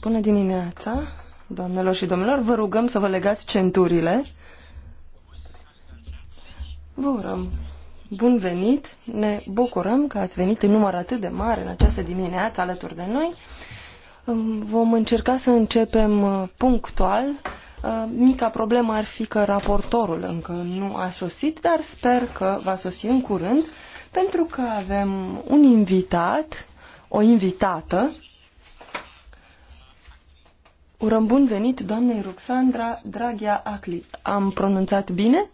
Bună dimineața, doamnelor și domnilor. Vă rugăm să vă legați centurile. Vă urăm bun venit. Ne bucurăm că ați venit în număr atât de mare în această dimineață alături de noi. Vom încerca să începem uh, punctual. Uh, mica problemă ar fi că raportorul încă nu a sosit, dar sper că va sosi în curând pentru că avem un invitat, o invitată. Urăm bun venit doamnei Ruxandra Draghia Acli. Am pronunțat bine?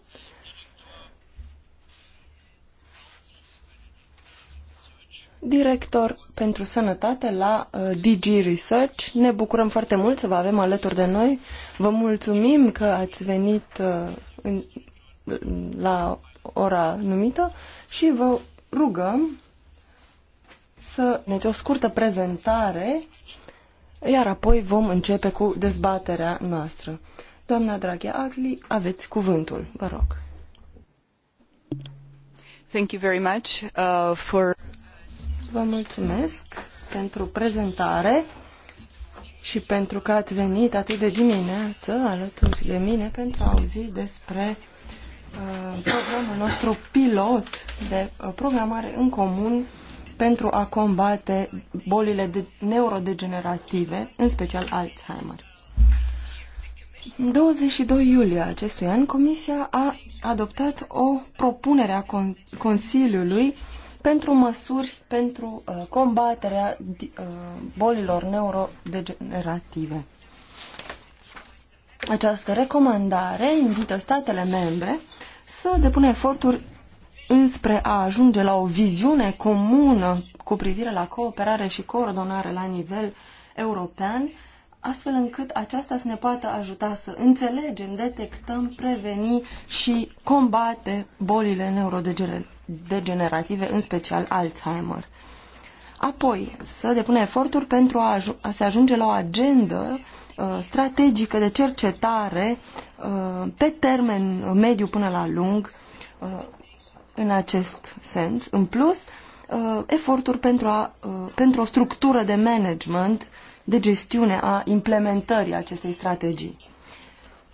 director pentru sănătate la uh, DG Research. Ne bucurăm foarte mult să vă avem alături de noi. Vă mulțumim că ați venit uh, la ora numită și vă rugăm să ne o scurtă prezentare, iar apoi vom începe cu dezbaterea noastră. Doamna Draghea Agli, aveți cuvântul, vă rog. Thank you very much uh, for... Vă mulțumesc pentru prezentare și pentru că ați venit atât de dimineață alături de mine pentru a auzi despre Uh, programul nostru pilot de uh, programare în comun pentru a combate bolile de neurodegenerative, în special Alzheimer. 22 iulie acestui an, Comisia a adoptat o propunere a Con Consiliului pentru măsuri pentru uh, combaterea uh, bolilor neurodegenerative. Această recomandare invită statele membre să depună eforturi înspre a ajunge la o viziune comună cu privire la cooperare și coordonare la nivel european, astfel încât aceasta să ne poată ajuta să înțelegem, detectăm, preveni și combate bolile neurodegenerative, în special Alzheimer. Apoi, să depună eforturi pentru a, a se ajunge la o agendă uh, strategică de cercetare Uh, pe termen mediu până la lung uh, în acest sens. În plus, uh, eforturi pentru, a, pentru o structură de management, de gestiune a implementării acestei strategii.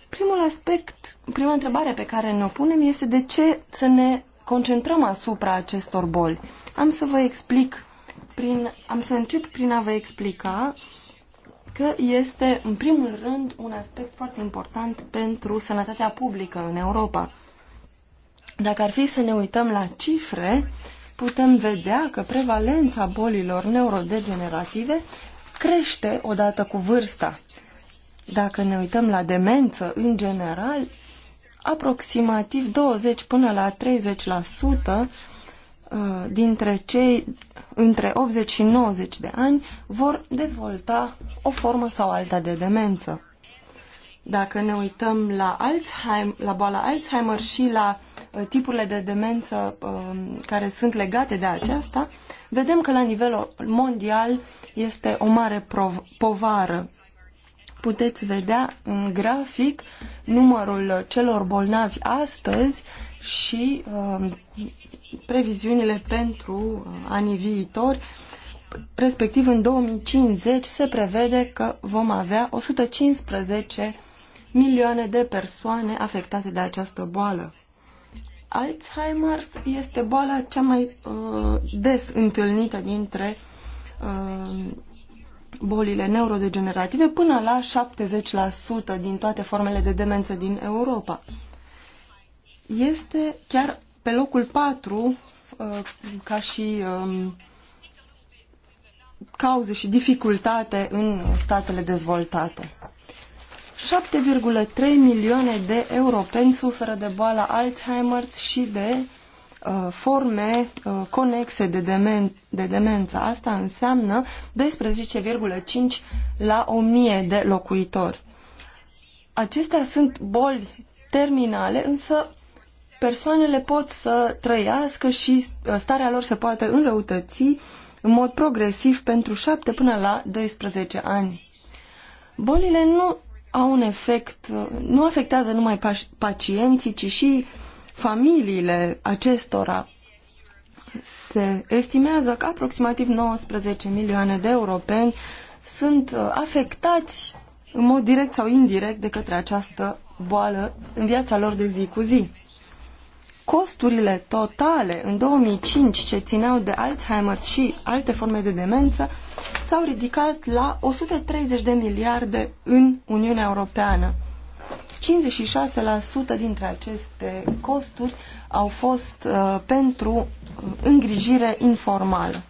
Primul aspect, prima întrebare pe care ne-o punem este de ce să ne concentrăm asupra acestor boli. Am să vă explic, prin, am să încep prin a vă explica că este, în primul rând, un aspect foarte important pentru sănătatea publică în Europa. Dacă ar fi să ne uităm la cifre, putem vedea că prevalența bolilor neurodegenerative crește odată cu vârsta. Dacă ne uităm la demență în general, aproximativ 20 până la 30% Uh, dintre cei între 80 și 90 de ani vor dezvolta o formă sau alta de demență. Dacă ne uităm la, Alzheimer, la boala Alzheimer și la uh, tipurile de demență um, care sunt legate de aceasta, vedem că la nivel mondial este o mare povară. Puteți vedea în grafic numărul celor bolnavi astăzi și uh, previziunile pentru uh, anii viitori, respectiv în 2050 se prevede că vom avea 115 milioane de persoane afectate de această boală. Alzheimer este boala cea mai uh, des întâlnită dintre uh, bolile neurodegenerative până la 70% din toate formele de demență din Europa. Este chiar pe locul 4 uh, ca și um, cauze și dificultate în statele dezvoltate. 7,3 milioane de europeni suferă de boala Alzheimer și de uh, forme uh, conexe de, demen de demență. Asta înseamnă 12,5 la 1000 de locuitori. Acestea sunt boli terminale, însă persoanele pot să trăiască și uh, starea lor se poate înrăutăți în mod progresiv pentru 7 până la 12 ani. Bolile nu au un efect, uh, nu afectează numai pacienții, ci și familiile acestora. Se estimează că aproximativ 19 milioane de europeni sunt uh, afectați în mod direct sau indirect de către această boală în viața lor de zi cu zi costurile totale în 2005 ce țineau de Alzheimer și alte forme de demență s-au ridicat la 130 de miliarde în Uniunea Europeană. 56% dintre aceste costuri au fost uh, pentru uh, îngrijire informală.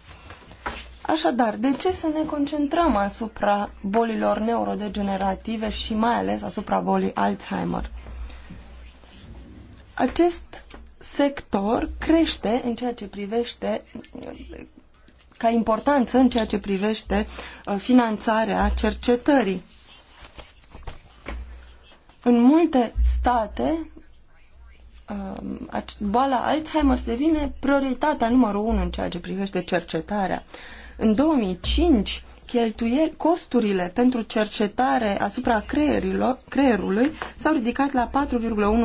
Așadar, de ce să ne concentrăm asupra bolilor neurodegenerative și mai ales asupra bolii Alzheimer? Acest sector crește în ceea ce privește ca importanță în ceea ce privește uh, finanțarea cercetării. În multe state, uh, boala Alzheimer devine prioritatea numărul unu în ceea ce privește cercetarea. În 2005, cheltuieli, costurile pentru cercetare asupra creierilor, creierului s-au ridicat la 4,1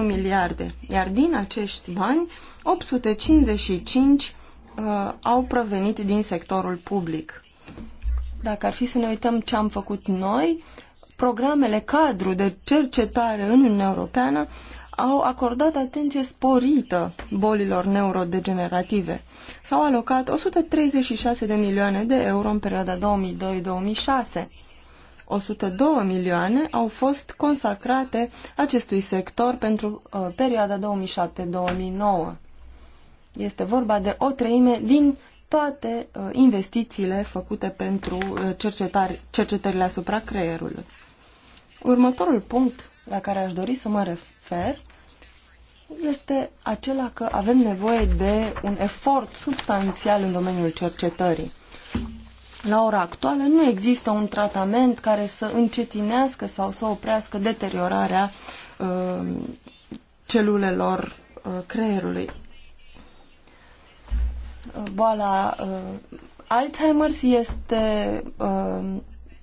miliarde, iar din acești bani, 855 uh, au provenit din sectorul public. Dacă ar fi să ne uităm ce am făcut noi, programele cadru de cercetare în Uniunea Europeană au acordat atenție sporită bolilor neurodegenerative. S-au alocat 136 de milioane de euro în perioada 2002-2006. 102 milioane au fost consacrate acestui sector pentru uh, perioada 2007-2009. Este vorba de o treime din toate uh, investițiile făcute pentru uh, cercetările asupra creierului. Următorul punct la care aș dori să mă refer este acela că avem nevoie de un efort substanțial în domeniul cercetării. La ora actuală nu există un tratament care să încetinească sau să oprească deteriorarea uh, celulelor uh, creierului. Uh, boala Alzheimer's este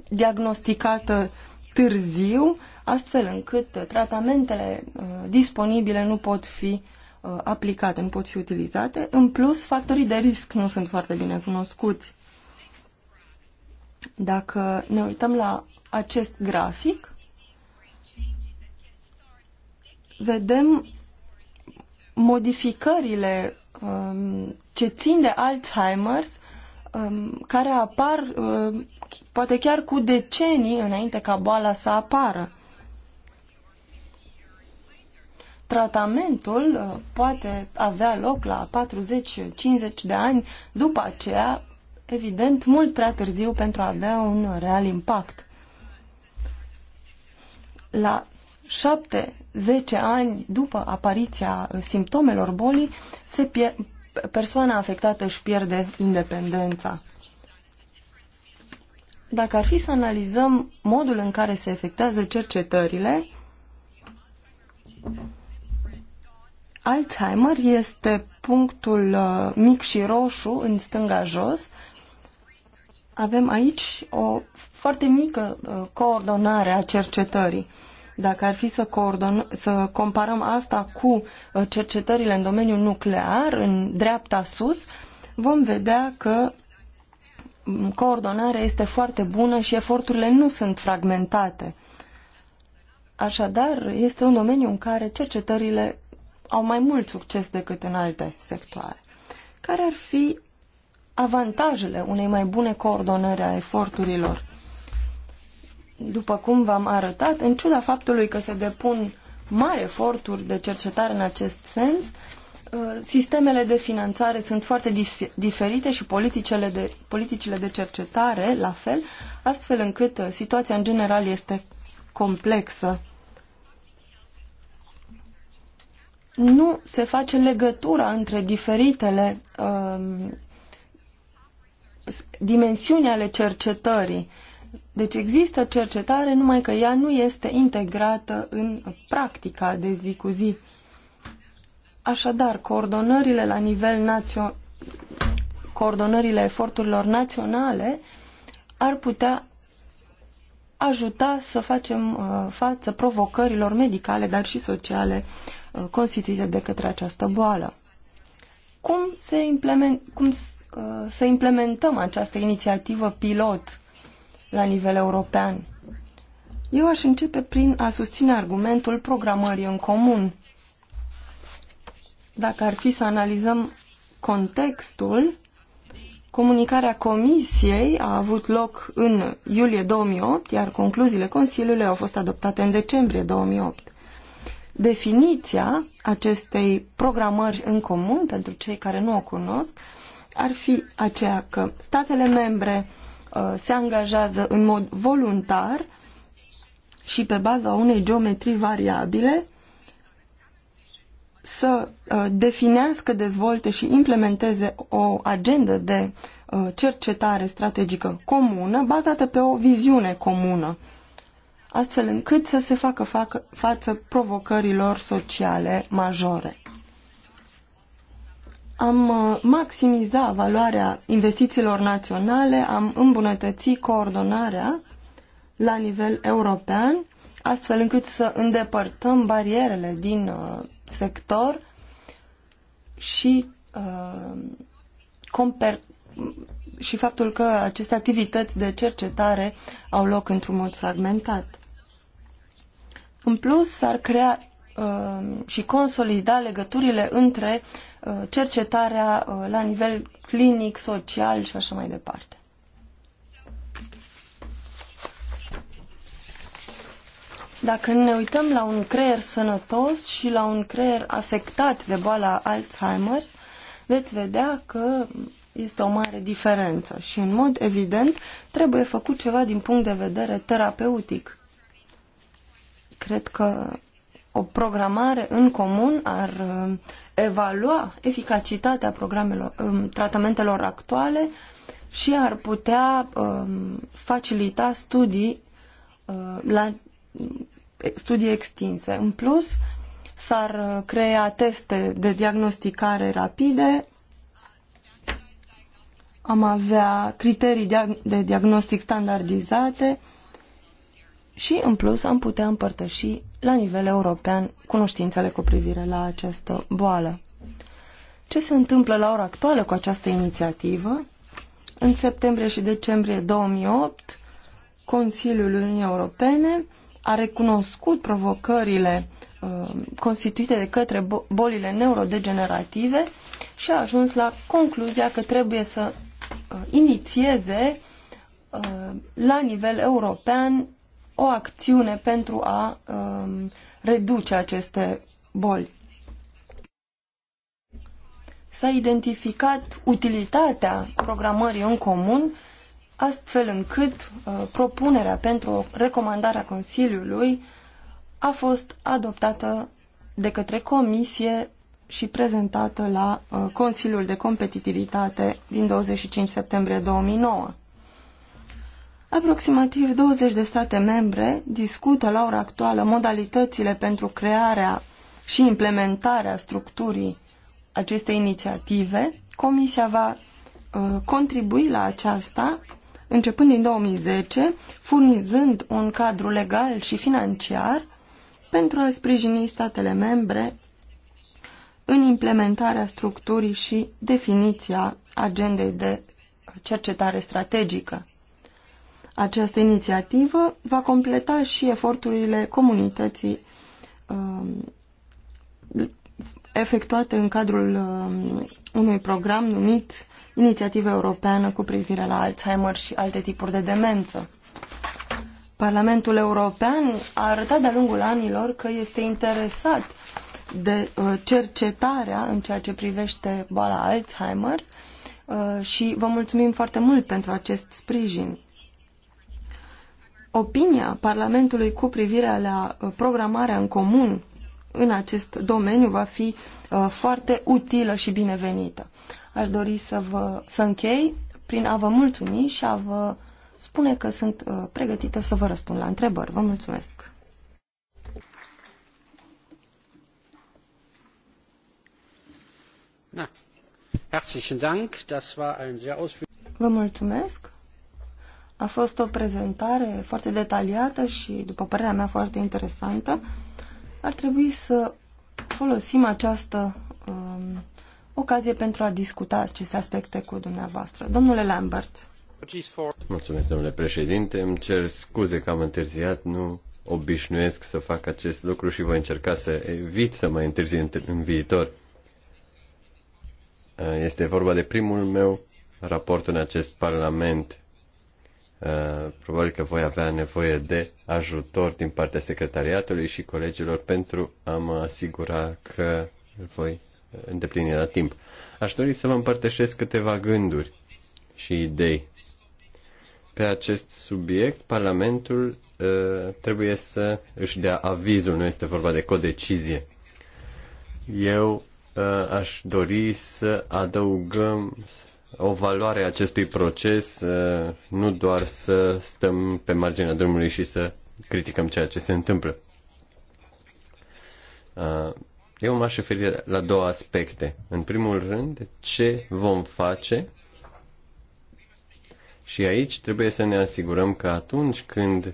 diagnosticată târziu, astfel încât tratamentele uh, disponibile nu pot fi uh, aplicate, nu pot fi utilizate. În plus, factorii de risc nu sunt foarte bine cunoscuți. Dacă ne uităm la acest grafic, vedem modificările um, ce țin de Alzheimer's um, care apar um, poate chiar cu decenii înainte ca boala să apară. tratamentul uh, poate avea loc la 40-50 de ani după aceea, evident, mult prea târziu pentru a avea un real impact. La 7-10 ani după apariția uh, simptomelor bolii, se persoana afectată își pierde independența. Dacă ar fi să analizăm modul în care se efectuează cercetările, Alzheimer este punctul uh, mic și roșu în stânga jos. Avem aici o foarte mică uh, coordonare a cercetării. Dacă ar fi să, coordon, să comparăm asta cu uh, cercetările în domeniul nuclear, în dreapta sus, vom vedea că mm, coordonarea este foarte bună și eforturile nu sunt fragmentate. Așadar, este un domeniu în care cercetările au mai mult succes decât în alte sectoare. Care ar fi avantajele unei mai bune coordonări a eforturilor? După cum v-am arătat, în ciuda faptului că se depun mari eforturi de cercetare în acest sens, uh, sistemele de finanțare sunt foarte dif diferite și politicile de, politicile de cercetare la fel, astfel încât uh, situația în general este complexă. nu se face legătura între diferitele uh, dimensiuni ale cercetării. Deci există cercetare, numai că ea nu este integrată în practica de zi cu zi. Așadar, coordonările la nivel național, coordonările eforturilor naționale ar putea ajuta să facem uh, față provocărilor medicale, dar și sociale Uh, constituite de către această boală. Cum, se implement, cum uh, să implementăm această inițiativă pilot la nivel european? Eu aș începe prin a susține argumentul programării în comun. Dacă ar fi să analizăm contextul, comunicarea Comisiei a avut loc în iulie 2008, iar concluziile Consiliului au fost adoptate în decembrie 2008. Definiția acestei programări în comun, pentru cei care nu o cunosc, ar fi aceea că statele membre uh, se angajează în mod voluntar și pe baza unei geometrii variabile să uh, definească, dezvolte și implementeze o agendă de uh, cercetare strategică comună bazată pe o viziune comună astfel încât să se facă față provocărilor sociale majore. Am uh, maximiza valoarea investițiilor naționale, am îmbunătăți coordonarea la nivel european, astfel încât să îndepărtăm barierele din uh, sector și uh, comper și faptul că aceste activități de cercetare au loc într-un mod fragmentat. În plus, s-ar crea uh, și consolida legăturile între uh, cercetarea uh, la nivel clinic, social și așa mai departe. Dacă ne uităm la un creier sănătos și la un creier afectat de boala Alzheimer, veți vedea că este o mare diferență și, în mod evident, trebuie făcut ceva din punct de vedere terapeutic Cred că o programare în comun ar uh, evalua eficacitatea programelor, um, tratamentelor actuale și ar putea um, facilita studii uh, la studii extinse. În plus, s-ar uh, crea teste de diagnosticare rapide, am avea criterii de diagnostic standardizate și, în plus, am putea împărtăși la nivel european cunoștințele cu privire la această boală. Ce se întâmplă la ora actuală cu această inițiativă? În septembrie și decembrie 2008, Consiliul Uniunii Europene a recunoscut provocările uh, constituite de către bolile neurodegenerative și a ajuns la concluzia că trebuie să uh, inițieze uh, la nivel european o acțiune pentru a um, reduce aceste boli. S-a identificat utilitatea programării în comun, astfel încât uh, propunerea pentru recomandarea Consiliului a fost adoptată de către Comisie și prezentată la uh, Consiliul de Competitivitate din 25 septembrie 2009. Aproximativ 20 de state membre discută la ora actuală modalitățile pentru crearea și implementarea structurii acestei inițiative. Comisia va uh, contribui la aceasta începând din 2010, furnizând un cadru legal și financiar pentru a sprijini statele membre în implementarea structurii și definiția agendei de cercetare strategică. Această inițiativă va completa și eforturile comunității uh, efectuate în cadrul uh, unui program numit Inițiativa Europeană cu privire la Alzheimer și alte tipuri de demență. Parlamentul European a arătat de-a lungul anilor că este interesat de uh, cercetarea în ceea ce privește boala Alzheimer uh, și vă mulțumim foarte mult pentru acest sprijin. Opinia Parlamentului cu privire la uh, programarea în comun în acest domeniu va fi uh, foarte utilă și binevenită. Aș dori să, vă, să închei prin a vă mulțumi și a vă spune că sunt uh, pregătită să vă răspund la întrebări. Vă mulțumesc! Vă mulțumesc! A fost o prezentare foarte detaliată și, după părerea mea, foarte interesantă. Ar trebui să folosim această um, ocazie pentru a discuta aceste aspecte cu dumneavoastră. Domnule Lambert. Mulțumesc, domnule președinte. Îmi cer scuze că am întârziat. Nu obișnuiesc să fac acest lucru și voi încerca să evit să mai întârzi în viitor. Uh, este vorba de primul meu raport în acest parlament Uh, probabil că voi avea nevoie de ajutor din partea secretariatului și colegilor pentru a mă asigura că voi îndeplini la timp. Aș dori să vă împărtășesc câteva gânduri și idei. Pe acest subiect, Parlamentul uh, trebuie să își dea avizul, nu este vorba de codecizie. Eu uh, aș dori să adăugăm, o valoare acestui proces, uh, nu doar să stăm pe marginea drumului și să criticăm ceea ce se întâmplă. Uh, eu m-aș referi la două aspecte. În primul rând, ce vom face și aici trebuie să ne asigurăm că atunci când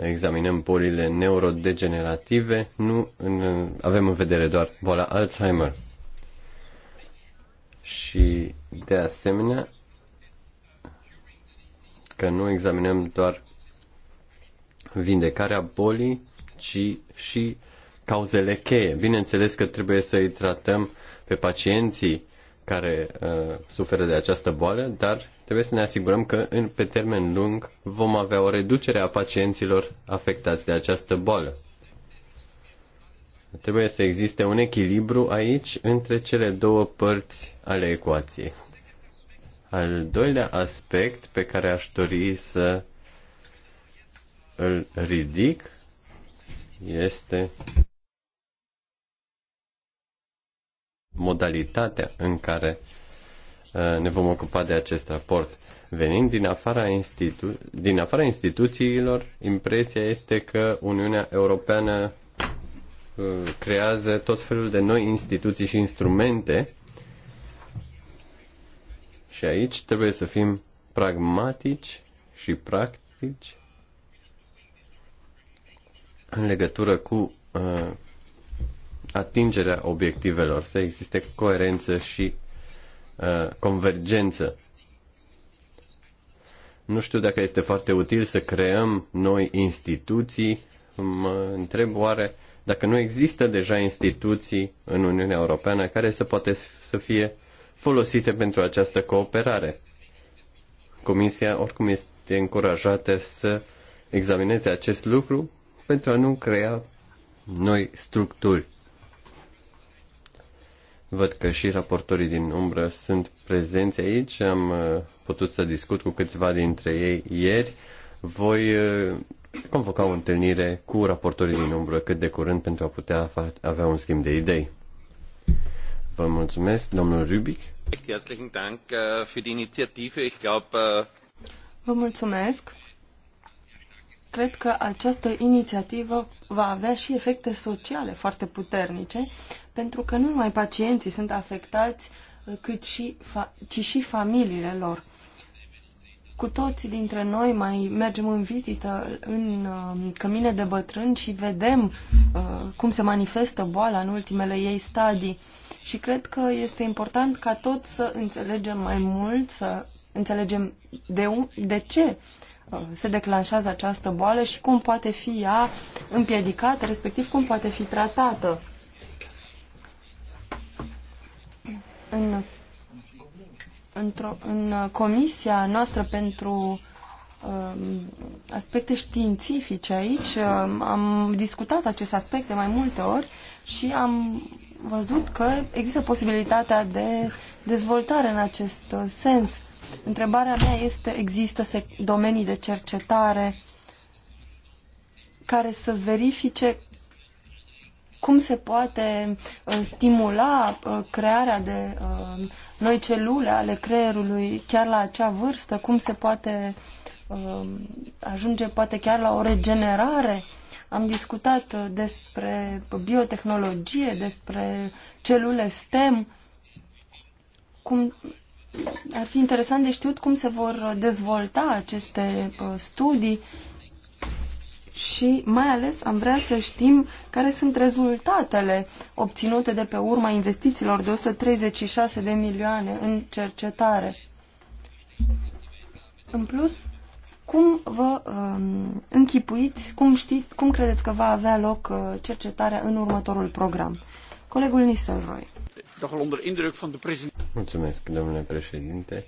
examinăm bolile neurodegenerative, nu în, avem în vedere doar boala Alzheimer și de asemenea că nu examinăm doar vindecarea bolii, ci și cauzele cheie. Bineînțeles că trebuie să îi tratăm pe pacienții care uh, suferă de această boală, dar trebuie să ne asigurăm că în, pe termen lung vom avea o reducere a pacienților afectați de această boală. Trebuie să existe un echilibru aici între cele două părți ale ecuației. Al doilea aspect pe care aș dori să îl ridic este modalitatea în care uh, ne vom ocupa de acest raport. Venind din afara, institu- din afara instituțiilor, impresia este că Uniunea Europeană Uh, creează tot felul de noi instituții și instrumente și aici trebuie să fim pragmatici și practici în legătură cu uh, atingerea obiectivelor, să existe coerență și uh, convergență. Nu știu dacă este foarte util să creăm noi instituții. Mă întreb oare dacă nu există deja instituții în Uniunea Europeană care să poate să fie folosite pentru această cooperare. Comisia oricum este încurajată să examineze acest lucru pentru a nu crea noi structuri. Văd că și raportorii din umbră sunt prezenți aici. Am uh, putut să discut cu câțiva dintre ei ieri. Voi uh, convoca o întâlnire cu raportorii din umbră cât de curând pentru a putea avea un schimb de idei. Vă mulțumesc, domnul Rubic. Äh, äh, Vă mulțumesc. Cred că această inițiativă va avea și efecte sociale foarte puternice, pentru că nu numai pacienții sunt afectați, cât și ci și familiile lor. Cu toți dintre noi mai mergem în vizită în um, cămine de bătrâni și vedem uh, cum se manifestă boala în ultimele ei stadii. Și cred că este important ca tot să înțelegem mai mult, să înțelegem de, un, de ce uh, se declanșează această boală și cum poate fi ea împiedicată, respectiv cum poate fi tratată. În în uh, comisia noastră pentru um, aspecte științifice aici. Uh, am discutat acest aspect de mai multe ori și am văzut că există posibilitatea de dezvoltare în acest uh, sens. Întrebarea mea este, există domenii de cercetare care să verifice cum se poate uh, stimula uh, crearea de uh, noi celule ale creierului chiar la acea vârstă, cum se poate ajunge poate chiar la o regenerare. Am discutat despre biotehnologie, despre celule STEM, cum ar fi interesant de știut cum se vor dezvolta aceste studii și mai ales am vrea să știm care sunt rezultatele obținute de pe urma investițiilor de 136 de milioane în cercetare. În plus, cum vă um, închipuiți, cum, știți, cum credeți că va avea loc uh, cercetarea în următorul program? Colegul Nistelrooy. Mulțumesc, domnule președinte.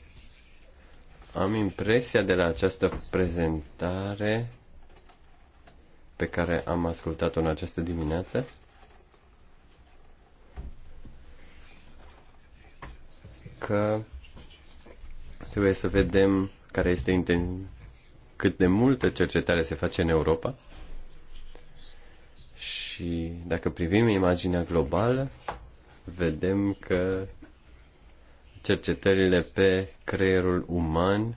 Am impresia de la această prezentare pe care am ascultat-o în această dimineață. Că trebuie să vedem care este cât de multă cercetare se face în Europa și dacă privim imaginea globală, vedem că cercetările pe creierul uman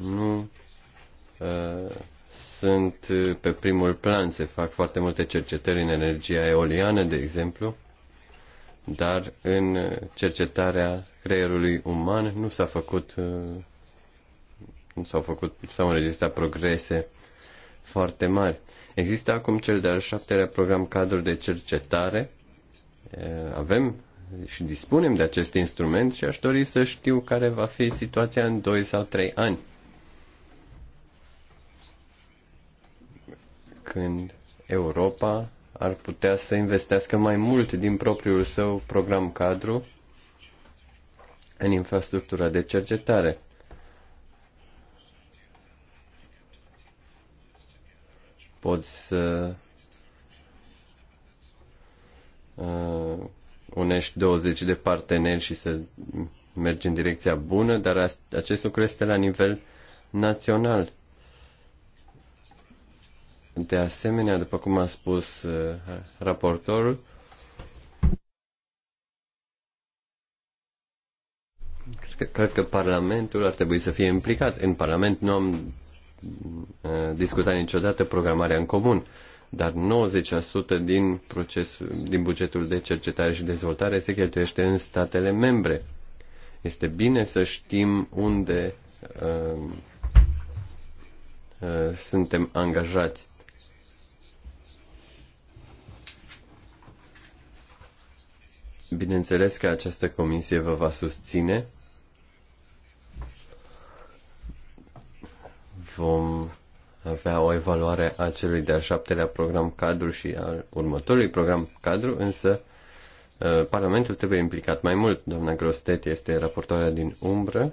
nu Uh, sunt uh, pe primul plan. Se fac foarte multe cercetări în energia eoliană, de exemplu, dar în cercetarea creierului uman nu s-a făcut uh, nu s-au făcut, s-au înregistrat progrese foarte mari. Există acum cel de-al șaptelea program cadru de cercetare. Avem și dispunem de acest instrument și aș dori să știu care va fi situația în 2 sau 3 ani. când Europa ar putea să investească mai mult din propriul său program cadru în infrastructura de cercetare. Poți să uh, unești 20 de parteneri și să mergi în direcția bună, dar acest lucru este la nivel național. De asemenea, după cum a spus uh, raportorul, cred că Parlamentul ar trebui să fie implicat. În Parlament nu am uh, discutat niciodată programarea în comun, dar 90% din, procesul, din bugetul de cercetare și dezvoltare se cheltuiește în statele membre. Este bine să știm unde uh, uh, suntem angajați. Bineînțeles că această comisie vă va susține. Vom avea o evaluare a celui de-al șaptelea program cadru și al următorului program cadru, însă uh, Parlamentul trebuie implicat mai mult. Doamna Grostet este raportoarea din umbră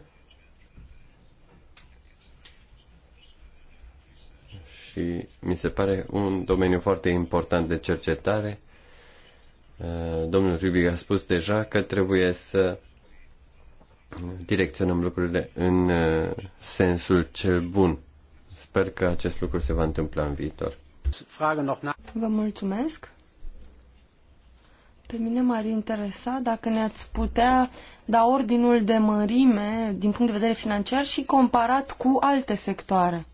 și mi se pare un domeniu foarte important de cercetare Eh, domnul Rubic a spus deja că trebuie să direcționăm lucrurile în eh, sensul cel bun. Sper că acest lucru se va întâmpla în viitor. Vă mulțumesc. Pe mine m-ar interesa dacă ne-ați putea da ordinul de mărime din punct de vedere financiar și comparat cu alte sectoare.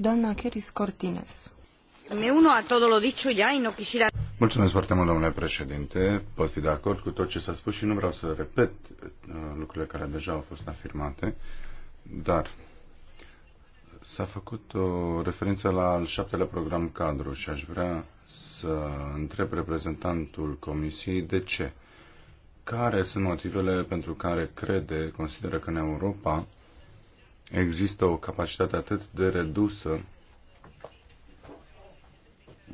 Doamna Keris Cortines. Me uno a todo lo dicho ya y no quisiera... Mulțumesc foarte mult, domnule președinte. Pot fi de acord cu tot ce s-a spus și nu vreau să repet uh, lucrurile care deja au fost afirmate, dar s-a făcut o referință la al șaptelea program cadru și aș vrea să întreb reprezentantul Comisiei de ce. Care sunt motivele pentru care crede, consideră că în Europa există o capacitate atât de redusă,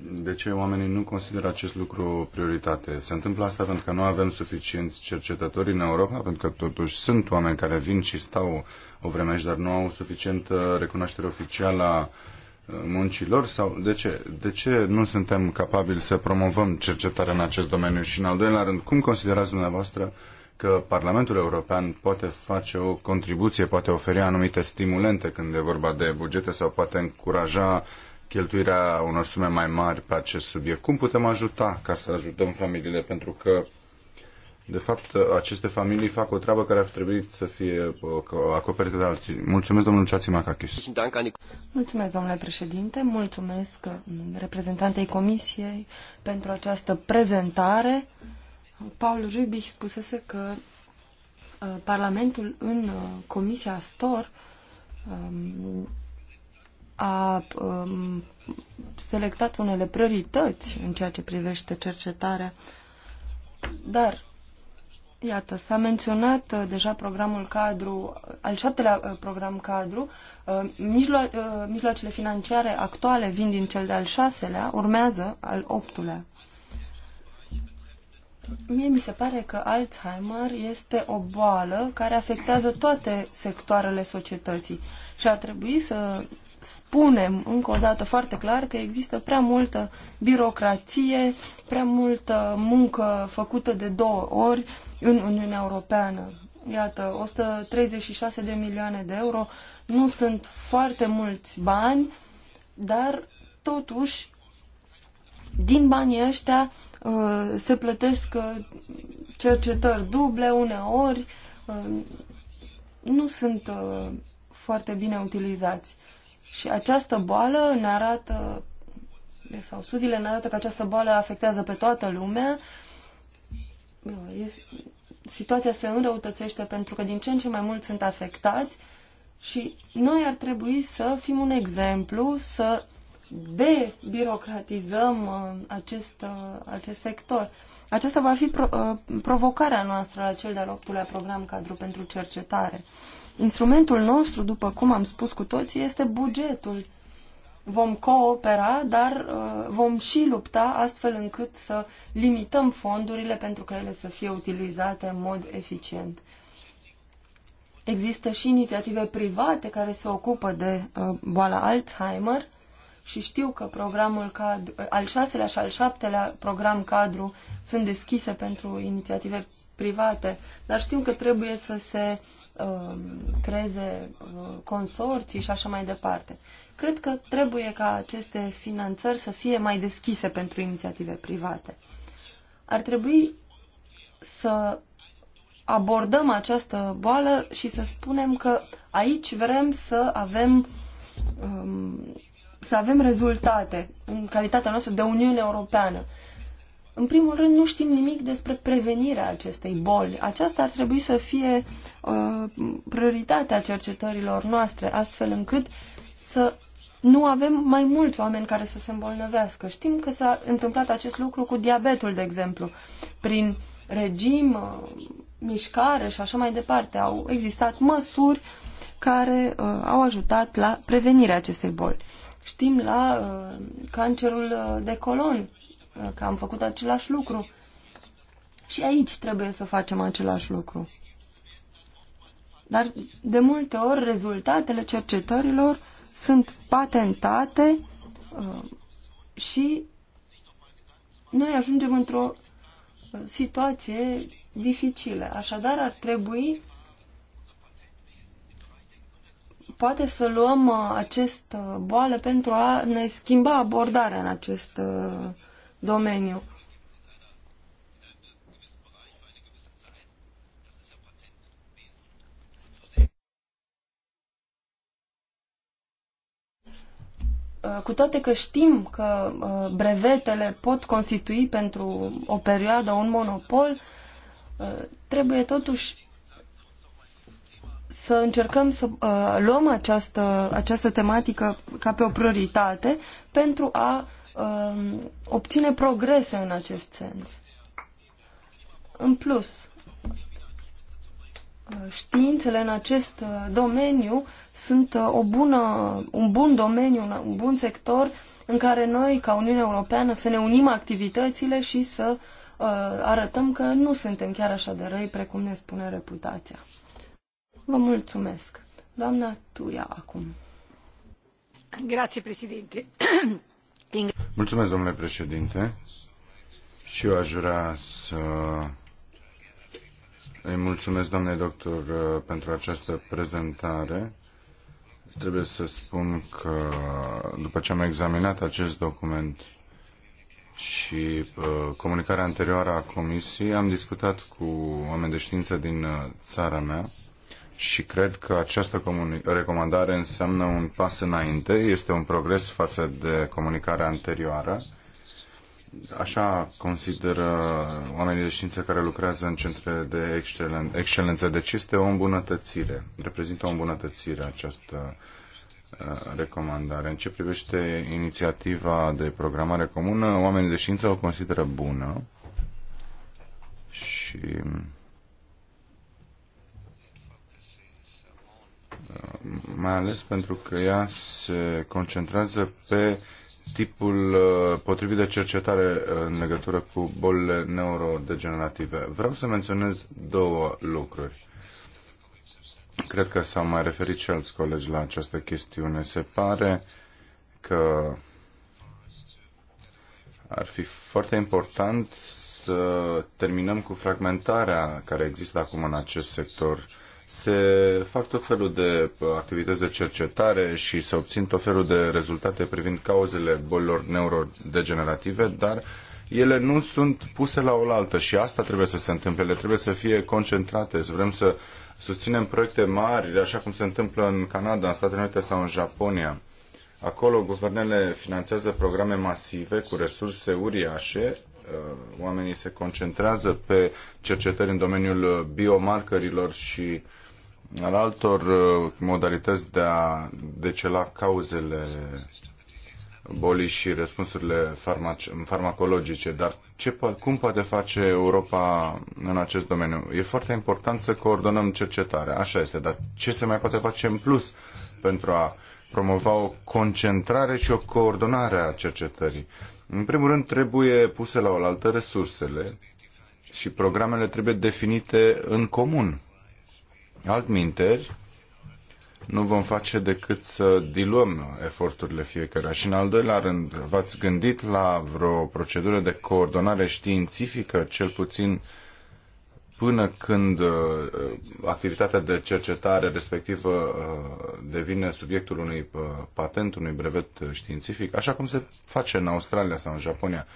de ce oamenii nu consideră acest lucru o prioritate? Se întâmplă asta pentru că nu avem suficienți cercetători în Europa, pentru că totuși sunt oameni care vin și stau o vreme aici, dar nu au suficientă recunoaștere oficială a uh, muncilor sau de ce? De ce nu suntem capabili să promovăm cercetarea în acest domeniu? Și în al doilea rând, cum considerați dumneavoastră uh, că Parlamentul European poate face o contribuție, poate oferi anumite stimulente când e vorba de bugete sau poate încuraja cheltuirea unor sume mai mari pe acest subiect. Cum putem ajuta ca să ajutăm familiile? Pentru că, de fapt, aceste familii fac o treabă care ar trebui să fie uh, acoperită de alții. Mulțumesc, domnul Ceații Macachis. Mulțumesc, domnule președinte. Mulțumesc uh, reprezentantei Comisiei pentru această prezentare Paul Rubich spusese că uh, Parlamentul în uh, Comisia Stor um, a um, selectat unele priorități în ceea ce privește cercetarea, dar Iată, s-a menționat uh, deja programul cadru, al șaptelea program cadru, mijlo mijloacele financiare actuale vin din cel de-al șaselea, urmează al optulea. Mie mi se pare că Alzheimer este o boală care afectează toate sectoarele societății și ar trebui să spunem încă o dată foarte clar că există prea multă birocrație, prea multă muncă făcută de două ori în Uniunea Europeană. Iată, 136 de milioane de euro nu sunt foarte mulți bani, dar totuși din banii ăștia Uh, se plătesc uh, cercetări duble uneori, uh, nu sunt foarte bine utilizați. Și această boală ne arată, sau studiile ne arată că această boală afectează pe toată lumea. Situația se înrăutățește pentru că din ce în ce mai mulți sunt afectați și noi ar trebui să fim un exemplu, să debirocratizăm uh, acest, uh, acest sector. Aceasta va fi pro, uh, provocarea noastră la cel de-al optulea program cadru pentru cercetare. Instrumentul nostru, după cum am spus cu toții, este bugetul. Vom coopera, dar vom și lupta astfel încât să limităm fondurile pentru că ele să fie utilizate în mod eficient. Există și inițiative private care se ocupă de boala Alzheimer și știu că programul cadru, al șaselea și al șaptelea program cadru sunt deschise pentru inițiative private, dar știm că trebuie să se creze um, creeze uh, consorții și așa mai departe. Cred că trebuie ca aceste finanțări să fie mai deschise pentru inițiative private. Ar trebui să abordăm această boală și să spunem că aici vrem să avem um, să avem rezultate în calitatea noastră de Uniune Europeană. În primul rând, nu știm nimic despre prevenirea acestei boli. Aceasta ar trebui să fie uh, prioritatea cercetărilor noastre, astfel încât să nu avem mai mulți oameni care să se îmbolnăvească. Știm că s-a întâmplat acest lucru cu diabetul, de exemplu. Prin regim, uh, mișcare și așa mai departe au existat măsuri care uh, au ajutat la prevenirea acestei boli. Știm la uh, cancerul uh, de colon uh, că am făcut același lucru. Și aici trebuie să facem același lucru. Dar de multe ori rezultatele cercetărilor sunt patentate uh, și noi ajungem într-o uh, situație dificilă. Așadar ar trebui poate să luăm uh, acest uh, boală pentru a ne schimba abordarea în acest uh, domeniu. cu toate că știm că brevetele pot constitui pentru o perioadă un monopol, trebuie totuși să încercăm să uh, luăm această, această tematică ca pe o prioritate pentru a uh, obține progrese în acest sens. În plus, uh, științele în acest uh, domeniu sunt uh, o bună, un bun domeniu, un bun sector în care noi, ca Uniunea Europeană, să ne unim activitățile și să uh, arătăm că nu suntem chiar așa de răi precum ne spune reputația. Vă mulțumesc. Doamna Tuia acum. președinte. Mulțumesc, domnule președinte. Și eu aș vrea să îi mulțumesc, doamne doctor, pentru această prezentare. Trebuie să spun că după ce am examinat acest document și uh, comunicarea anterioară a Comisiei, am discutat cu oameni de știință din uh, țara mea și cred că această recomandare înseamnă un pas înainte, este un progres față de comunicarea anterioară. Așa consideră oamenii de știință care lucrează în centre de excelen- excelență. Deci este o îmbunătățire, reprezintă o îmbunătățire această uh, recomandare. În ce privește inițiativa de programare comună, oamenii de știință o consideră bună și mai ales pentru că ea se concentrează pe tipul uh, potrivit de cercetare uh, în legătură cu bolile neurodegenerative. Vreau să menționez două lucruri. Cred că s-au mai referit și alți colegi la această chestiune. Se pare că ar fi foarte important să terminăm cu fragmentarea care există acum în acest sector se fac tot felul de uh, activități de cercetare și se obțin tot felul de rezultate privind cauzele bolilor neurodegenerative, dar ele nu sunt puse la oaltă și asta trebuie să se întâmple, ele trebuie să fie concentrate. Vrem să susținem proiecte mari, așa cum se întâmplă în Canada, în Statele Unite sau în Japonia. Acolo guvernele finanțează programe masive cu resurse uriașe Uh, oamenii se concentrează pe cercetări în domeniul uh, biomarcărilor și al altor uh, modalități de a decela cauzele bolii și răspunsurile farmacologice, dar ce, cum poate face Europa în acest domeniu? E foarte important să coordonăm cercetarea, așa este, dar ce se mai poate face în plus pentru a promova o concentrare și o coordonare a cercetării? În primul rând, trebuie puse la oaltă resursele și programele trebuie definite în comun. Altminteri, nu vom face decât să diluăm eforturile fiecare. Și în al doilea rând, v-ați gândit la vreo procedură de coordonare științifică, cel puțin uh, până când uh, uh, activitatea de cercetare respectivă uh, devine subiectul unui patent, unui brevet științific, așa cum se face în Australia sau în Japonia.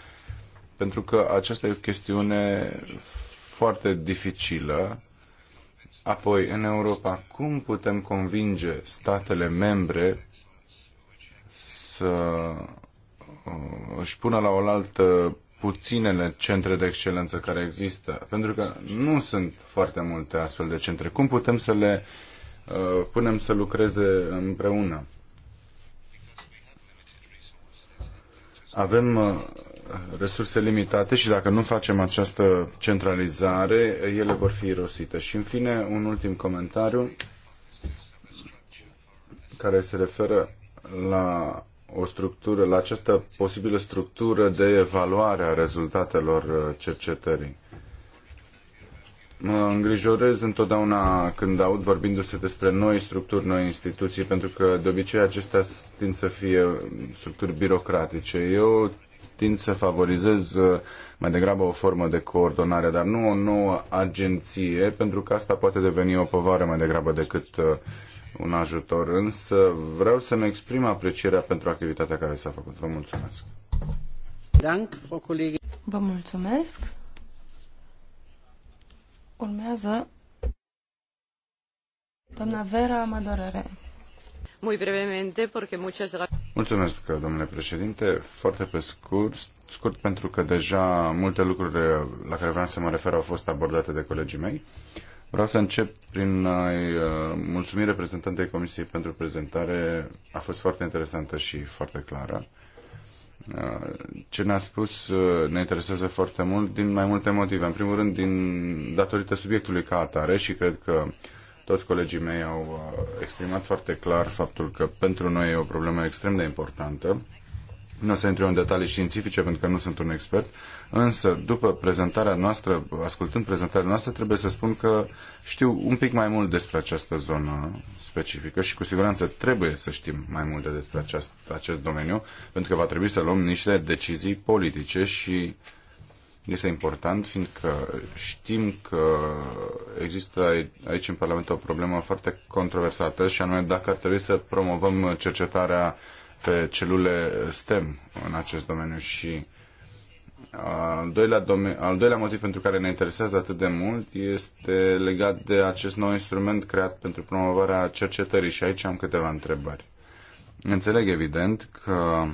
Pentru că aceasta e o chestiune foarte dificilă. Apoi, în Europa, cum putem convinge statele membre să își pună la oaltă puținele centre de excelență care există, pentru că nu sunt foarte multe astfel de centre. Cum putem să le uh, punem să lucreze împreună? Avem uh, resurse limitate și dacă nu facem această centralizare, ele vor fi irosite. Și în fine, un ultim comentariu care se referă la o structură, la această posibilă structură de evaluare a rezultatelor uh, cercetării. Mă îngrijorez întotdeauna când aud vorbindu-se despre noi structuri, noi instituții, pentru că de obicei acestea tind să fie uh, structuri birocratice. Eu tind să favorizez uh, mai degrabă o formă de coordonare, dar nu o nouă agenție, pentru că asta poate deveni o povară mai degrabă decât un ajutor, însă vreau să-mi exprim aprecierea pentru activitatea care s-a făcut. Vă mulțumesc! Vă mulțumesc! Urmează doamna Vera Amadorere. Muy brevemente, porque muchas Mulțumesc, domnule președinte. Foarte pe scurt, scurt pentru că deja multe lucruri la care vreau să mă refer au fost abordate de colegii mei. Uh, Vreau să încep prin a-i uh, mulțumi reprezentantei Comisiei pentru prezentare. A fost foarte interesantă și foarte clară. Uh, ce ne-a spus uh, ne interesează foarte mult din mai multe motive. În primul rând, din datorită subiectului ca atare și cred că toți colegii mei au exprimat foarte clar faptul că pentru noi e o problemă extrem de importantă nu o să intru în detalii științifice pentru că nu sunt un expert, însă după prezentarea noastră, ascultând prezentarea noastră, trebuie să spun că știu un pic mai mult despre această zonă specifică și cu siguranță trebuie să știm mai multe despre aceast, acest domeniu, pentru că va trebui să luăm niște decizii politice și este important, fiindcă știm că există aici în Parlament o problemă foarte controversată și anume dacă ar trebui să promovăm cercetarea pe celule STEM în acest domeniu și uh, al doilea, al doilea motiv pentru care ne interesează atât de mult este legat de acest nou instrument creat pentru promovarea cercetării și aici am câteva întrebări. Înțeleg evident că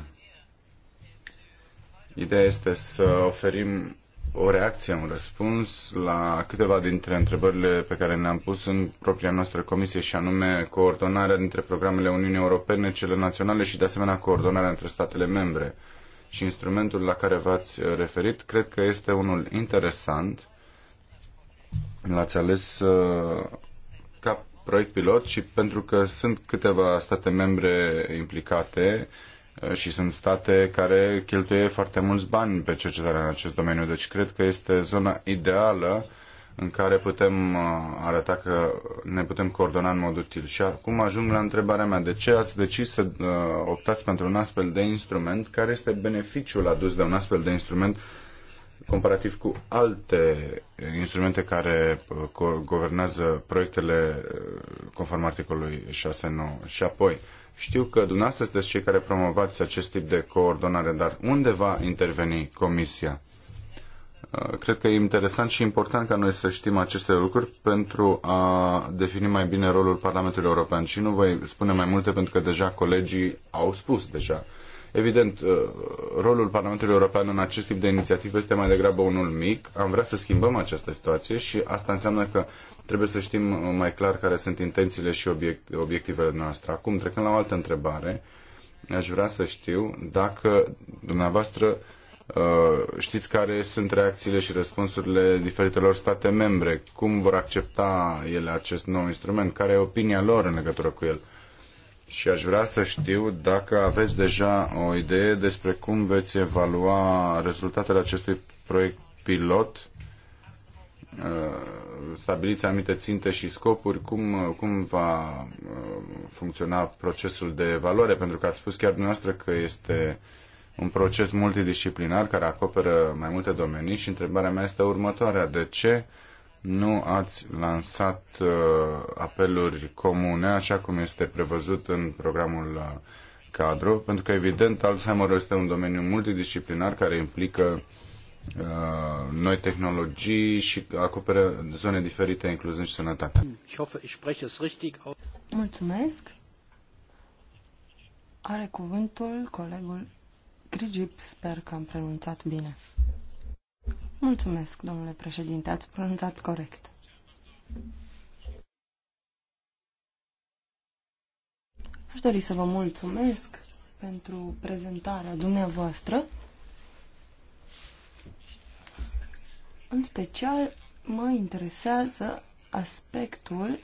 ideea este să oferim o reacție, un răspuns la câteva dintre întrebările pe care ne-am pus în propria noastră comisie și anume coordonarea dintre programele Uniunii Europene, cele naționale și de asemenea coordonarea între statele membre. Și instrumentul la care v-ați referit cred că este unul interesant. L-ați ales uh, ca proiect pilot și pentru că sunt câteva state membre implicate, Eh, și sunt state care cheltuie foarte mulți bani pe cercetarea în acest domeniu. Deci cred că este zona ideală în care putem eh, arăta că ne putem coordona în mod util. Și acum ajung la întrebarea mea. De ce ați decis să eh, optați pentru un astfel de instrument? Care este beneficiul adus de un astfel de instrument comparativ cu alte instrumente care guvernează proiectele conform articolului 6.9? Și apoi, știu că dumneavoastră sunteți cei care promovați acest tip de coordonare, dar unde va interveni Comisia? Uh, cred că e interesant și important ca noi să știm aceste lucruri pentru a defini mai bine rolul Parlamentului European. Și nu voi spune mai multe pentru că deja colegii au spus deja Evident, uh, rolul Parlamentului European în acest tip de inițiative este mai degrabă unul mic. Am vrea să schimbăm această situație și asta înseamnă că trebuie să știm uh, mai clar care sunt intențiile și obiectivele noastre. Acum, trecând la o altă întrebare, aș vrea să știu dacă dumneavoastră uh, știți care sunt reacțiile și răspunsurile diferitelor state membre, cum vor accepta ele acest nou instrument, care e opinia lor în legătură cu el și aș vrea să știu dacă aveți deja o idee despre cum veți evalua rezultatele acestui proiect pilot. Uh, stabiliți anumite ținte și scopuri, cum, uh, cum va uh, funcționa procesul de evaluare, pentru că ați spus chiar dumneavoastră că este un proces multidisciplinar care acoperă mai multe domenii și întrebarea mea este următoarea. De ce uh, nu ați lansat uh, apeluri comune, așa cum este prevăzut în programul uh, cadru, pentru că, evident, Alzheimer este un domeniu multidisciplinar care implică uh, noi tehnologii și acoperă zone diferite, incluzând și sănătatea. Mulțumesc. Are cuvântul colegul Grigip, sper că am pronunțat bine. Mulțumesc, domnule președinte, ați pronunțat corect. Aș dori să vă mulțumesc pentru prezentarea dumneavoastră. În special mă interesează aspectul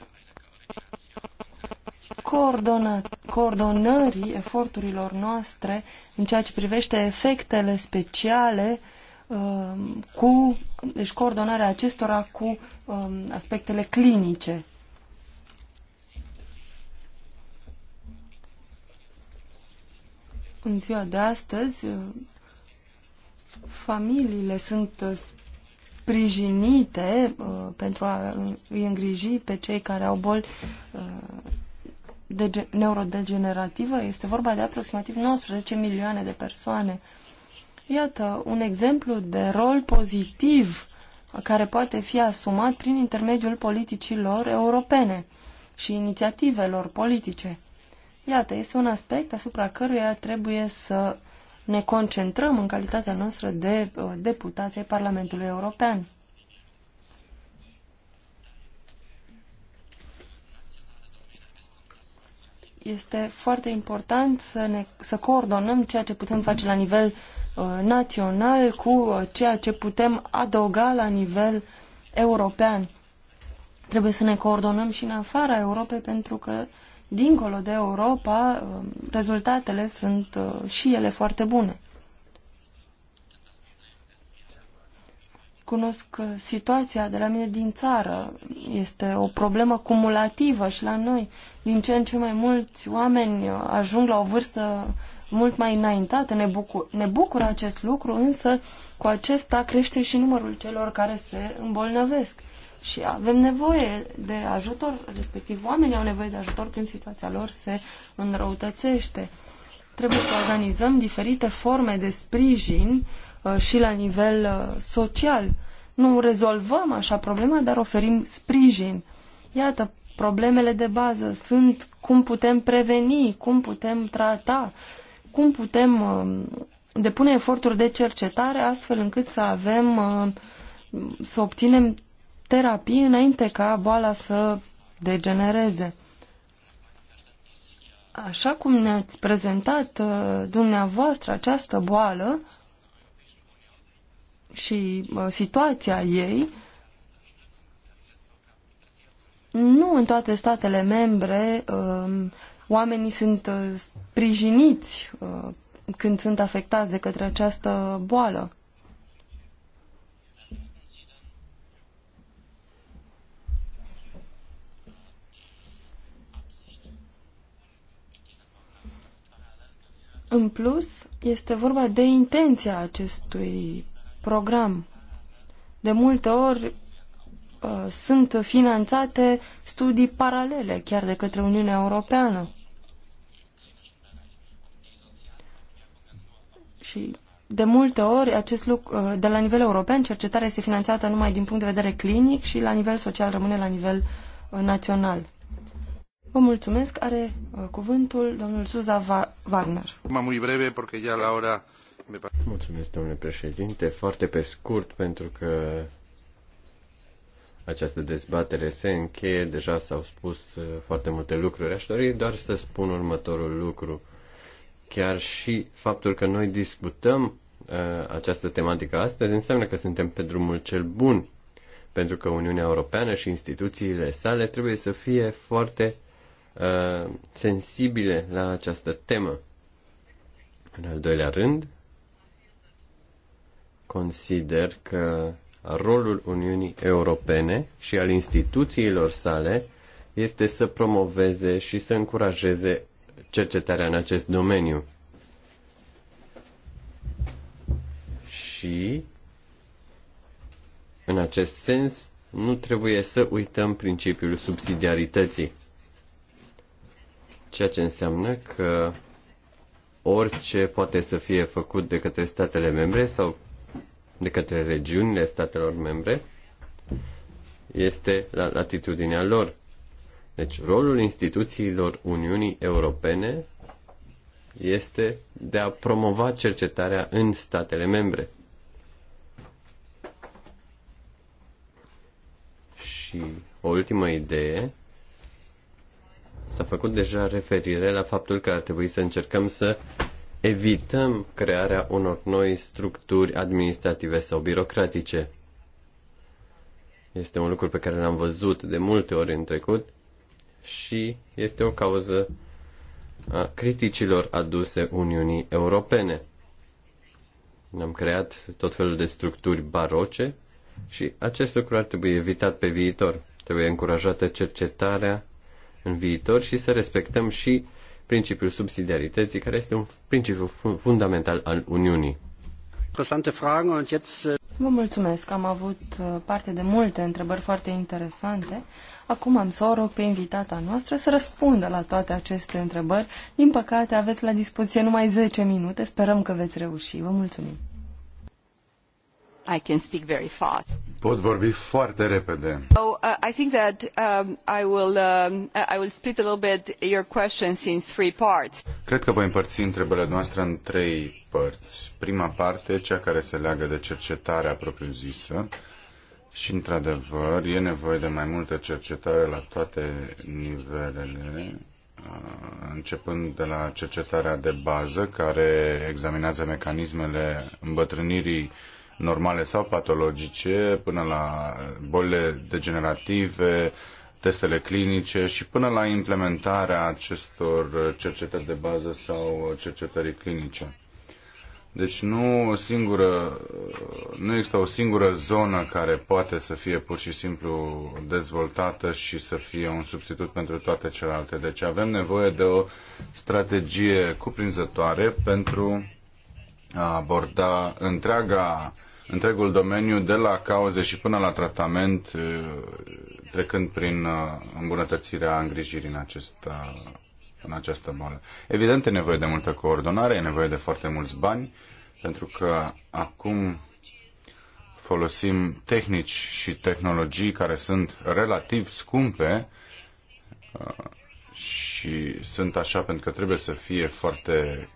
coordonării eforturilor noastre în ceea ce privește efectele speciale uh, Um, cu, deci coordonarea acestora cu um, aspectele clinice. În ziua de astăzi, uh, familiile sunt uh, sprijinite uh, pentru a uh, îi îngriji pe cei care au boli uh, neurodegenerativă. Este vorba de aproximativ 19 milioane de persoane. Iată, un exemplu de rol pozitiv care poate fi asumat prin intermediul politicilor europene și inițiativelor politice. Iată, este un aspect asupra căruia trebuie să ne concentrăm în calitatea noastră de uh, deputație ai Parlamentului European. Este foarte important să, ne, să coordonăm ceea ce putem face la nivel uh, Uh, național cu uh, ceea ce putem adăuga la nivel european. Trebuie să ne coordonăm și în afara Europei pentru că dincolo de Europa uh, rezultatele sunt și ele foarte bune. Cunosc situația de la mine din țară. Este o problemă cumulativă și la noi. Din ce în ce mai mulți oameni ajung la o vârstă mult mai înaintată, Ne, bucur, ne bucură acest lucru, însă cu acesta crește și numărul celor care se îmbolnăvesc. Și avem nevoie de ajutor, respectiv oamenii au nevoie de ajutor când situația lor se înrăutățește. Trebuie să organizăm diferite forme de sprijin uh, și la nivel uh, social. Nu rezolvăm așa problema, dar oferim sprijin. Iată, problemele de bază sunt cum putem preveni, cum putem trata, cum putem uh, depune eforturi de cercetare astfel încât să avem, uh, să obținem terapii înainte ca boala să degenereze. Așa cum ne-ați prezentat uh, dumneavoastră această boală și situația ei, nu în toate statele membre oamenii sunt sprijiniți uh, când sunt afectați de către această boală. În plus, este vorba de intenția acestui program. De multe ori uh, sunt finanțate studii paralele, chiar de către Uniunea Europeană. Și de multe ori, acest lucru, uh, de la nivel european, cercetarea este finanțată numai din punct de vedere clinic și la nivel social rămâne la nivel uh, național. Vă mulțumesc. Are uh, cuvântul domnul Suza Va Wagner. Mai breve, pentru că la ora Mulțumesc, domnule președinte. Foarte pe scurt, pentru că această dezbatere se încheie. Deja s-au spus foarte multe lucruri. Aș dori doar să spun următorul lucru. Chiar și faptul că noi discutăm uh, această tematică astăzi înseamnă că suntem pe drumul cel bun, pentru că Uniunea Europeană și instituțiile sale trebuie să fie foarte uh, sensibile la această temă. În al doilea rând, consider că rolul Uniunii Europene și al instituțiilor sale este să promoveze și să încurajeze cercetarea în acest domeniu. Și, în acest sens, nu trebuie să uităm principiul subsidiarității. Ceea ce înseamnă că orice poate să fie făcut de către statele membre sau de către regiunile statelor membre este la latitudinea lor. Deci, rolul instituțiilor Uniunii Europene este de a promova cercetarea în statele membre. Și o ultimă idee, s-a făcut deja referire la faptul că ar trebui să încercăm să evităm crearea unor noi structuri administrative sau birocratice. Este un lucru pe care l-am văzut de multe ori în trecut și este o cauză a criticilor aduse Uniunii Europene. Am creat tot felul de structuri baroce și acest lucru ar trebui evitat pe viitor. Trebuie încurajată cercetarea în viitor și să respectăm și principiul subsidiarității, care este un principiu fundamental al Uniunii. Interesante Fragen und jetzt Vă mulțumesc. Am avut uh, parte de multe întrebări foarte interesante. Acum am să o rog pe invitata noastră să răspundă la toate aceste întrebări. Din păcate, aveți la dispoziție numai 10 minute. Sperăm că veți reuși. Vă mulțumim. I can speak very fast. Pot vorbi foarte repede. So, uh, I think that um, I will um, uh, I will split a little bit your questions in three parts. Cred că voi împărți întrebările noastre în trei părți. Prima parte, cea care se leagă de cercetarea propriu-zisă. Și într-adevăr, e nevoie de mai multă cercetare la toate nivelele, uh, începând de la cercetarea de bază care examinează mecanismele îmbătrânirii normale sau patologice, până la bolile degenerative, testele clinice și până la implementarea acestor cercetări de bază sau cercetării clinice. Deci nu, o singură, nu există o singură zonă care poate să fie pur și simplu dezvoltată și să fie un substitut pentru toate celelalte. Deci avem nevoie de o strategie cuprinzătoare pentru a aborda întreaga întregul domeniu de la cauze și până la tratament, eh, trecând prin eh, îmbunătățirea îngrijirii în, acesta, eh, în această boală. Evident, e nevoie de multă coordonare, e nevoie de foarte mulți bani, pentru că acum folosim tehnici și tehnologii care sunt relativ scumpe și sunt așa pentru că trebuie să fie foarte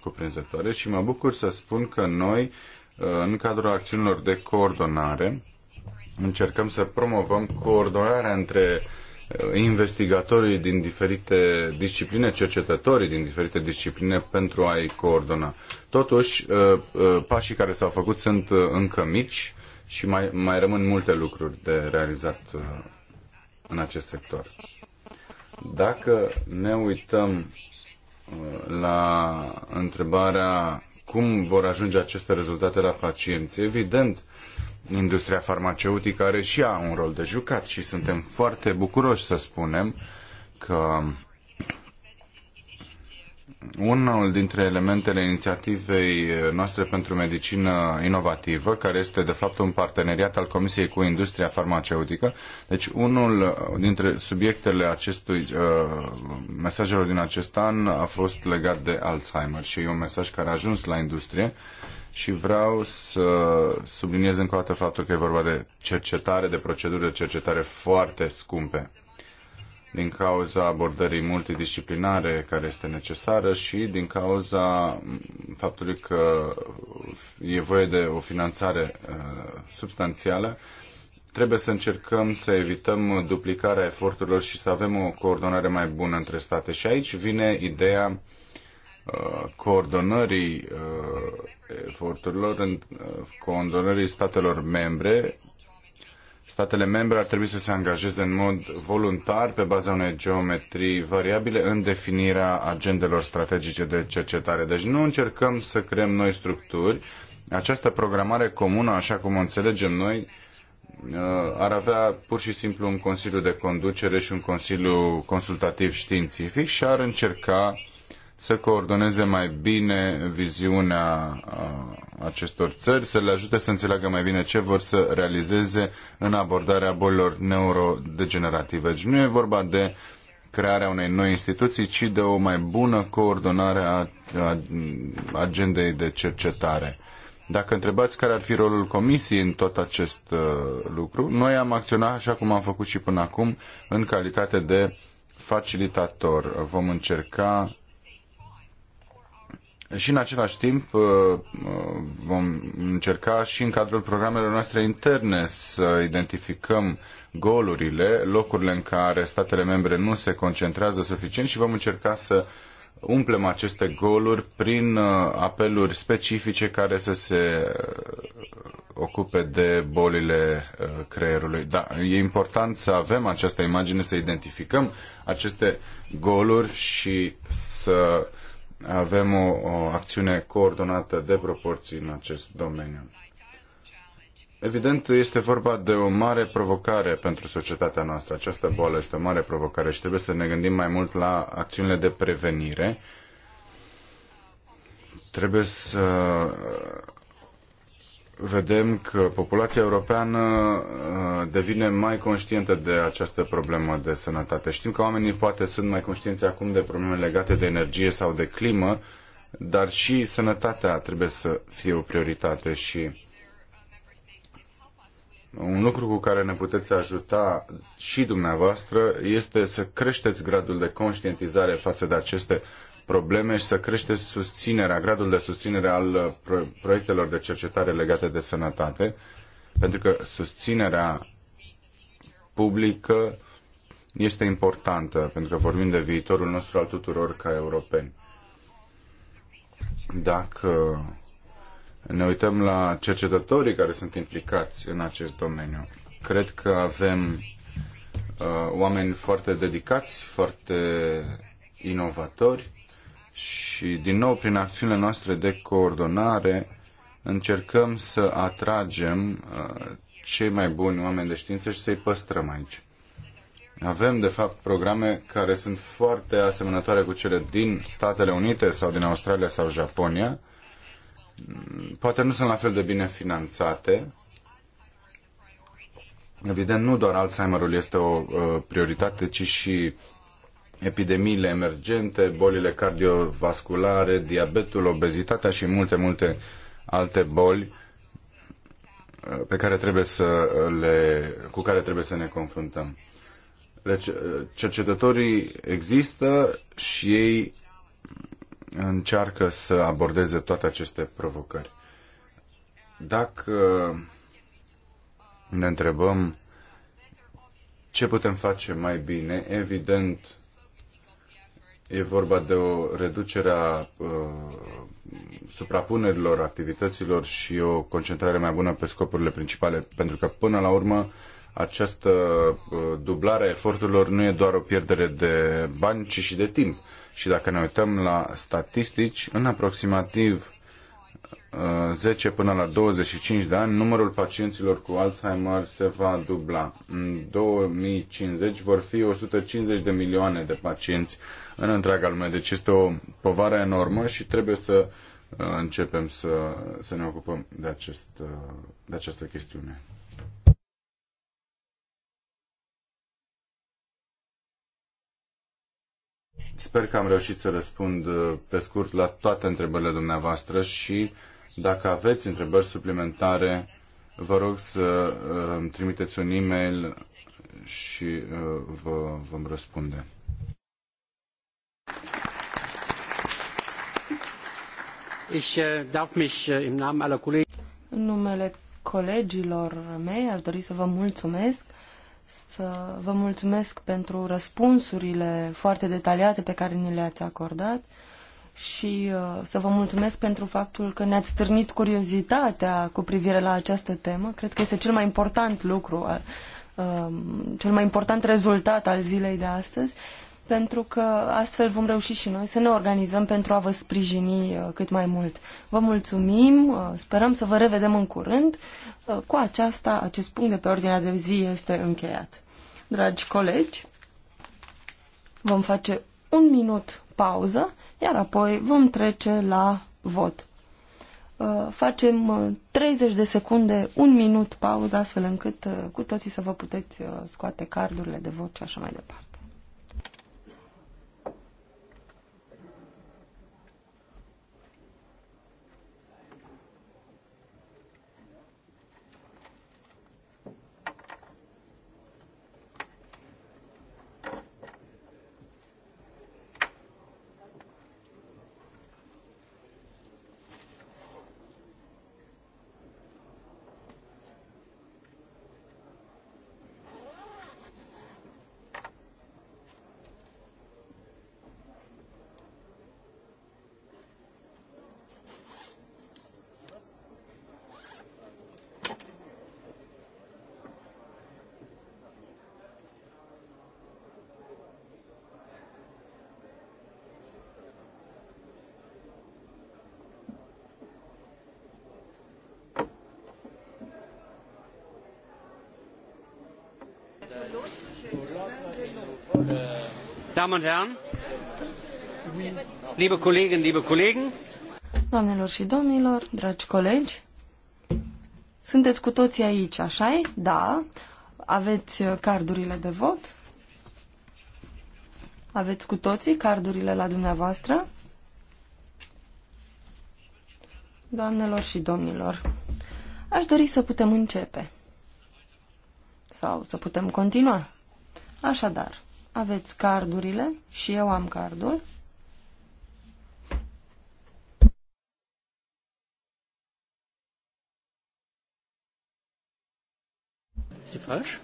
cuprinzătoare și mă bucur să spun că noi în cadrul acțiunilor de coordonare încercăm să promovăm coordonarea între uh, investigatorii din diferite discipline, cercetătorii din diferite discipline pentru a-i coordona. Totuși, uh, uh, pașii care s-au făcut sunt încă mici și mai, mai rămân multe lucruri de realizat în acest sector. Dacă ne uităm la întrebarea cum vor ajunge aceste rezultate la pacienți. Evident, industria farmaceutică are și ea un rol de jucat și suntem foarte bucuroși să spunem că unul dintre elementele inițiativei noastre pentru medicină inovativă, care este de fapt un parteneriat al Comisiei cu industria farmaceutică. Deci unul dintre subiectele acestui uh, mesajelor din acest an a fost legat de Alzheimer și e un mesaj care a ajuns la industrie și vreau să subliniez încă o dată faptul că e vorba de cercetare, de proceduri de cercetare foarte scumpe din cauza abordării multidisciplinare care este necesară și din cauza faptului că e voie de o finanțare uh, substanțială, trebuie să încercăm să evităm duplicarea eforturilor și să avem o coordonare mai bună între state. Și aici vine ideea uh, coordonării uh, eforturilor, coordonării statelor membre statele membre ar trebui să se angajeze în mod voluntar pe baza unei geometrii variabile în definirea agendelor strategice de cercetare. Deci nu încercăm să creăm noi structuri. Această programare comună, așa cum o înțelegem noi, uh, ar avea pur și simplu un consiliu de conducere și un consiliu consultativ științific și ar încerca să coordoneze mai bine viziunea acestor țări, să le ajute să înțeleagă mai bine ce vor să realizeze în abordarea bolilor neurodegenerative. Deci nu e vorba de crearea unei noi instituții, ci de o mai bună coordonare a, a agendei de cercetare. Dacă întrebați care ar fi rolul comisiei în tot acest uh, lucru, noi am acționat așa cum am făcut și până acum în calitate de facilitator. Vom încerca și în același timp uh, uh, vom încerca și în cadrul programelor noastre interne să identificăm golurile, locurile în care statele membre nu se concentrează suficient și vom încerca să umplem aceste goluri prin uh, apeluri specifice care să se ocupe de bolile creierului. Da, e important să avem această imagine, să identificăm aceste goluri și să avem o, o acțiune coordonată de proporții în acest domeniu. Evident, este vorba de o mare provocare pentru societatea noastră. Această boală este o mare provocare și trebuie să ne gândim mai mult la acțiunile de prevenire. Trebuie să vedem că populația europeană uh, devine mai conștientă de această problemă de sănătate. Știm că oamenii poate sunt mai conștienți acum de probleme legate de energie sau de climă, dar și sănătatea trebuie să fie o prioritate și un lucru cu care ne puteți ajuta și dumneavoastră este să creșteți gradul de conștientizare față de aceste probleme și să crește susținerea, gradul de susținere al uh, proiectelor de cercetare legate de sănătate, pentru că susținerea publică este importantă, pentru că vorbim de viitorul nostru al tuturor ca europeni. Dacă ne uităm la cercetătorii care sunt implicați în acest domeniu, cred că avem uh, oameni foarte dedicați, foarte inovatori și din nou prin acțiunile noastre de coordonare încercăm să atragem uh, cei mai buni oameni de știință și să-i păstrăm aici. Avem, de fapt, programe care sunt foarte asemănătoare cu cele din Statele Unite sau din Australia sau Japonia. Poate nu sunt la fel de bine finanțate. Evident, nu doar Alzheimerul este o uh, prioritate, ci și epidemiile emergente, bolile cardiovasculare, diabetul, obezitatea și multe, multe alte boli uh, pe care trebuie să le, cu care trebuie să ne confruntăm. Deci, uh, cercetătorii există și ei încearcă să abordeze toate aceste provocări. Dacă ne întrebăm ce putem face mai bine, evident, E vorba de o reducere a uh, suprapunerilor activităților și o concentrare mai bună pe scopurile principale, pentru că până la urmă această uh, dublare a eforturilor nu e doar o pierdere de bani, ci și de timp. Și dacă ne uităm la statistici, în aproximativ 10 până la 25 de ani, numărul pacienților cu Alzheimer se va dubla. În 2050 vor fi 150 de milioane de pacienți în întreaga lume. Deci este o povară enormă și trebuie să uh, începem să, să ne ocupăm de, acest, uh, de această chestiune. Sper că am reușit să răspund uh, pe scurt la toate întrebările dumneavoastră și dacă aveți întrebări suplimentare, vă rog să uh, îmi trimiteți un e-mail și uh, vă vom răspunde. Ich äh, darf mich äh, im Namen aller Kollegen în numele colegilor mei aș dori să vă mulțumesc, să vă mulțumesc pentru răspunsurile foarte detaliate pe care ni le-ați acordat și uh, să vă mulțumesc pentru faptul că ne-ați stârnit curiozitatea cu privire la această temă. Cred că este cel mai important lucru, uh, um, cel mai important rezultat al zilei de astăzi, pentru că astfel vom reuși și noi să ne organizăm pentru a vă sprijini uh, cât mai mult. Vă mulțumim, uh, sperăm să vă revedem în curând. Uh, cu aceasta, acest punct de pe ordinea de zi este încheiat. Dragi colegi, vom face un minut pauză iar apoi vom trece la vot. Uh, facem 30 uh, de secunde, un minut pauză, astfel încât uh, cu toții să vă puteți scoate cardurile de vot și așa mai departe. Damen und Herren, liebe Kolleginnen, liebe Kollegen, Doamnelor și domnilor, dragi colegi, sunteți cu toții aici, așa e? Da. Aveți uh, cardurile de vot? Aveți cu toții cardurile la dumneavoastră? Doamnelor și domnilor, aș dori să putem începe. Sau să putem continua. Așadar, aveți cardurile și eu am cardul. Ce faci?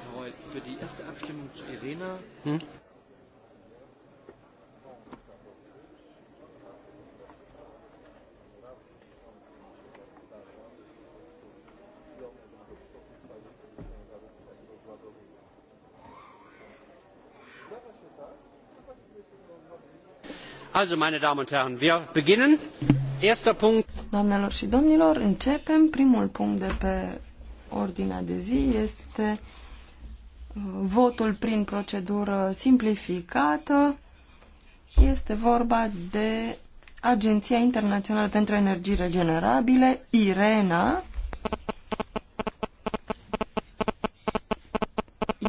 Pentru prima die erste Abstimmung zu Irena. Hm? Doamnelor și domnilor, începem. Primul punct de pe ordinea de zi este uh, votul prin procedură simplificată. Este vorba de Agenția Internațională pentru Energii Regenerabile, IRENA.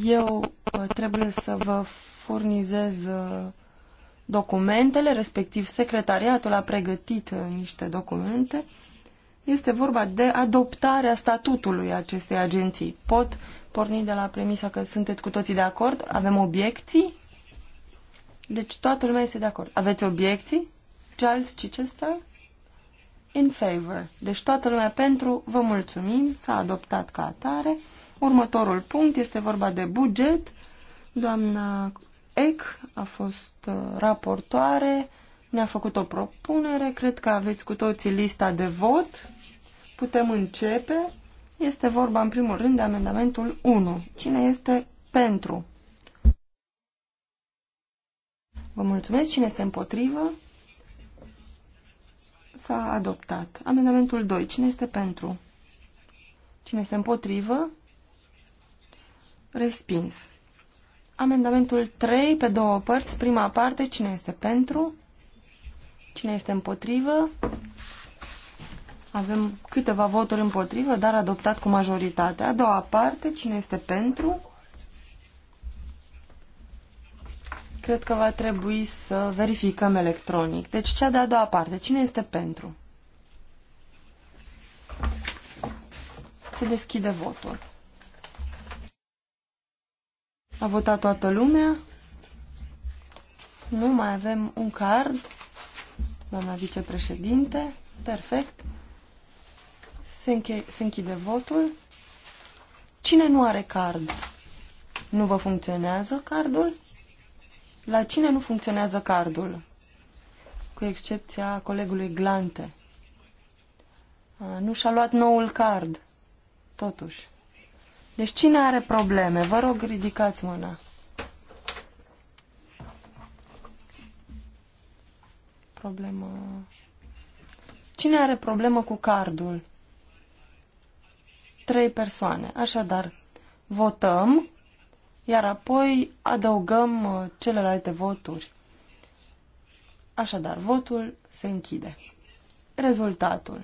Eu uh, trebuie să vă furnizez uh, documentele, respectiv secretariatul a pregătit uh, niște documente. Este vorba de adoptarea statutului acestei agenții. Pot porni de la premisa că sunteți cu toții de acord? Avem obiecții? Deci toată lumea este de acord. Aveți obiecții? Giles Chichester? In favor. Deci toată lumea pentru, vă mulțumim, s-a adoptat ca atare. Următorul punct este vorba de buget. Doamna EC a fost uh, raportoare, ne-a făcut o propunere, cred că aveți cu toții lista de vot. Putem începe. Este vorba în primul rând de amendamentul 1. Cine este pentru? Vă mulțumesc. Cine este împotrivă? S-a adoptat. Amendamentul 2. Cine este pentru? Cine este împotrivă? Respins. Amendamentul 3 pe două părți, prima parte, cine este pentru, cine este împotrivă. Avem câteva voturi împotrivă, dar adoptat cu majoritate. A doua parte, cine este pentru? Cred că va trebui să verificăm electronic. Deci cea de-a doua parte, cine este pentru? Se deschide votul. A votat toată lumea. Nu mai avem un card. Doamna vicepreședinte. Perfect. Se, înche se închide votul. Cine nu are card? Nu vă funcționează cardul? La cine nu funcționează cardul? Cu excepția colegului Glante. A, nu și-a luat noul card. Totuși. Deci cine are probleme? Vă rog, ridicați mâna. Problemă... Cine are problemă cu cardul? Trei persoane. Așadar, votăm, iar apoi adăugăm uh, celelalte voturi. Așadar, votul se închide. Rezultatul.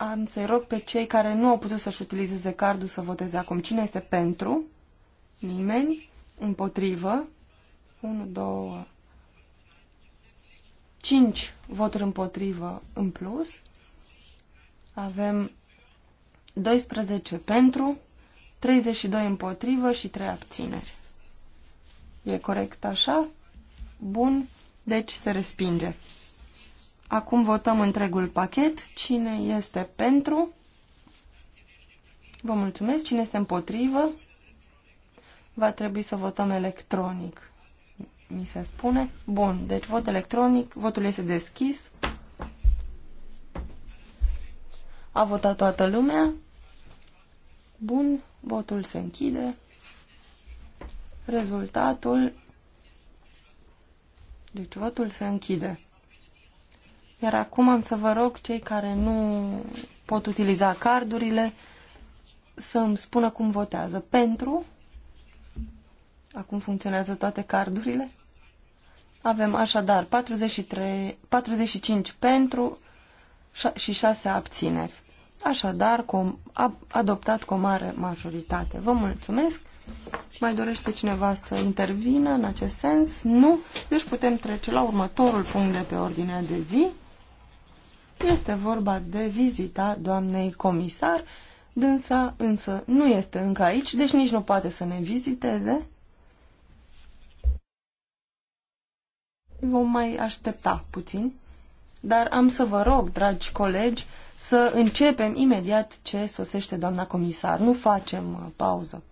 Am să-i rog pe cei care nu au putut să-și utilizeze cardul să voteze acum. Cine este pentru? Nimeni? Împotrivă? 1, 2, 5 voturi împotrivă în plus. Avem 12 pentru, 32 împotrivă și 3 abțineri. E corect așa? Bun, deci se respinge. Acum votăm întregul pachet. Cine este pentru? Vă mulțumesc. Cine este împotrivă? Va trebui să votăm electronic, mi se spune. Bun, deci vot electronic, votul este deschis. A votat toată lumea. Bun, votul se închide. Rezultatul... Deci votul se închide. Iar acum am să vă rog cei care nu pot utiliza cardurile să îmi spună cum votează. Pentru. Acum funcționează toate cardurile. Avem așadar 43, 45 pentru și 6 abțineri. Așadar, com, a, adoptat cu o mare majoritate. Vă mulțumesc. Mai dorește cineva să intervină în acest sens? Nu? Deci putem trece la următorul punct de pe ordinea de zi. Este vorba de vizita doamnei comisar, dânsa însă nu este încă aici, deci nici nu poate să ne viziteze. Vom mai aștepta puțin, dar am să vă rog, dragi colegi, să începem imediat ce sosește doamna comisar. Nu facem uh, pauză.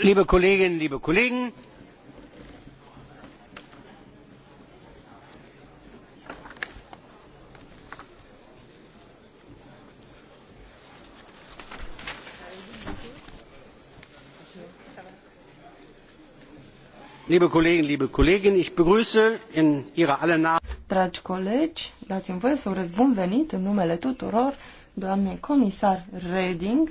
liebe Kolleginnen, liebe Kollegen, Liebe Kolleginnen, liebe Kollegen, ich begrüße in Ihrer aller Namen. Dragi colegi, dați-mi voie să urez bun venit în numele tuturor doamnei comisar Reding,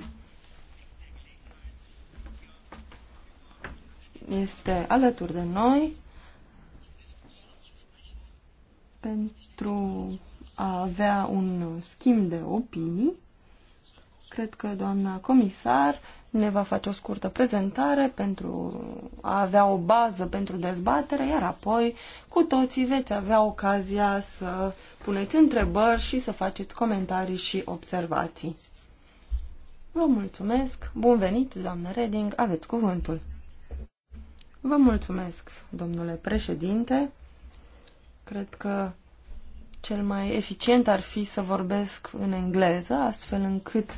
este alături de noi pentru a avea un schimb de opinii. Cred că doamna comisar ne va face o scurtă prezentare pentru a avea o bază pentru dezbatere, iar apoi cu toții veți avea ocazia să puneți întrebări și să faceți comentarii și observații. Vă mulțumesc, bun venit, doamnă Reding, aveți cuvântul. Vă mulțumesc, domnule președinte. Cred că cel mai eficient ar fi să vorbesc în engleză, astfel încât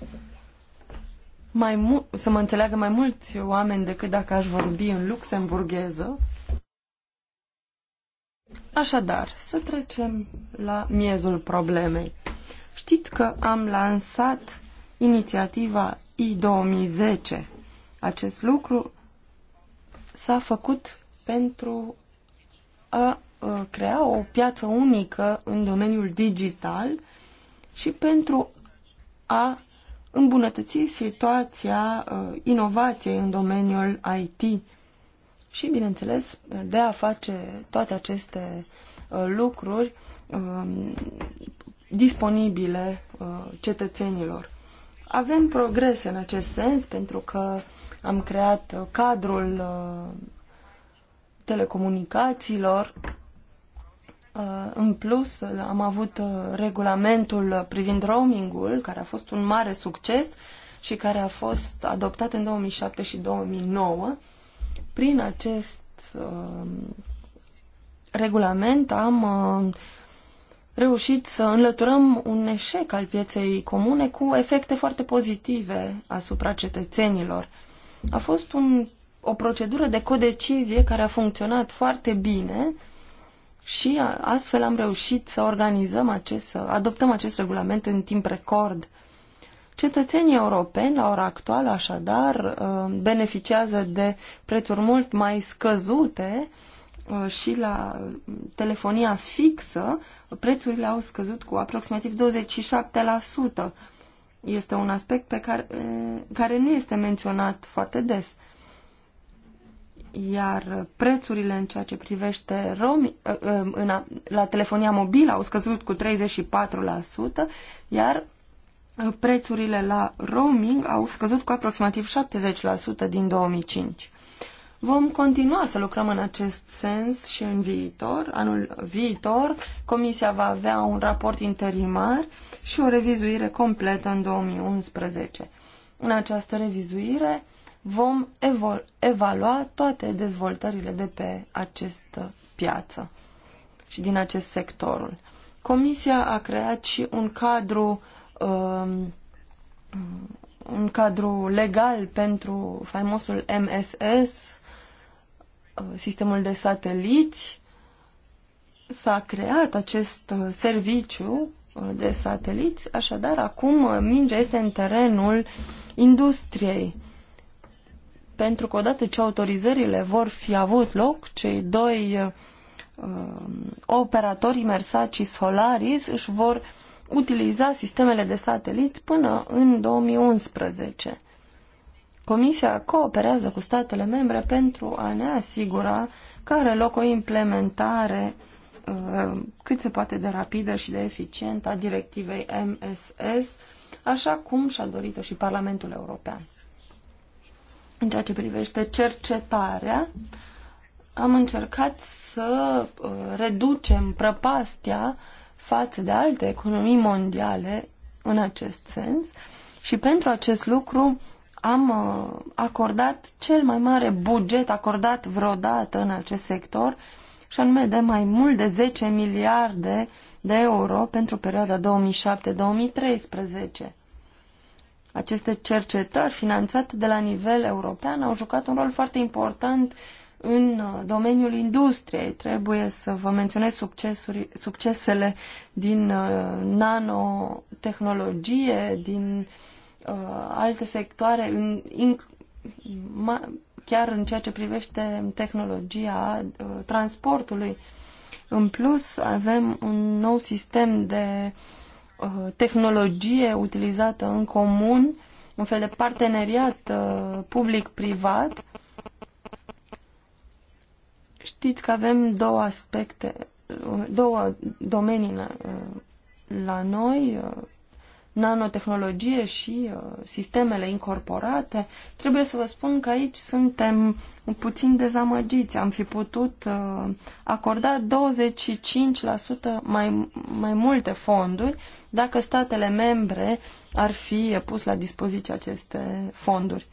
mai să mă înțeleagă mai mulți oameni decât dacă aș vorbi în luxemburgheză. Așadar, să trecem la miezul problemei. Știți că am lansat inițiativa I-2010. Acest lucru s-a făcut pentru a crea o piață unică în domeniul digital și pentru a îmbunătăți situația inovației în domeniul IT și, bineînțeles, de a face toate aceste lucruri disponibile cetățenilor. Avem progrese în acest sens pentru că am creat uh, cadrul uh, telecomunicațiilor. Uh, în plus, am avut regulamentul privind roamingul, care a fost un mare succes și care a fost adoptat în 2007 și 2009. Prin acest regulament am reușit să înlăturăm un eșec al pieței comune cu efecte foarte pozitive asupra cetățenilor. A fost un, o procedură de codecizie care a funcționat foarte bine și a, astfel am reușit să organizăm acest, să adoptăm acest regulament în timp record. Cetățenii europeni, la ora actuală, așadar, uh, beneficiază de prețuri mult mai scăzute uh, și la telefonia fixă, prețurile au scăzut cu aproximativ 27% este un aspect pe care, care nu este menționat foarte des. Iar prețurile în ceea ce privește romi, în a, la telefonia mobilă au scăzut cu 34%, iar prețurile la roaming au scăzut cu aproximativ 70% din 2005. Vom continua să lucrăm în acest sens și în viitor. Anul viitor, Comisia va avea un raport interimar și o revizuire completă în 2011. În această revizuire vom evalua toate dezvoltările de pe această piață și din acest sectorul. Comisia a creat și un cadru um, un cadru legal pentru faimosul MSS, Uh, sistemul de sateliți, s-a creat acest uh, serviciu uh, de sateliți, așadar acum mingea este în terenul industriei. Pentru că odată ce autorizările vor fi avut loc, cei doi uh, operatori Mersat Solaris își vor utiliza sistemele de sateliți până în 2011. Comisia cooperează cu statele membre pentru a ne asigura că are loc o implementare uh, cât se poate de rapidă și de eficientă a directivei MSS, așa cum și-a dorit-o și Parlamentul European. În ceea ce privește cercetarea, am încercat să uh, reducem prăpastia față de alte economii mondiale în acest sens și pentru acest lucru am uh, acordat cel mai mare buget acordat vreodată în acest sector și anume de mai mult de 10 miliarde de euro pentru perioada 2007-2013. Aceste cercetări finanțate de la nivel european au jucat un rol foarte important în uh, domeniul industriei. Trebuie să vă menționez succesele din uh, nanotehnologie, din uh, uh, alte sectoare, în, in, ma, chiar în ceea ce privește tehnologia uh, transportului. În plus, avem un nou sistem de uh, tehnologie utilizată în comun, un fel de parteneriat uh, public-privat. Știți că avem două aspecte, uh, două domenii la, uh, la noi, uh, nanotehnologie și uh, sistemele incorporate, trebuie să vă spun că aici suntem puțin dezamăgiți. Am fi putut uh, acorda 25% mai, mai multe fonduri dacă statele membre ar fi pus la dispoziție aceste fonduri.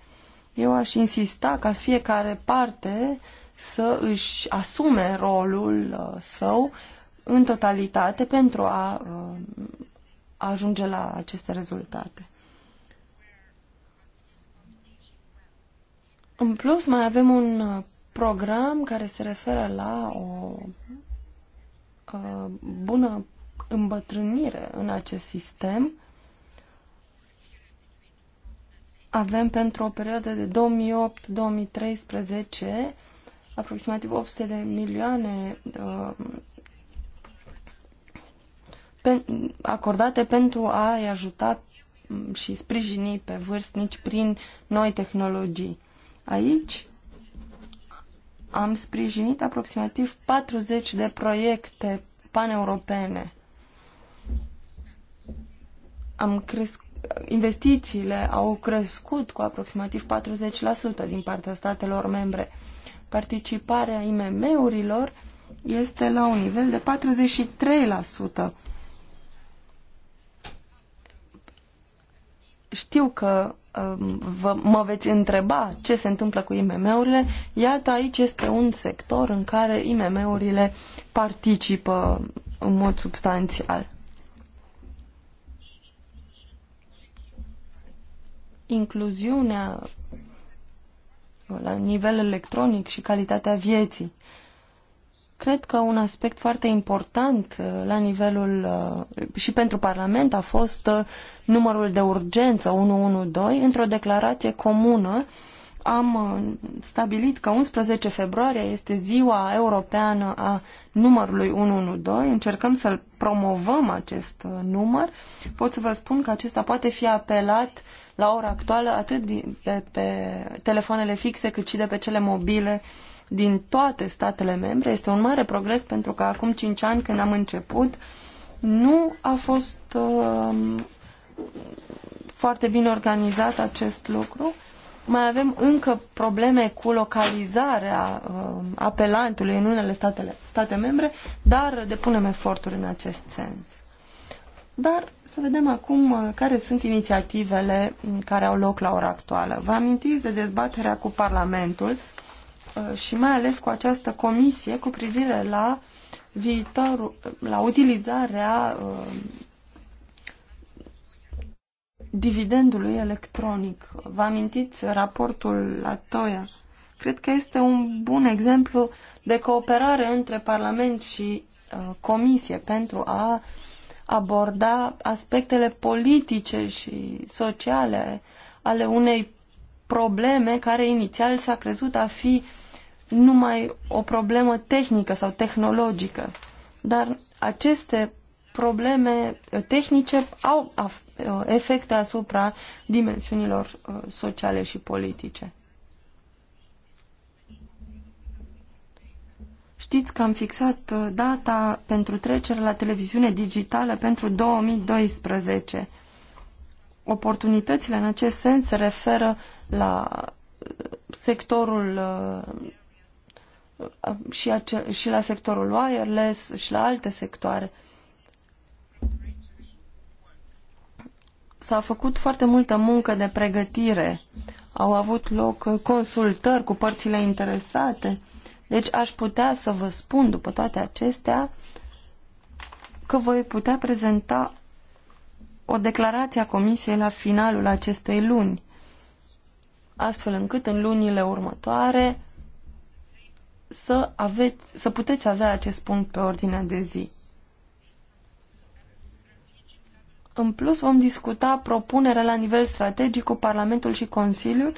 Eu aș insista ca fiecare parte să își asume rolul uh, său în totalitate pentru a uh, ajunge la aceste rezultate. În plus, mai avem un uh, program care se referă la o uh, bună îmbătrânire în acest sistem. Avem pentru o perioadă de 2008-2013 aproximativ 800 de milioane uh, pe, acordate pentru a-i ajuta și sprijini pe vârstnici prin noi tehnologii. Aici am sprijinit aproximativ 40 de proiecte paneuropene. Am crescut investițiile au crescut cu aproximativ 40% din partea statelor membre. Participarea IMM-urilor este la un nivel de 43%. Știu că um, vă, mă veți întreba ce se întâmplă cu IMM-urile. Iată, aici este un sector în care IMM-urile participă în mod substanțial. Incluziunea la nivel electronic și calitatea vieții. Cred că un aspect foarte important uh, la nivelul uh, și pentru Parlament a fost uh, numărul de urgență 112. Într-o declarație comună am stabilit că 11 februarie este ziua europeană a numărului 112. Încercăm să-l promovăm acest număr. Pot să vă spun că acesta poate fi apelat la ora actuală atât de pe telefoanele fixe cât și de pe cele mobile uh, din toate statele membre. Este un mare progres pentru că acum 5 ani când am început nu a fost uh, foarte bine organizat acest lucru. Mai avem încă probleme cu localizarea uh, apelantului în unele statele, state membre, dar depunem eforturi în acest sens. Dar să vedem acum uh, care sunt inițiativele mm, care au loc la ora actuală. Vă amintiți de dezbaterea cu Parlamentul Uh, și mai ales cu această comisie cu privire la viitorul, la utilizarea uh, dividendului electronic. Vă amintiți raportul la Toia? Cred că este un bun exemplu de cooperare între Parlament și uh, Comisie pentru a aborda aspectele politice și sociale ale unei probleme care inițial s-a crezut a fi numai o problemă tehnică sau tehnologică. Dar aceste probleme uh, tehnice au uh, efecte asupra dimensiunilor uh, sociale și politice. Știți că am fixat data pentru trecere la televiziune digitală pentru 2012 oportunitățile în acest sens se referă la uh, sectorul uh, și, ace- și la sectorul wireless și la alte sectoare. S-a făcut foarte multă muncă de pregătire. Au avut loc uh, consultări cu părțile interesate. Deci aș putea să vă spun, după toate acestea, că voi putea prezenta o declarație a Comisiei la finalul acestei luni, astfel încât în lunile următoare să, aveți, să puteți avea acest punct pe ordinea de zi. În plus, vom discuta propunerea la nivel strategic cu Parlamentul și Consiliul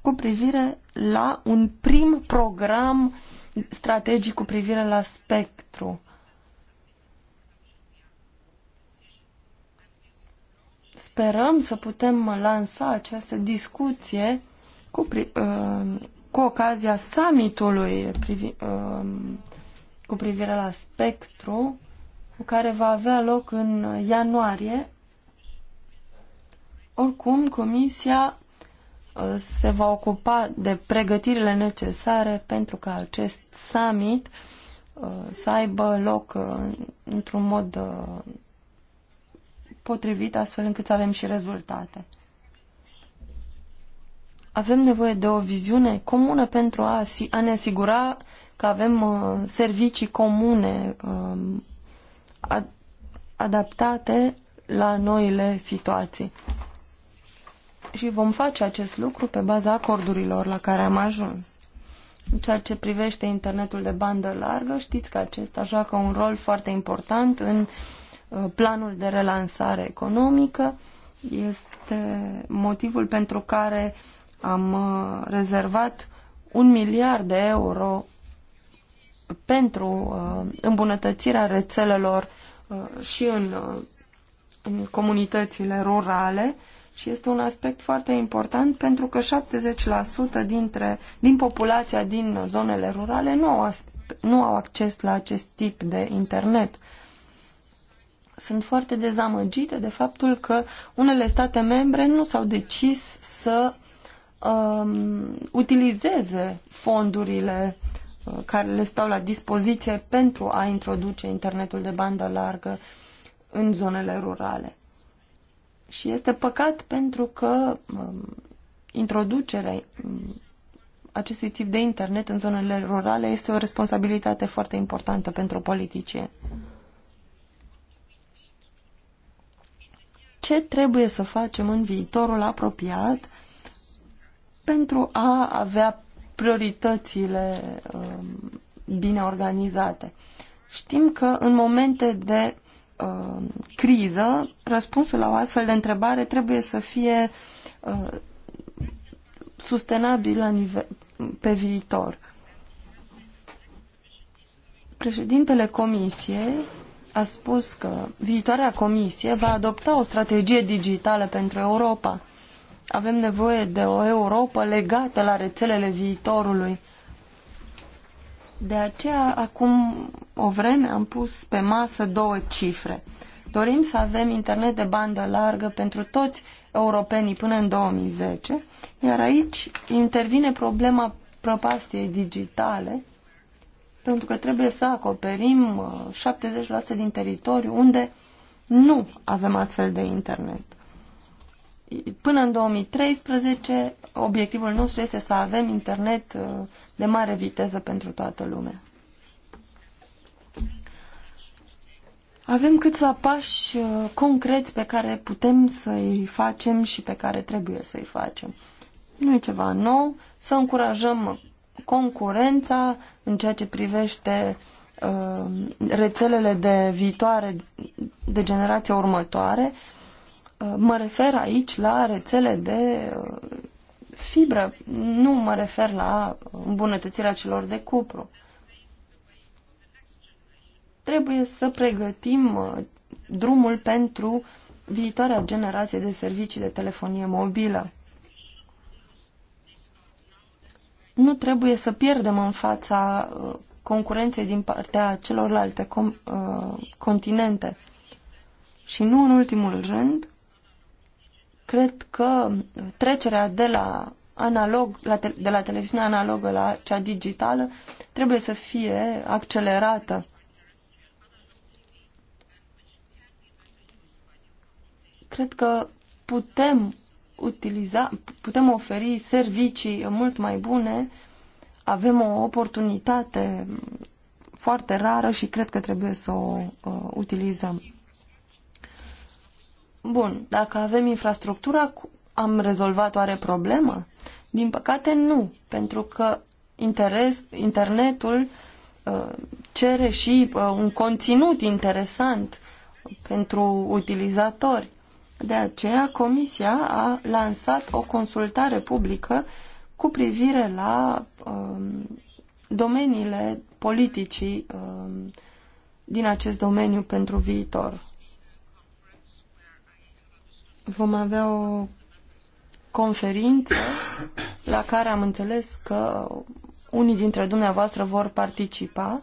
cu privire la un prim program strategic cu privire la spectru. sperăm să putem lansa această discuție cu, uh, cu ocazia summitului privi, uh, cu privire la spectru, care va avea loc în ianuarie. Oricum, Comisia uh, se va ocupa de pregătirile necesare pentru ca acest summit să aibă loc într-un mod potrivit astfel încât să avem și rezultate. Avem nevoie de o viziune comună pentru a, a ne asigura că avem uh, servicii comune uh, ad adaptate la noile situații. Și vom face acest lucru pe baza acordurilor la care am ajuns. În ceea ce privește internetul de bandă largă, știți că acesta joacă un rol foarte important în uh, Uh, planul de relansare economică. Este motivul pentru care am uh, rezervat un miliard de euro pentru uh, îmbunătățirea rețelelor și în, în comunitățile rurale și este un aspect foarte important pentru că 70% dintre, din populația din zonele rurale nu au, nu au acces la acest tip de internet sunt foarte dezamăgite de faptul că unele state membre nu s-au decis să um, utilizeze fondurile uh, care le stau la dispoziție pentru a introduce internetul de bandă largă în zonele rurale. Și este păcat pentru că um, introducerea um, acestui tip de internet în zonele rurale este o responsabilitate foarte importantă pentru politicieni. ce trebuie să facem în viitorul apropiat pentru a avea prioritățile um, bine organizate. Știm că în momente de um, criză, răspunsul la o astfel de întrebare trebuie să fie uh, sustenabil la nivel, pe viitor. Președintele Comisiei a spus că viitoarea comisie va adopta o strategie digitală pentru Europa. Avem nevoie de o Europa legată la rețelele viitorului. De aceea, acum o vreme am pus pe masă două cifre. Dorim să avem internet de bandă largă pentru toți europenii până în 2010, iar aici intervine problema prăpastiei digitale pentru că trebuie să acoperim 70% uh, din teritoriu unde nu avem astfel de internet. Până în 2013, obiectivul nostru este să avem internet uh, de mare viteză pentru toată lumea. Avem câțiva pași uh, concreți pe care putem să-i facem și pe care trebuie să-i facem. Nu e ceva nou, să încurajăm concurența în ceea ce privește uh, rețelele de viitoare, de generația următoare. Uh, mă refer aici la rețele de uh, fibră, nu mă refer la îmbunătățirea celor de cupru. Trebuie să pregătim drumul pentru viitoarea generație de servicii de telefonie mobilă. nu trebuie să pierdem în fața uh, concurenței din partea celorlalte com, uh, continente. Și nu în ultimul rând, cred că trecerea de la, analog, la te, de la televiziunea analogă la cea digitală trebuie să fie accelerată. Cred că putem utiliza, putem oferi servicii mult mai bune, avem o oportunitate foarte rară și cred că trebuie să o uh, utilizăm. Bun, dacă avem infrastructura, am rezolvat oare problema? Din păcate nu, pentru că interes, internetul uh, cere și uh, un conținut interesant pentru utilizatori de aceea, Comisia a lansat o consultare publică cu privire la um, domeniile politicii um, din acest domeniu pentru viitor. Vom avea o conferință la care am înțeles că unii dintre dumneavoastră vor participa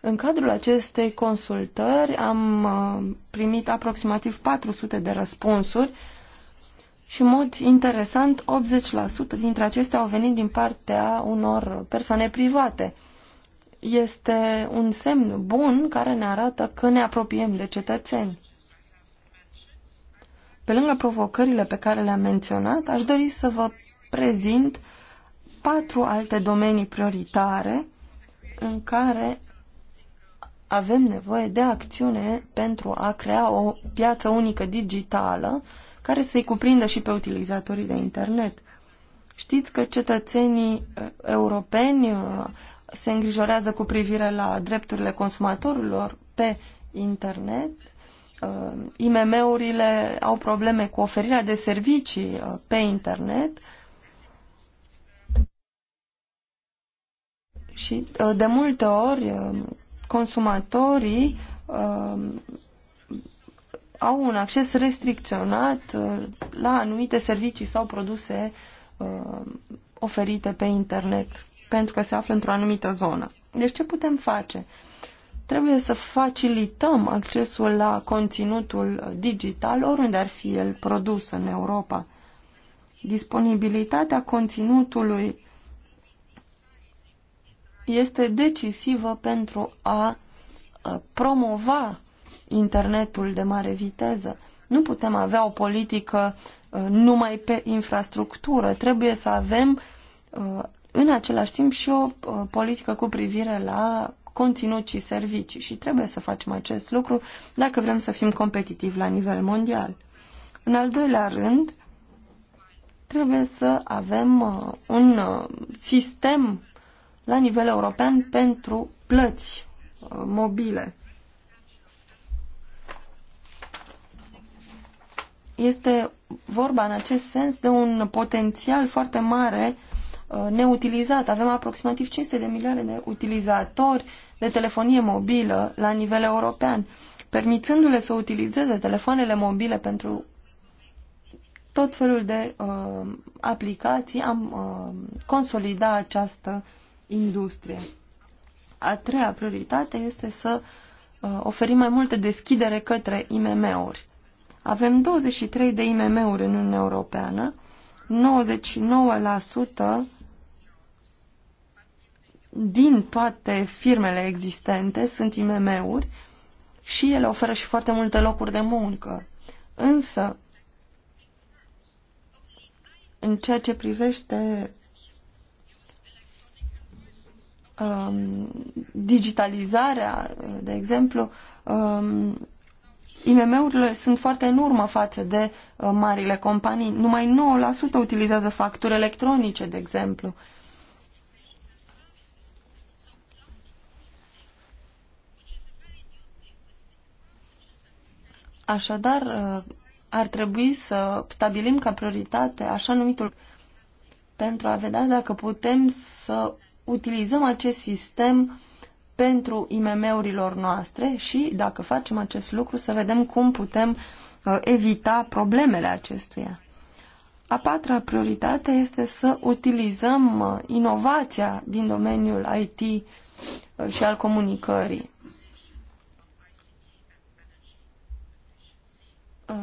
în cadrul acestei consultări am uh, primit aproximativ 400 de răspunsuri și, în mod interesant, 80% dintre acestea au venit din partea unor persoane private. Este un semn bun care ne arată că ne apropiem de cetățeni. Pe lângă provocările pe care le-am menționat, aș dori să vă prezint patru alte domenii prioritare în care avem nevoie de acțiune pentru a crea o piață unică digitală care să-i cuprindă și pe utilizatorii de internet. Știți că cetățenii uh, europeni uh, se îngrijorează cu privire la drepturile consumatorilor pe internet. Uh, IMM-urile au probleme cu oferirea de servicii pe internet. Și de multe ori consumatorii uh, au un acces restricționat uh, la anumite servicii sau produse uh, oferite pe internet pentru că se află într-o anumită zonă. Deci ce putem face? Trebuie să facilităm accesul la conținutul digital oriunde ar fi el produs în Europa. Disponibilitatea conținutului este decisivă pentru a promova internetul de mare viteză. Nu putem avea o politică numai pe infrastructură. Trebuie să avem în același timp și o politică cu privire la conținut și servicii și trebuie să facem acest lucru dacă vrem să fim competitivi la nivel mondial. În al doilea rând, trebuie să avem un sistem la nivel european pentru plăți uh, mobile. Este vorba în acest sens de un potențial foarte mare uh, neutilizat. Avem aproximativ 500 de milioane de utilizatori de telefonie mobilă la nivel european, permițându-le să utilizeze telefoanele mobile pentru tot felul de uh, aplicații, am uh, consolidat această industrie. A treia prioritate este să uh, oferim mai multă deschidere către IMM-uri. Avem 23 de IMM-uri în Uniunea Europeană, 99% din toate firmele existente sunt IMM-uri și ele oferă și foarte multe locuri de muncă. Însă, în ceea ce privește um, digitalizarea, de exemplu, um, IMM-urile sunt foarte în urmă față de uh, marile companii. Numai 9% utilizează facturi electronice, de exemplu. Așadar, uh, ar trebui să stabilim ca prioritate așa numitul pentru a vedea dacă putem să utilizăm acest sistem pentru IMM-urilor noastre și, dacă facem acest lucru, să vedem cum putem uh, evita problemele acestuia. A patra prioritate este să utilizăm uh, inovația din domeniul IT uh, și al comunicării.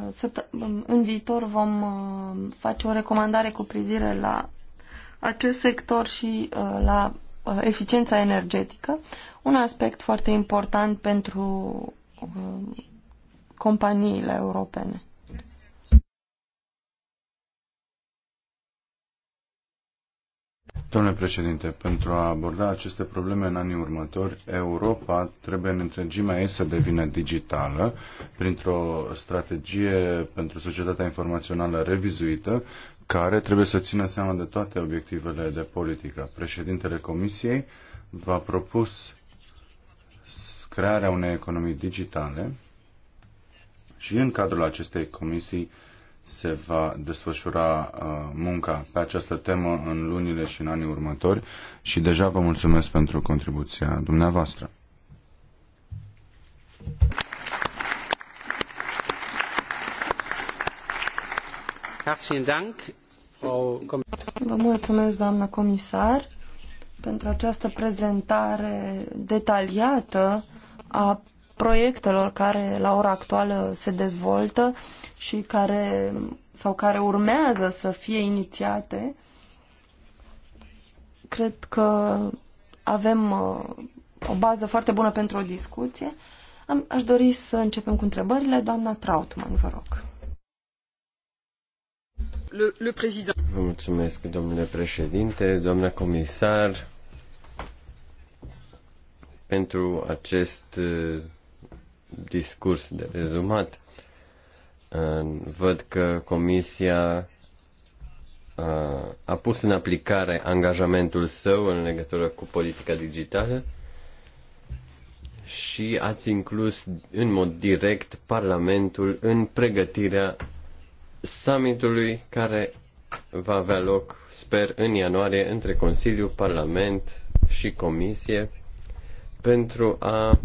Uh, um, în viitor vom uh, face o recomandare cu privire la acest sector și uh, la uh, eficiența energetică, un aspect foarte important pentru uh, companiile europene. Domnule președinte, pentru a aborda aceste probleme în anii următori, Europa trebuie în întregimea ei să devină digitală printr-o strategie pentru societatea informațională revizuită care trebuie să țină seama de toate obiectivele de politică. Președintele Comisiei v-a propus crearea unei economii digitale și în cadrul acestei comisii se va desfășura uh, munca pe această temă în lunile și în anii următori și deja vă mulțumesc pentru contribuția dumneavoastră. Vă mulțumesc, doamnă comisar, pentru această prezentare detaliată a proiectelor care la ora actuală se dezvoltă și care sau care urmează să fie inițiate. Cred că avem uh, o bază foarte bună pentru o discuție. aș dori să începem cu întrebările. Doamna Trautmann, vă rog le, président. Vă mulțumesc, domnule președinte, doamna comisar, pentru acest uh, discurs de rezumat. Uh, văd că Comisia uh, a pus în aplicare angajamentul său în legătură cu politica digitală și ați inclus în mod direct Parlamentul în pregătirea summitului care va avea loc, sper, în ianuarie între Consiliu, Parlament și Comisie pentru a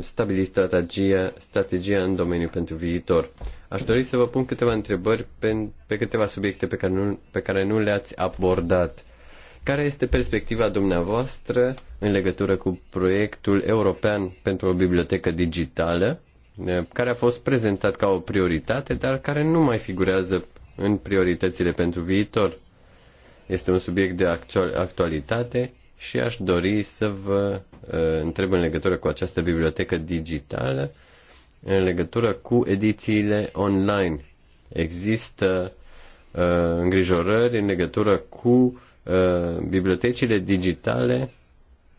stabili strategia, strategia în domeniu pentru viitor. Aș dori să vă pun câteva întrebări pe, pe câteva subiecte pe care, nu, pe care nu le-ați abordat. Care este perspectiva dumneavoastră în legătură cu proiectul european pentru o bibliotecă digitală? care a fost prezentat ca o prioritate, dar care nu mai figurează în prioritățile pentru viitor. Este un subiect de actualitate și aș dori să vă întreb în legătură cu această bibliotecă digitală, în legătură cu edițiile online. Există uh, îngrijorări în legătură cu uh, bibliotecile digitale.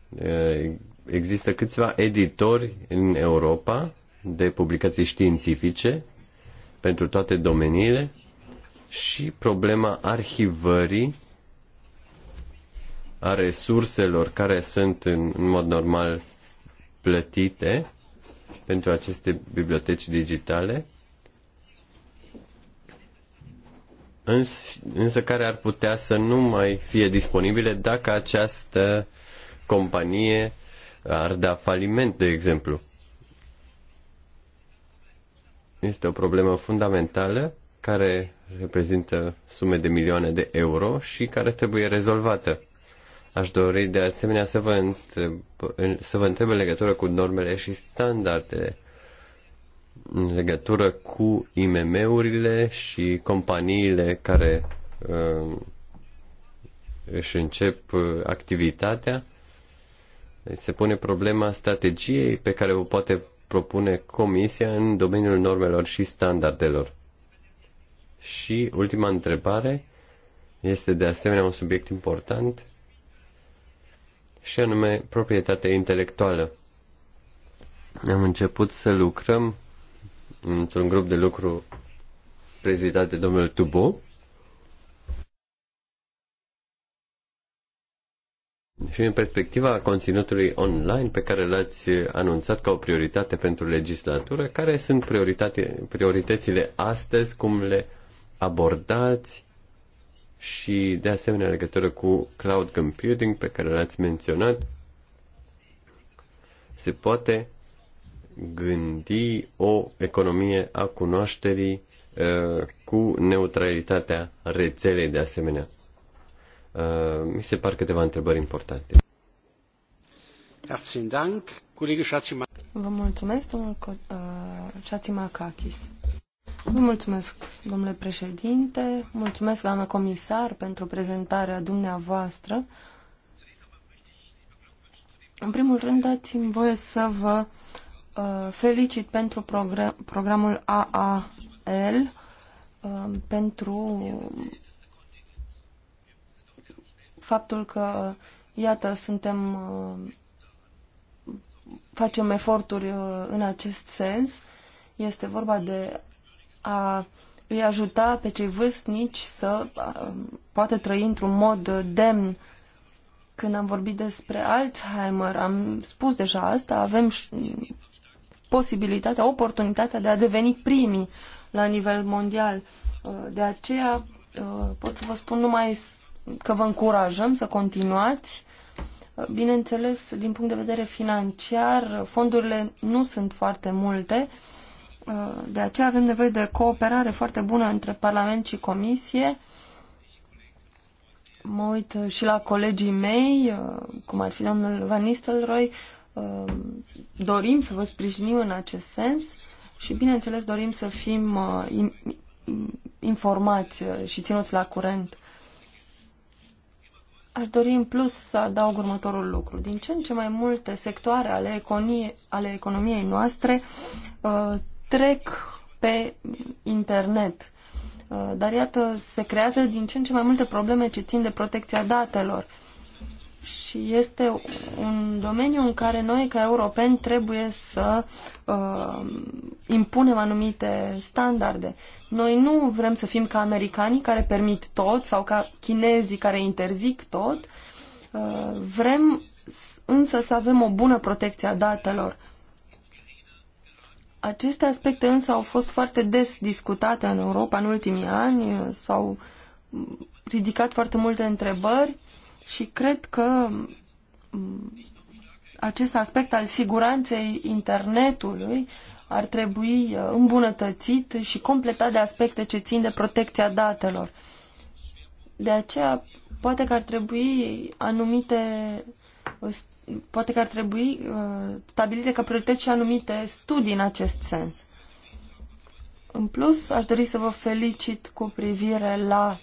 Uh, există câțiva editori în Europa de publicații științifice pentru toate domeniile și problema arhivării a resurselor care sunt în mod normal plătite pentru aceste biblioteci digitale, însă care ar putea să nu mai fie disponibile dacă această companie ar da faliment, de exemplu. Este o problemă fundamentală care reprezintă sume de milioane de euro și care trebuie rezolvată. Aș dori de asemenea să vă întreb, să vă întreb în legătură cu normele și standardele în legătură cu IMM-urile și companiile care uh, își încep uh, activitatea. Se pune problema strategiei pe care o poate propune Comisia în domeniul normelor și standardelor? Și ultima întrebare este de asemenea un subiect important și anume proprietatea intelectuală. Am început să lucrăm într-un grup de lucru prezidat de domnul Tubo Și în perspectiva conținutului online pe care l-ați anunțat ca o prioritate pentru legislatură, care sunt prioritățile astăzi, cum le abordați și de asemenea legătură cu cloud computing pe care l-ați menționat, se poate gândi o economie a cunoașterii uh, cu neutralitatea rețelei de asemenea. Uh, mi se par câteva întrebări importante. Herzlichen Dank, Kollege Vă mulțumesc, domnul uh, Chatzimakakis. Vă mulțumesc, domnule președinte, mulțumesc, doamnă comisar, pentru prezentarea dumneavoastră. În primul rând, dați-mi voie să vă uh, felicit pentru program, programul AAL, uh, pentru faptul că, iată, suntem, uh, facem eforturi uh, în acest sens. Este vorba de a îi ajuta pe cei vârstnici să uh, poată trăi într-un mod demn. Când am vorbit despre Alzheimer, am spus deja asta, avem mm, posibilitatea, oportunitatea de a deveni primii la nivel mondial. De aceea pot să vă spun numai că vă încurajăm să continuați. Bineînțeles, din punct de vedere financiar, fondurile nu sunt foarte multe, de aceea avem nevoie de cooperare foarte bună între Parlament și Comisie. Mă uit și la colegii mei, cum ar fi domnul Van Nistelrooy, dorim să vă sprijinim în acest sens și, bineînțeles, dorim să fim uh, informați și ținuți la curent Aș dori în plus să adaug următorul lucru. Din ce în ce mai multe sectoare ale, econie, ale economiei noastre uh, trec pe internet. Uh, dar iată, se creează din ce în ce mai multe probleme ce țin de protecția datelor și este un domeniu în care noi, ca europeni, trebuie să uh, impunem anumite standarde. Noi nu vrem să fim ca americanii care permit tot sau ca chinezii care interzic tot. Uh, vrem însă să avem o bună protecție a datelor. Aceste aspecte însă au fost foarte des discutate în Europa în ultimii ani, uh, s-au ridicat foarte multe întrebări și cred că acest aspect al siguranței internetului ar trebui uh, îmbunătățit și completat de aspecte ce țin de protecția datelor. De aceea, poate că ar trebui anumite uh, poate că ar trebui uh, stabilite ca priorități și anumite studii în acest sens. În plus, aș dori să vă felicit cu privire la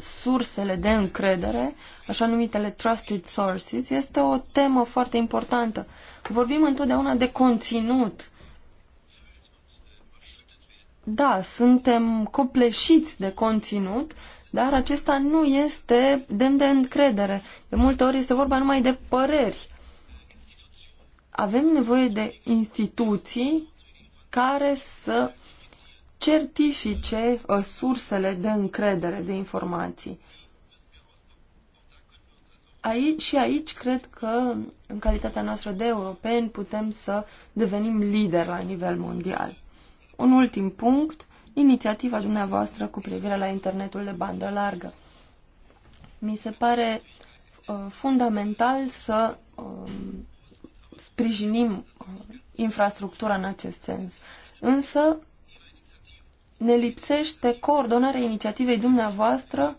sursele de încredere, așa numitele trusted sources, este o temă foarte importantă. Vorbim întotdeauna de conținut. Da, suntem copleșiți de conținut, dar acesta nu este demn de încredere. De multe ori este vorba numai de păreri. Avem nevoie de instituții care să certifice uh, sursele de încredere de informații. Aici, și aici cred că, în calitatea noastră de europeni, putem să devenim lideri la nivel mondial. Un ultim punct, inițiativa dumneavoastră cu privire la internetul de bandă largă. Mi se pare uh, fundamental să um, uh, sprijinim infrastructura în acest sens. Însă, ne lipsește coordonarea inițiativei dumneavoastră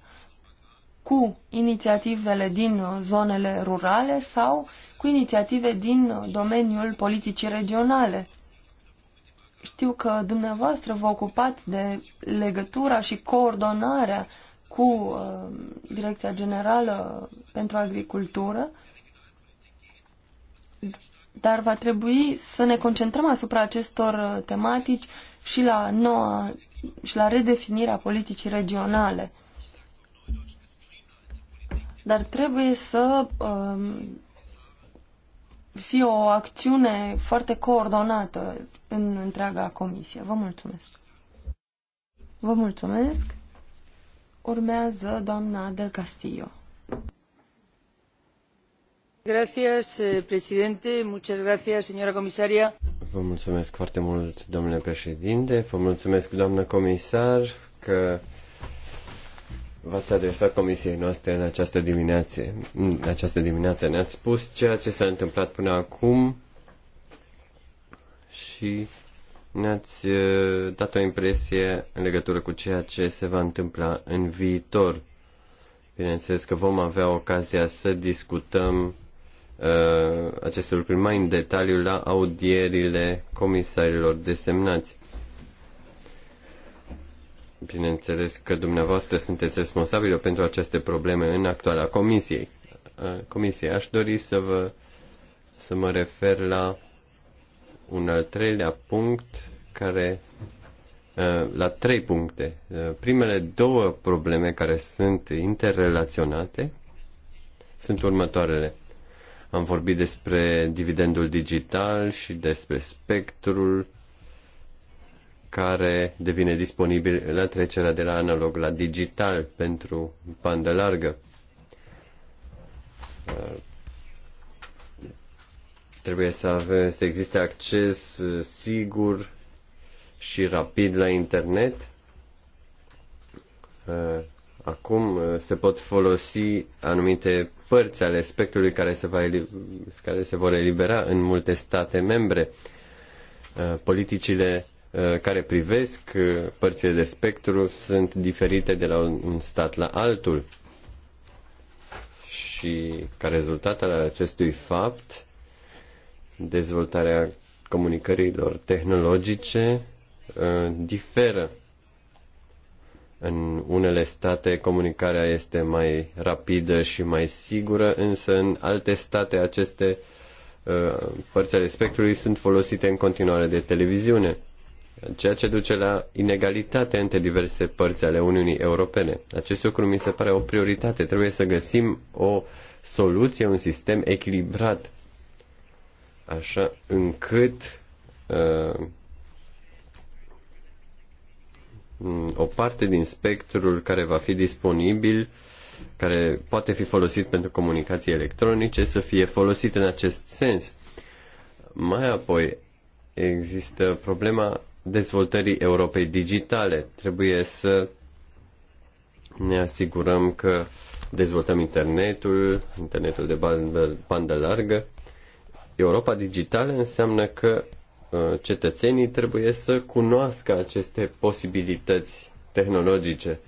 cu inițiativele din uh, zonele rurale sau cu inițiative din uh, domeniul politicii regionale. Știu că dumneavoastră vă ocupați de legătura și coordonarea cu uh, Direcția Generală pentru Agricultură, dar va trebui să ne concentrăm asupra acestor uh, tematici și la noua și la redefinirea politicii regionale. Dar trebuie să um, fie o acțiune foarte coordonată în întreaga comisie. Vă mulțumesc! Vă mulțumesc! Urmează doamna Del Castillo. Gracias, eh, presidente. señora comisaria. mulțumesc foarte mult, domnule președinte. mulțumesc, doamnă comisar, că v-ați adresat comisiei noastre în această dimineață. În această dimineață ne-ați spus ceea ce s-a întâmplat până acum și ne-ați eh, dat o impresie în legătură cu ceea ce se va întâmpla în viitor. Bineînțeles că vom avea ocazia să discutăm Uh, aceste lucruri mai în detaliu la audierile comisarilor desemnați. Bineînțeles că dumneavoastră sunteți responsabili pentru aceste probleme în actuala comisiei. Uh, comisie, aș dori să vă să mă refer la un al treilea punct care uh, la trei puncte. Primele două probleme care sunt interrelaționate sunt următoarele. Am vorbit despre dividendul digital și despre spectrul care devine disponibil la trecerea de la analog la digital pentru bandă largă. Trebuie să, avem să existe acces sigur și rapid la internet acum uh, se pot folosi anumite părți ale spectrului care se, va care se vor elibera în multe state membre. Uh, politicile uh, care privesc părțile de spectru sunt diferite de la un stat la altul. Și ca rezultat al acestui fapt, dezvoltarea comunicărilor tehnologice diferă în unele state comunicarea este mai rapidă și mai sigură, însă în alte state aceste uh, părți ale spectrului sunt folosite în continuare de televiziune, ceea ce duce la inegalitate între diverse părți ale Uniunii Europene. Acest lucru mi se pare o prioritate. Trebuie să găsim o soluție, un sistem echilibrat, așa încât uh, Mm, o parte din spectrul care va fi disponibil, care poate fi folosit pentru comunicații electronice, să fie folosit în acest sens. Mai apoi există problema dezvoltării Europei digitale. Trebuie să ne asigurăm că dezvoltăm internetul, internetul de bandă, bandă largă. Europa digitală înseamnă că Uh, cetățenii trebuie să cunoască aceste posibilități tehnologice,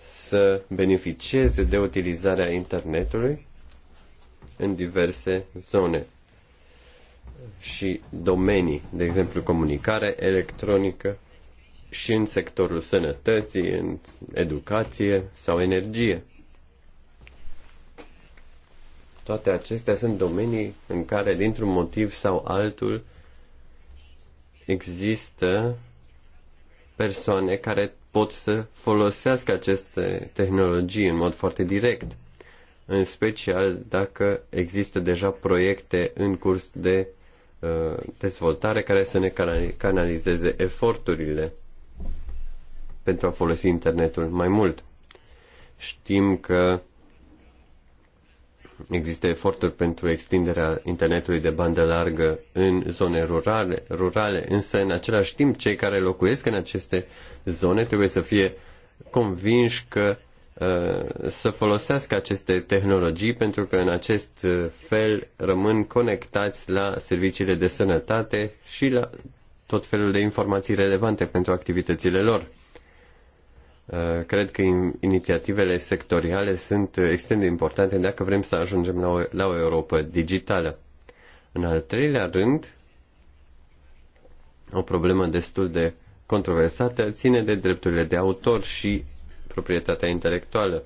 să beneficieze de utilizarea internetului în diverse zone și domenii, de exemplu comunicare electronică și în sectorul sănătății, în educație sau energie. Toate acestea sunt domenii în care, dintr-un motiv sau altul, există persoane care pot să folosească aceste tehnologii în mod foarte direct, în special dacă există deja proiecte în curs de uh, dezvoltare care să ne canalizeze eforturile pentru a folosi internetul mai mult. Știm că există eforturi pentru extinderea internetului de bandă largă în zone rurale, rurale, însă în același timp cei care locuiesc în aceste zone trebuie să fie convinși că uh, să folosească aceste tehnologii pentru că în acest uh, fel rămân conectați la serviciile de sănătate și la tot felul de informații relevante pentru activitățile lor. Eh, cred că inițiativele sectoriale sunt extrem de importante dacă vrem să ajungem la o, la o Europa digitală. În al treilea rând, o problemă destul de controversată ține de drepturile de autor și proprietatea intelectuală.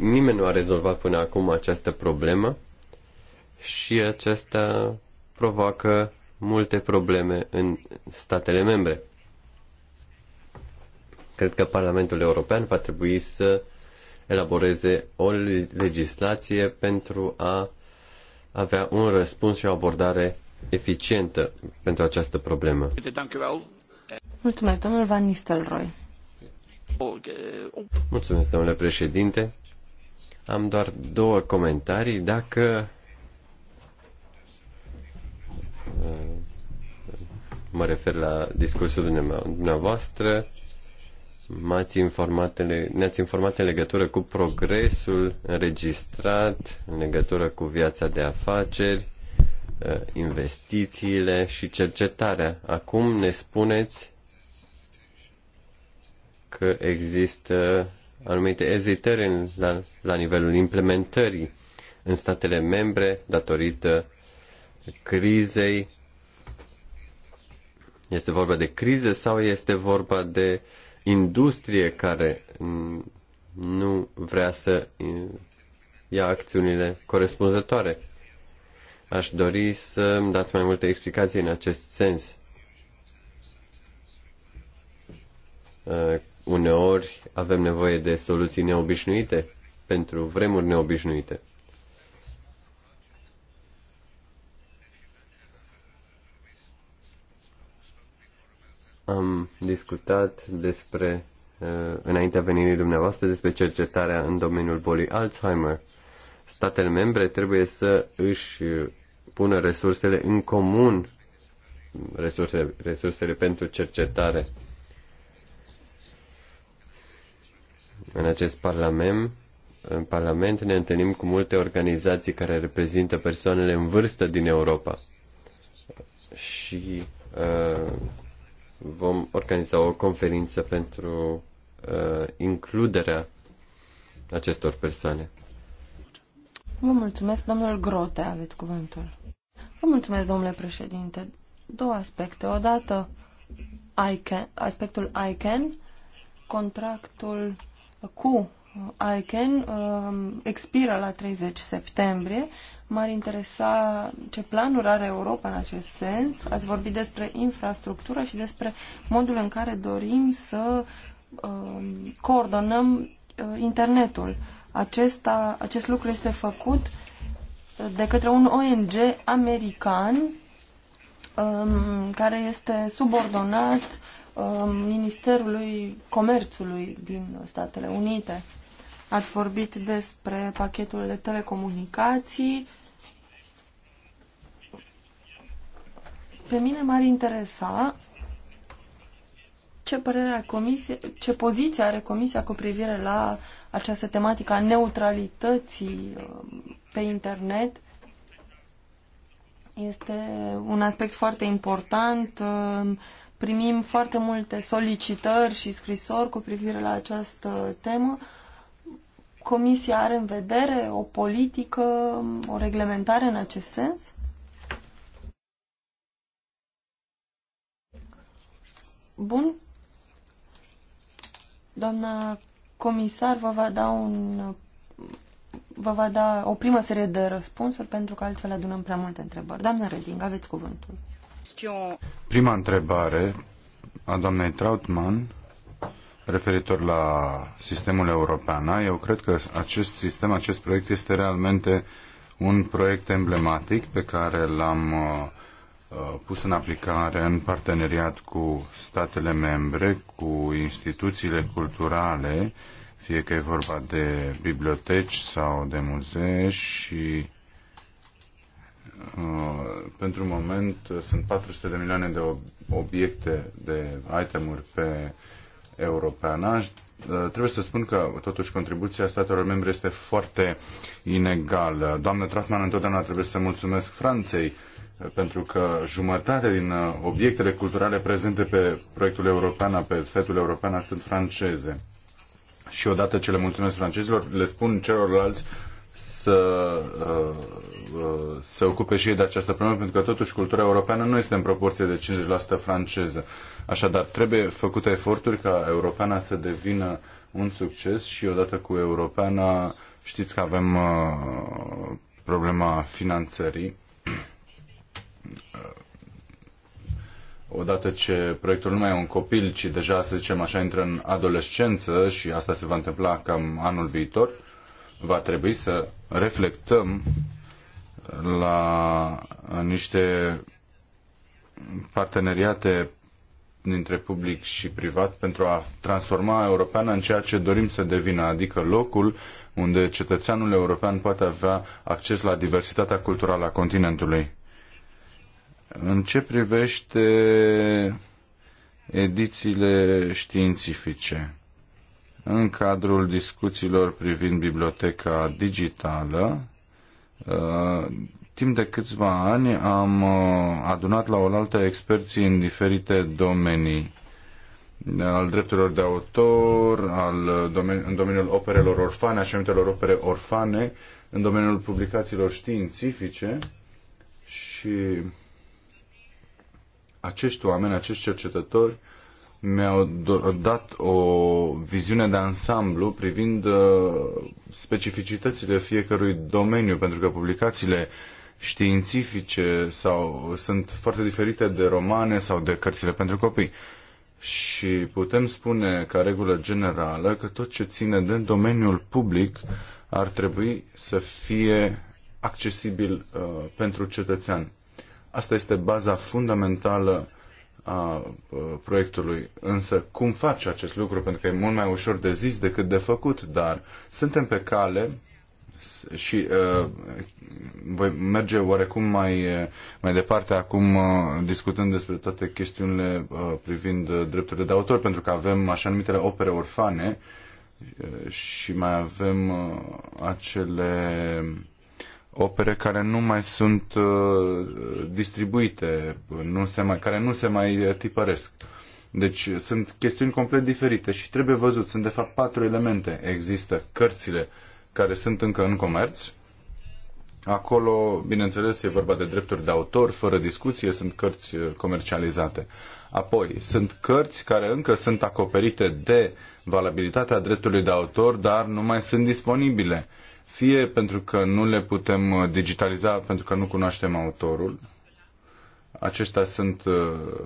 Nimeni nu a rezolvat până acum această problemă și aceasta provoacă multe probleme în statele membre. Cred că Parlamentul European va trebui să elaboreze o legislație pentru a avea un răspuns și o abordare eficientă pentru această problemă. Mulțumesc, domnul Van Nistelrooy. Mulțumesc, domnule președinte. Am doar două comentarii. Dacă uh, mă refer la discursul dumneavoastră, m-ați informat, ne-ați informat în legătură cu progresul înregistrat, în legătură cu viața de afaceri, uh, investițiile și cercetarea. Acum ne spuneți că există anumite ezitări în, la, la nivelul implementării în statele membre datorită crizei. Este vorba de criză sau este vorba de uh, industrie care nu vrea să ia acțiunile corespunzătoare. Aș dori să îmi dați mai multe explicații în acest sens. Ă, uneori avem nevoie de soluții neobișnuite pentru vremuri neobișnuite. am discutat despre, uh, înaintea venirii dumneavoastră, despre cercetarea în domeniul bolii Alzheimer. Statele membre trebuie să își pună resursele în comun, resursele, resursele pentru cercetare. În acest parlament, în parlament ne întâlnim cu multe organizații care reprezintă persoanele în vârstă din Europa. Și uh, vom organiza o conferință pentru uh, includerea acestor persoane. Vă mulțumesc, domnul Grote, aveți cuvântul. Vă mulțumesc, domnule președinte. Două aspecte. Odată, can, aspectul ICANN, contractul cu ICANN uh, um, expiră la 30 septembrie, M-ar interesa ce planuri are Europa în acest sens. Ați vorbit despre infrastructură și despre modul în care dorim să uh, coordonăm uh, internetul. Acesta, acest lucru este făcut uh, de către un ONG american um, care este subordonat um, Ministerului Comerțului din Statele Unite. Ați vorbit despre pachetul de telecomunicații, Pe mine m-ar interesa ce părere are comisie, ce poziție are comisia cu privire la această tematică a neutralității uh, pe internet. Este un aspect foarte important. Uh, primim foarte multe solicitări și scrisori cu privire la această temă. Comisia are în vedere o politică, um, o reglementare în acest sens? Bun. Doamna comisar vă va da un vă va da o primă serie de răspunsuri pentru că altfel adunăm prea multe întrebări. Doamna Reding, aveți cuvântul. Prima întrebare a doamnei Trautmann referitor la sistemul european. Eu cred că acest sistem, acest proiect este realmente un proiect emblematic pe care l-am uh, Uh, pus în aplicare în parteneriat cu statele membre, cu instituțiile culturale, fie că e vorba de biblioteci sau de muzee și uh, pentru moment sunt 400 de milioane de obiecte, de itemuri pe europeanaj. Uh, trebuie să spun că, totuși, contribuția statelor membre este foarte inegală. Doamnă Trachman, întotdeauna trebuie să mulțumesc Franței uh, pentru că jumătate din uh, obiectele culturale prezente pe proiectul european, pe setul european, sunt franceze. Și odată ce le mulțumesc francezilor, le spun celorlalți să uh, uh, se ocupe și ei de această problemă, pentru că totuși cultura europeană nu este în proporție de 50% franceză. Așadar, trebuie făcute eforturi ca europeana să devină un succes și odată cu europeana știți că avem problema finanțării odată ce proiectul nu mai e un copil, ci deja, să zicem așa, intră în adolescență și asta se va întâmpla cam anul viitor, va trebui să reflectăm la niște parteneriate dintre public și privat pentru a transforma europeană în ceea ce dorim să devină, adică locul unde cetățeanul european poate avea acces la diversitatea culturală a continentului. În ce privește edițiile științifice, în cadrul discuțiilor privind biblioteca digitală, uh, timp de câțiva ani am uh, adunat la oaltă experții în diferite domenii al drepturilor de autor, al uh, domen- în domeniul operelor orfane, așa numitelor opere orfane, în domeniul publicațiilor științifice și acești oameni, acești cercetători, mi-au dat o viziune de ansamblu privind uh, specificitățile fiecărui domeniu, pentru că publicațiile științifice sau sunt foarte diferite de romane sau de cărțile pentru copii. Și putem spune ca regulă generală că tot ce ține de domeniul public ar trebui să fie accesibil uh, pentru cetățean. Asta este baza fundamentală a proiectului. Însă, cum faci acest lucru? Pentru că e mult mai ușor de zis decât de făcut, dar suntem pe cale și uh, voi merge oarecum mai, mai departe acum uh, discutând despre toate chestiunile uh, privind uh, drepturile de autor, pentru că avem așa numitele opere orfane uh, și mai avem uh, acele opere care nu mai sunt uh, distribuite, nu se mai, care nu se mai uh, tipăresc. Deci uh, sunt chestiuni complet diferite și trebuie văzut. Sunt de fapt patru elemente. Există cărțile care sunt încă în comerț. Acolo, bineînțeles, e vorba de drepturi de autor, fără discuție, sunt cărți comercializate. Apoi, sunt cărți care încă sunt acoperite de valabilitatea dreptului de autor, dar nu mai sunt disponibile fie pentru că nu le putem uh, digitaliza, pentru că nu cunoaștem autorul. Acestea sunt, uh,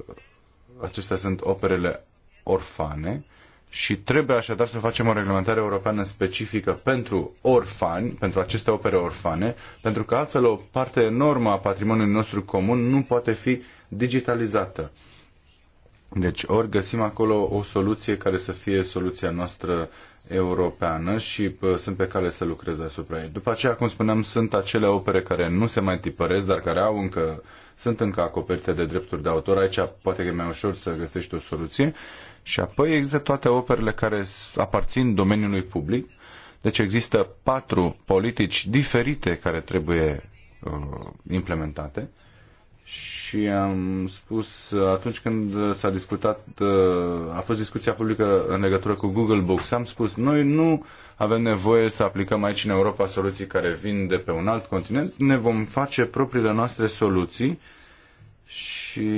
acestea sunt operele orfane și trebuie așadar să facem o reglementare europeană specifică pentru orfani, pentru aceste opere orfane, pentru că altfel o parte enormă a patrimoniului nostru comun nu poate fi digitalizată. Deci ori găsim acolo o soluție care să fie soluția noastră europeană și pă, sunt pe cale să lucrez asupra ei. După aceea, cum spuneam, sunt acele opere care nu se mai tipăresc, dar care au încă, sunt încă acoperite de drepturi de autor. Aici poate că e mai ușor să găsești o soluție. Și apoi există toate operele care aparțin domeniului public. Deci există patru politici diferite care trebuie uh, implementate și am spus uh, atunci când s-a discutat, uh, a fost discuția publică în legătură cu Google Books, am spus noi nu avem nevoie să aplicăm aici în Europa soluții care vin de pe un alt continent, ne vom face propriile noastre soluții și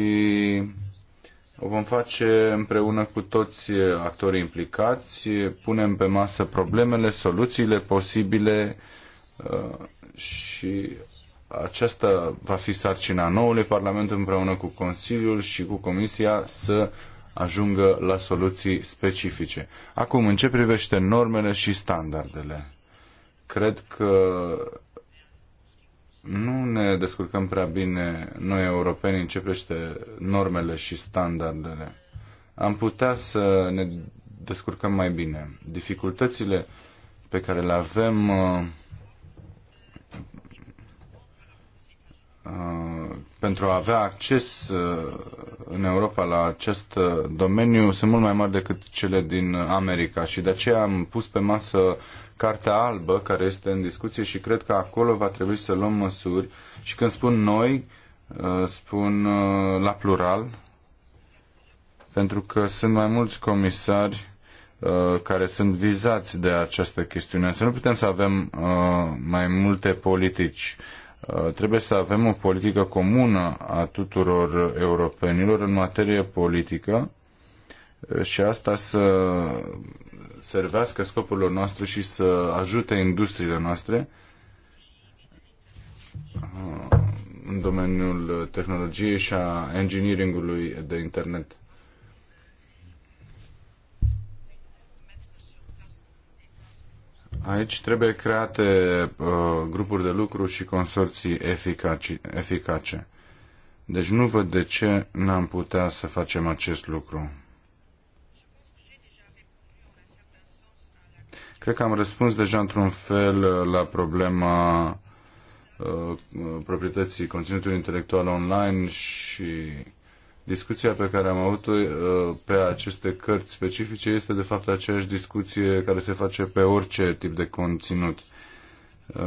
o vom face împreună cu toți actorii implicați, punem pe masă problemele, soluțiile posibile uh, și aceasta va fi sarcina noului Parlament împreună cu Consiliul și cu Comisia să ajungă la soluții specifice. Acum, în ce privește normele și standardele? Cred că nu ne descurcăm prea bine noi europeni în ce privește normele și standardele. Am putea să ne descurcăm mai bine. Dificultățile pe care le avem uh, Uh, pentru a avea acces uh, în Europa la acest uh, domeniu sunt mult mai mari decât cele din America și de aceea am pus pe masă Cartea Albă care este în discuție și cred că acolo va trebui să luăm măsuri și când spun noi, spun la plural, pentru că sunt mai mulți comisari care sunt vizați de această chestiune. Să nu putem să avem mai multe politici Uh, trebuie să avem o politică comună a tuturor europenilor în materie politică uh, și asta să servească scopurilor noastre și să ajute industriile noastre uh, în domeniul tehnologiei și a engineeringului de internet. Aici trebuie create uh, grupuri de lucru și consorții eficaci, eficace. Deci nu văd de ce n-am putea să facem acest lucru. Cred că am răspuns deja într-un fel uh, la problema uh, proprietății conținutului intelectual online și Discuția pe care am avut-o uh, pe aceste cărți specifice este de fapt aceeași discuție care se face pe orice tip de conținut. Uh,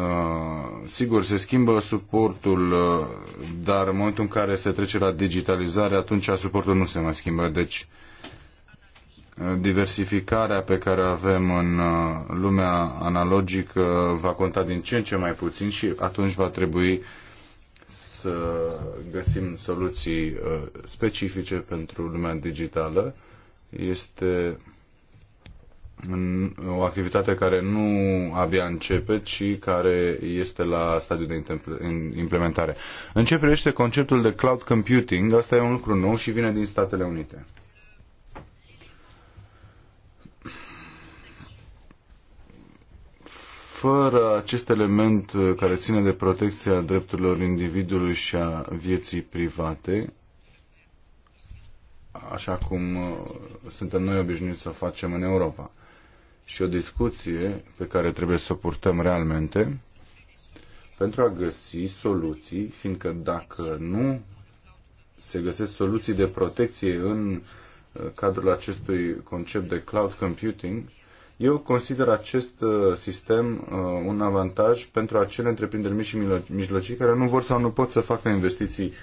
sigur, se schimbă suportul, uh, dar în momentul în care se trece la digitalizare, atunci suportul nu se mai schimbă. Deci, diversificarea pe care o avem în lumea analogică va conta din ce în ce mai puțin și atunci va trebui să găsim soluții uh, specifice pentru lumea digitală. Este o activitate care nu abia începe, ci care este la stadiul de implementare. Începește conceptul de cloud computing, asta e un lucru nou și vine din Statele Unite. fără acest element uh, care ține de protecția drepturilor individului și a vieții private, așa cum uh, suntem noi obișnuiți să o facem în Europa. Și o discuție pe care trebuie să o purtăm realmente pentru a găsi soluții, fiindcă dacă nu se găsesc soluții de protecție în uh, cadrul acestui concept de cloud computing, eu consider acest uh, sistem uh, un avantaj pentru acele întreprinderi mici și mijlocii care nu vor sau nu pot să facă investiții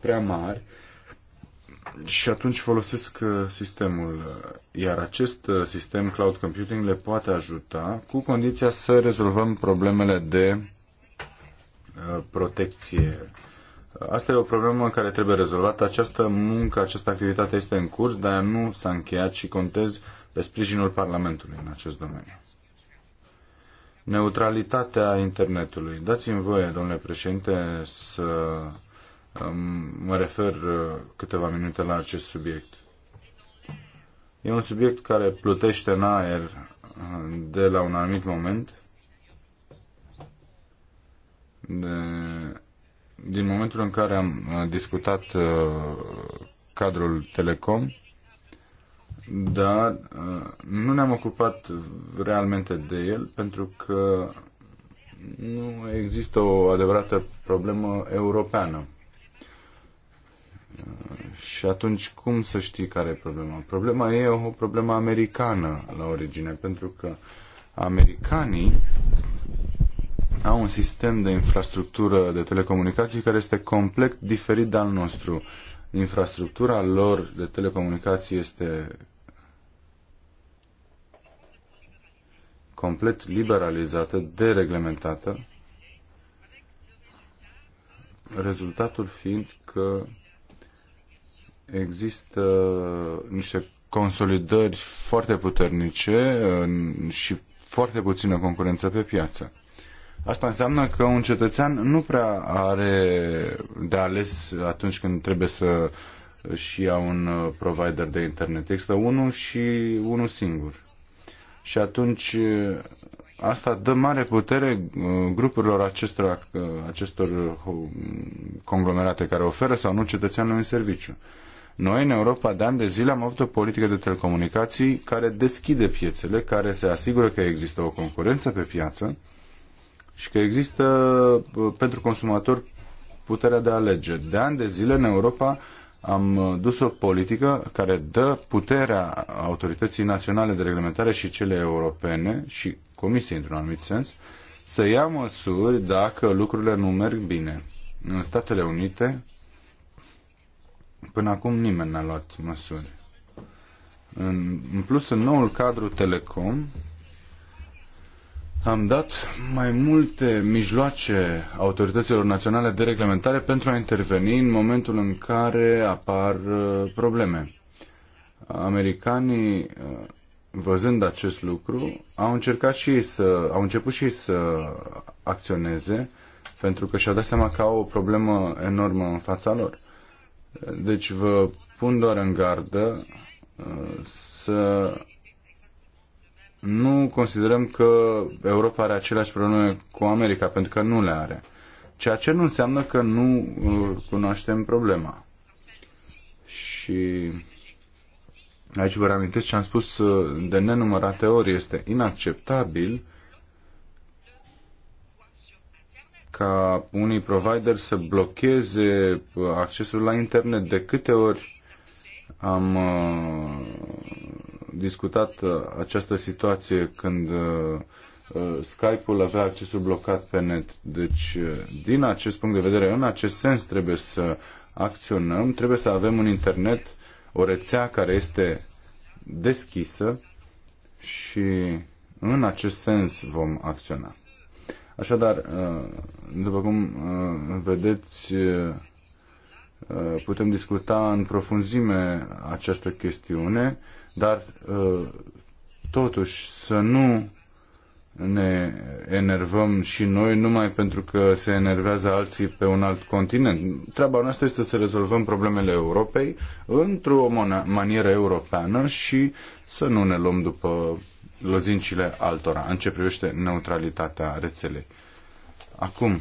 prea mari și atunci folosesc uh, sistemul. Iar acest sistem cloud computing le poate ajuta cu condiția să rezolvăm problemele de protecție. Asta e o problemă care trebuie rezolvată. Această muncă, această activitate este în curs, dar nu s-a încheiat și contez pe sprijinul Parlamentului în acest domeniu. Neutralitatea internetului. Dați-mi voie, domnule președinte, să um, mă refer uh, câteva minute la acest subiect. E un subiect care plutește în aer uh, de la un anumit moment, de, din momentul în care am uh, discutat cadrul Telecom, dar uh, nu ne-am ocupat realmente de el pentru că nu există o adevărată problemă europeană. Uh, și atunci cum să știi care e problema? Problema e o problemă americană la origine, pentru că americanii au un sistem de infrastructură de telecomunicații care este complet diferit de al nostru. Infrastructura lor de telecomunicații este complet liberalizată, dereglementată, rezultatul fiind că există niște consolidări foarte puternice și foarte puțină concurență pe piață. Asta înseamnă că un cetățean nu prea are de ales atunci când trebuie să și ia un provider de internet. Există unul și unul singur și atunci asta dă mare putere grupurilor acestor, acestor conglomerate care oferă sau nu cetățeanului în serviciu. Noi, în Europa, de ani de zile am avut o politică de telecomunicații care deschide piețele, care se asigură că există o concurență pe piață și că există pentru consumator puterea de a alege. De ani de zile, în Europa, am uh, dus o politică care dă puterea autorității naționale de reglementare și cele europene și comisiei într-un anumit sens să ia măsuri dacă lucrurile nu merg bine. În Statele Unite până acum nimeni n-a luat măsuri. În, plus, în noul cadru telecom, am dat mai multe mijloace autorităților naționale de reglementare pentru a interveni în momentul în care apar uh, probleme. Americanii, uh, văzând acest lucru, au încercat și ei să, au început și ei să acționeze pentru că și-au dat seama că au o problemă enormă în fața lor. Deci vă pun doar în gardă uh, să nu considerăm că Europa are aceleași probleme cu America, pentru că nu le are. Ceea ce nu înseamnă că nu uh, cunoaștem problema. Și aici vă reamintesc ce am spus uh, de nenumărate ori. Este inacceptabil ca unii provider să blocheze uh, accesul la internet. De câte ori am discutat uh, această situație când uh, uh, Skype-ul avea accesul blocat pe net. Deci, din acest punct de vedere, în acest sens trebuie să acționăm, trebuie să avem un internet, o rețea care este deschisă și în acest sens vom acționa. Așadar, după cum vedeți, putem discuta în profunzime această chestiune dar uh, totuși să nu ne enervăm și noi numai pentru că se enervează alții pe un alt continent. Treaba noastră este să rezolvăm problemele Europei într-o manieră europeană și să nu ne luăm după lozincile altora în ce privește neutralitatea rețelei. Acum,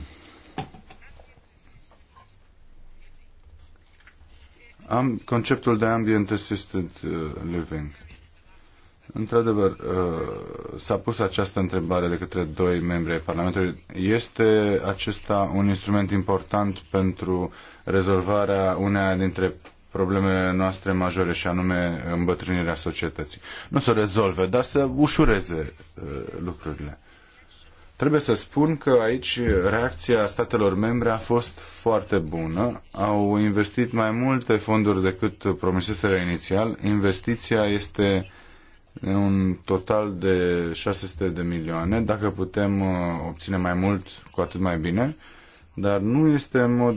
am, conceptul de ambient assisted uh, living. Într-adevăr, uh, s-a pus această întrebare de către doi membri ai Parlamentului. Este acesta un instrument important pentru rezolvarea uneia dintre problemele noastre majore și anume îmbătrânirea societății. Nu să rezolve, dar să ușureze uh, lucrurile. Trebuie să spun că aici reacția statelor membre a fost foarte bună. Au investit mai multe fonduri decât promiseseră inițial. Investiția este un total de 600 de milioane. Dacă putem uh, obține mai mult, cu atât mai bine. Dar nu este, mod,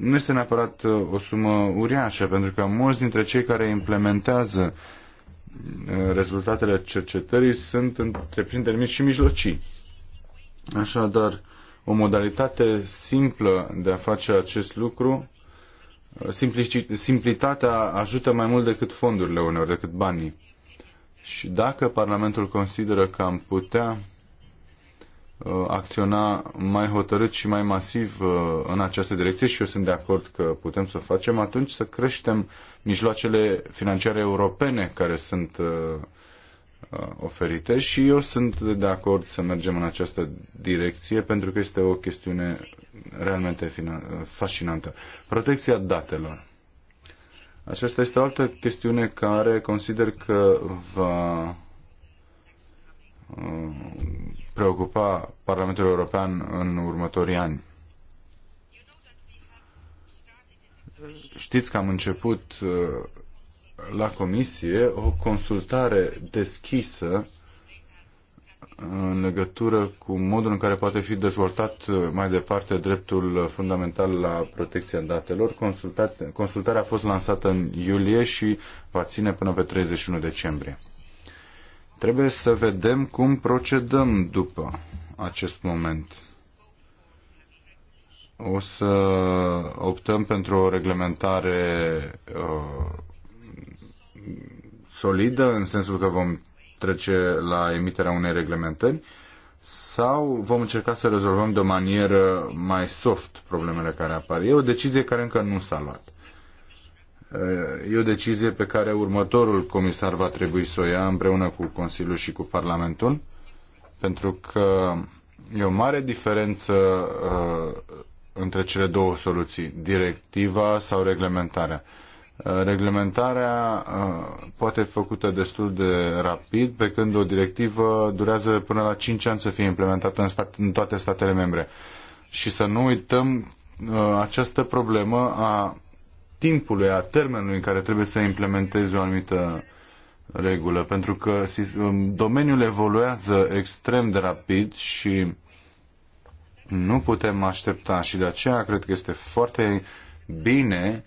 nu este neapărat uh, o sumă uriașă, pentru că mulți dintre cei care implementează uh, rezultatele cercetării sunt întreprinderi mici și mijlocii Așadar, o modalitate simplă de a face acest lucru, simplitatea ajută mai mult decât fondurile uneori, decât banii. Și dacă Parlamentul consideră că am putea uh, acționa mai hotărât și mai masiv uh, în această direcție și eu sunt de acord că putem să o facem, atunci să creștem mijloacele financiare europene care sunt uh, Uh, oferite și eu sunt de acord să mergem în această direcție pentru că este o chestiune realmente fascinantă. Protecția datelor. Aceasta este o altă chestiune care consider că va uh, preocupa Parlamentul European în următorii ani. Știți că am început uh, la comisie o consultare deschisă în legătură cu modul în care poate fi dezvoltat mai departe dreptul fundamental la protecția datelor. Consultarea a fost lansată în iulie și va ține până pe 31 decembrie. Trebuie să vedem cum procedăm după acest moment. O să optăm pentru o reglementare uh, solidă, în sensul că vom trece la emiterea unei reglementări, sau vom încerca să rezolvăm de o manieră mai soft problemele care apar. E o decizie care încă nu s-a luat. E o decizie pe care următorul comisar va trebui să o ia împreună cu Consiliul și cu Parlamentul, pentru că e o mare diferență uh, între cele două soluții, directiva sau reglementarea. Uh, Reglementarea uh, poate fi făcută destul de rapid, pe când o directivă durează până la 5 ani să fie implementată în, stat, în toate statele membre. Și să nu uităm uh, această problemă a timpului, a termenului în care trebuie să implementezi o anumită regulă, pentru că um, domeniul evoluează extrem de rapid și nu putem aștepta și de aceea cred că este foarte bine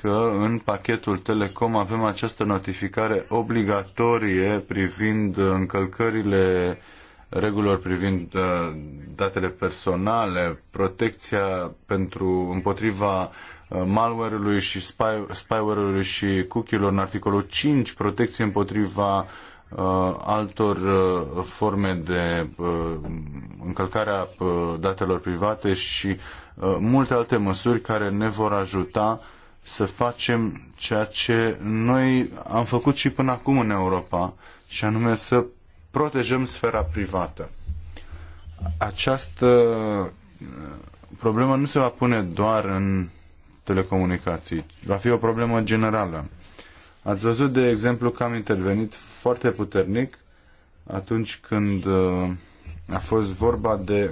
că în pachetul Telecom avem această notificare obligatorie privind încălcările regulilor privind uh, datele personale, protecția pentru împotriva uh, malware-ului și spy, spyware-ului și cookie-urilor în articolul 5, protecție împotriva uh, altor uh, forme de uh, a uh, datelor private și uh, multe alte măsuri care ne vor ajuta să facem ceea ce noi am făcut și până acum în Europa, și anume să protejăm sfera privată. Această uh, problemă nu se va pune doar în telecomunicații, va fi o problemă generală. Ați văzut, de exemplu, că am intervenit foarte puternic atunci când uh, a fost vorba de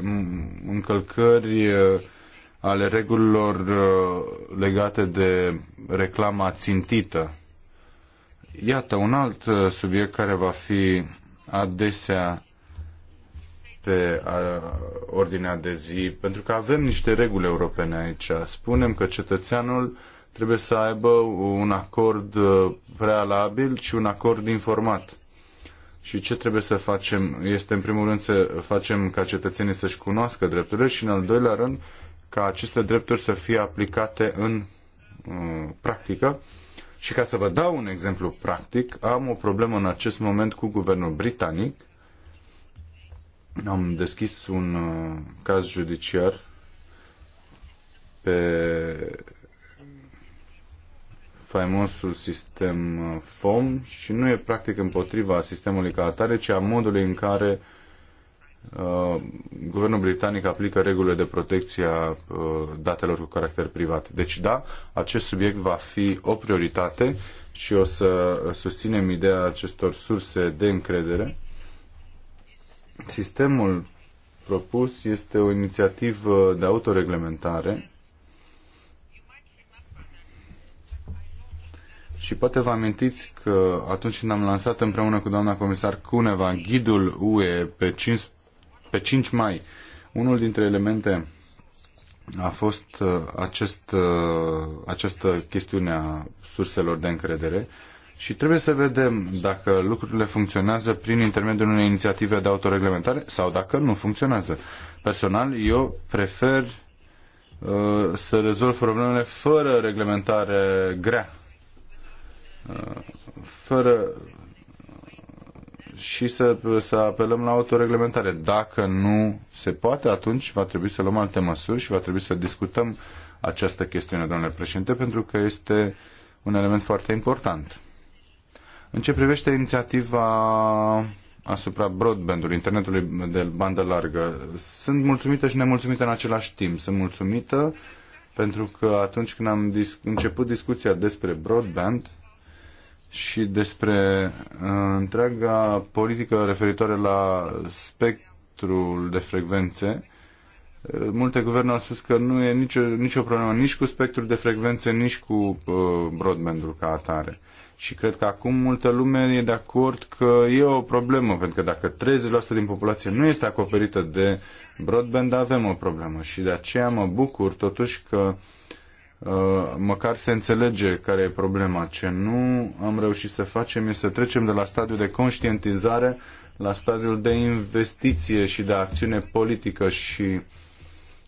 încălcări uh, ale regulilor uh, legate de reclama țintită. Iată, un alt uh, subiect care va fi adesea pe uh, ordinea de zi, pentru că avem niște reguli europene aici. Spunem că cetățeanul trebuie să aibă un acord prealabil și un acord informat. Și ce trebuie să facem este, în primul rând, să facem ca cetățenii să-și cunoască drepturile și, în al doilea rând, ca aceste drepturi să fie aplicate în uh, practică. Și ca să vă dau un exemplu practic, am o problemă în acest moment cu guvernul britanic. Am deschis un uh, caz judiciar pe faimosul sistem uh, FOM și nu e practic împotriva sistemului ca atare, ci a modului în care uh, Uh, guvernul britanic aplică regulile de protecție a uh, datelor cu caracter privat. Deci da, acest subiect va fi o prioritate și o să susținem ideea acestor surse de încredere. Sistemul propus este o inițiativă de autoreglementare Și poate vă amintiți că atunci când am lansat împreună cu doamna comisar Cuneva ghidul UE pe 15 pe 5 mai. Unul dintre elemente a fost uh, acest, uh, această chestiune a surselor de încredere și trebuie să vedem dacă lucrurile funcționează prin intermediul unei inițiative de autoreglementare sau dacă nu funcționează. Personal, eu prefer uh, să rezolv problemele fără reglementare grea, fără și să, să apelăm la autoreglementare. Dacă nu se poate, atunci va trebui să luăm alte măsuri și va trebui să discutăm această chestiune, domnule președinte, pentru că este un element foarte important. În ce privește inițiativa asupra broadbandului, internetului de bandă largă, sunt mulțumită și nemulțumită în același timp. Sunt mulțumită pentru că atunci când am dis- început discuția despre broadband, și despre uh, întreaga politică referitoare la spectrul de frecvențe. Uh, multe guverne au spus că nu e nicio, nicio problemă nici cu spectrul de frecvențe, nici cu broadbandul uh, broadband-ul ca atare. Și cred că acum multă lume e de acord că e o problemă, pentru că dacă 30% din populație nu este acoperită de broadband, avem o problemă. Și de aceea mă bucur totuși că uh, Uh, măcar se înțelege care e problema. Ce nu am reușit să facem este să trecem de la stadiul de conștientizare la stadiul de investiție și de acțiune politică și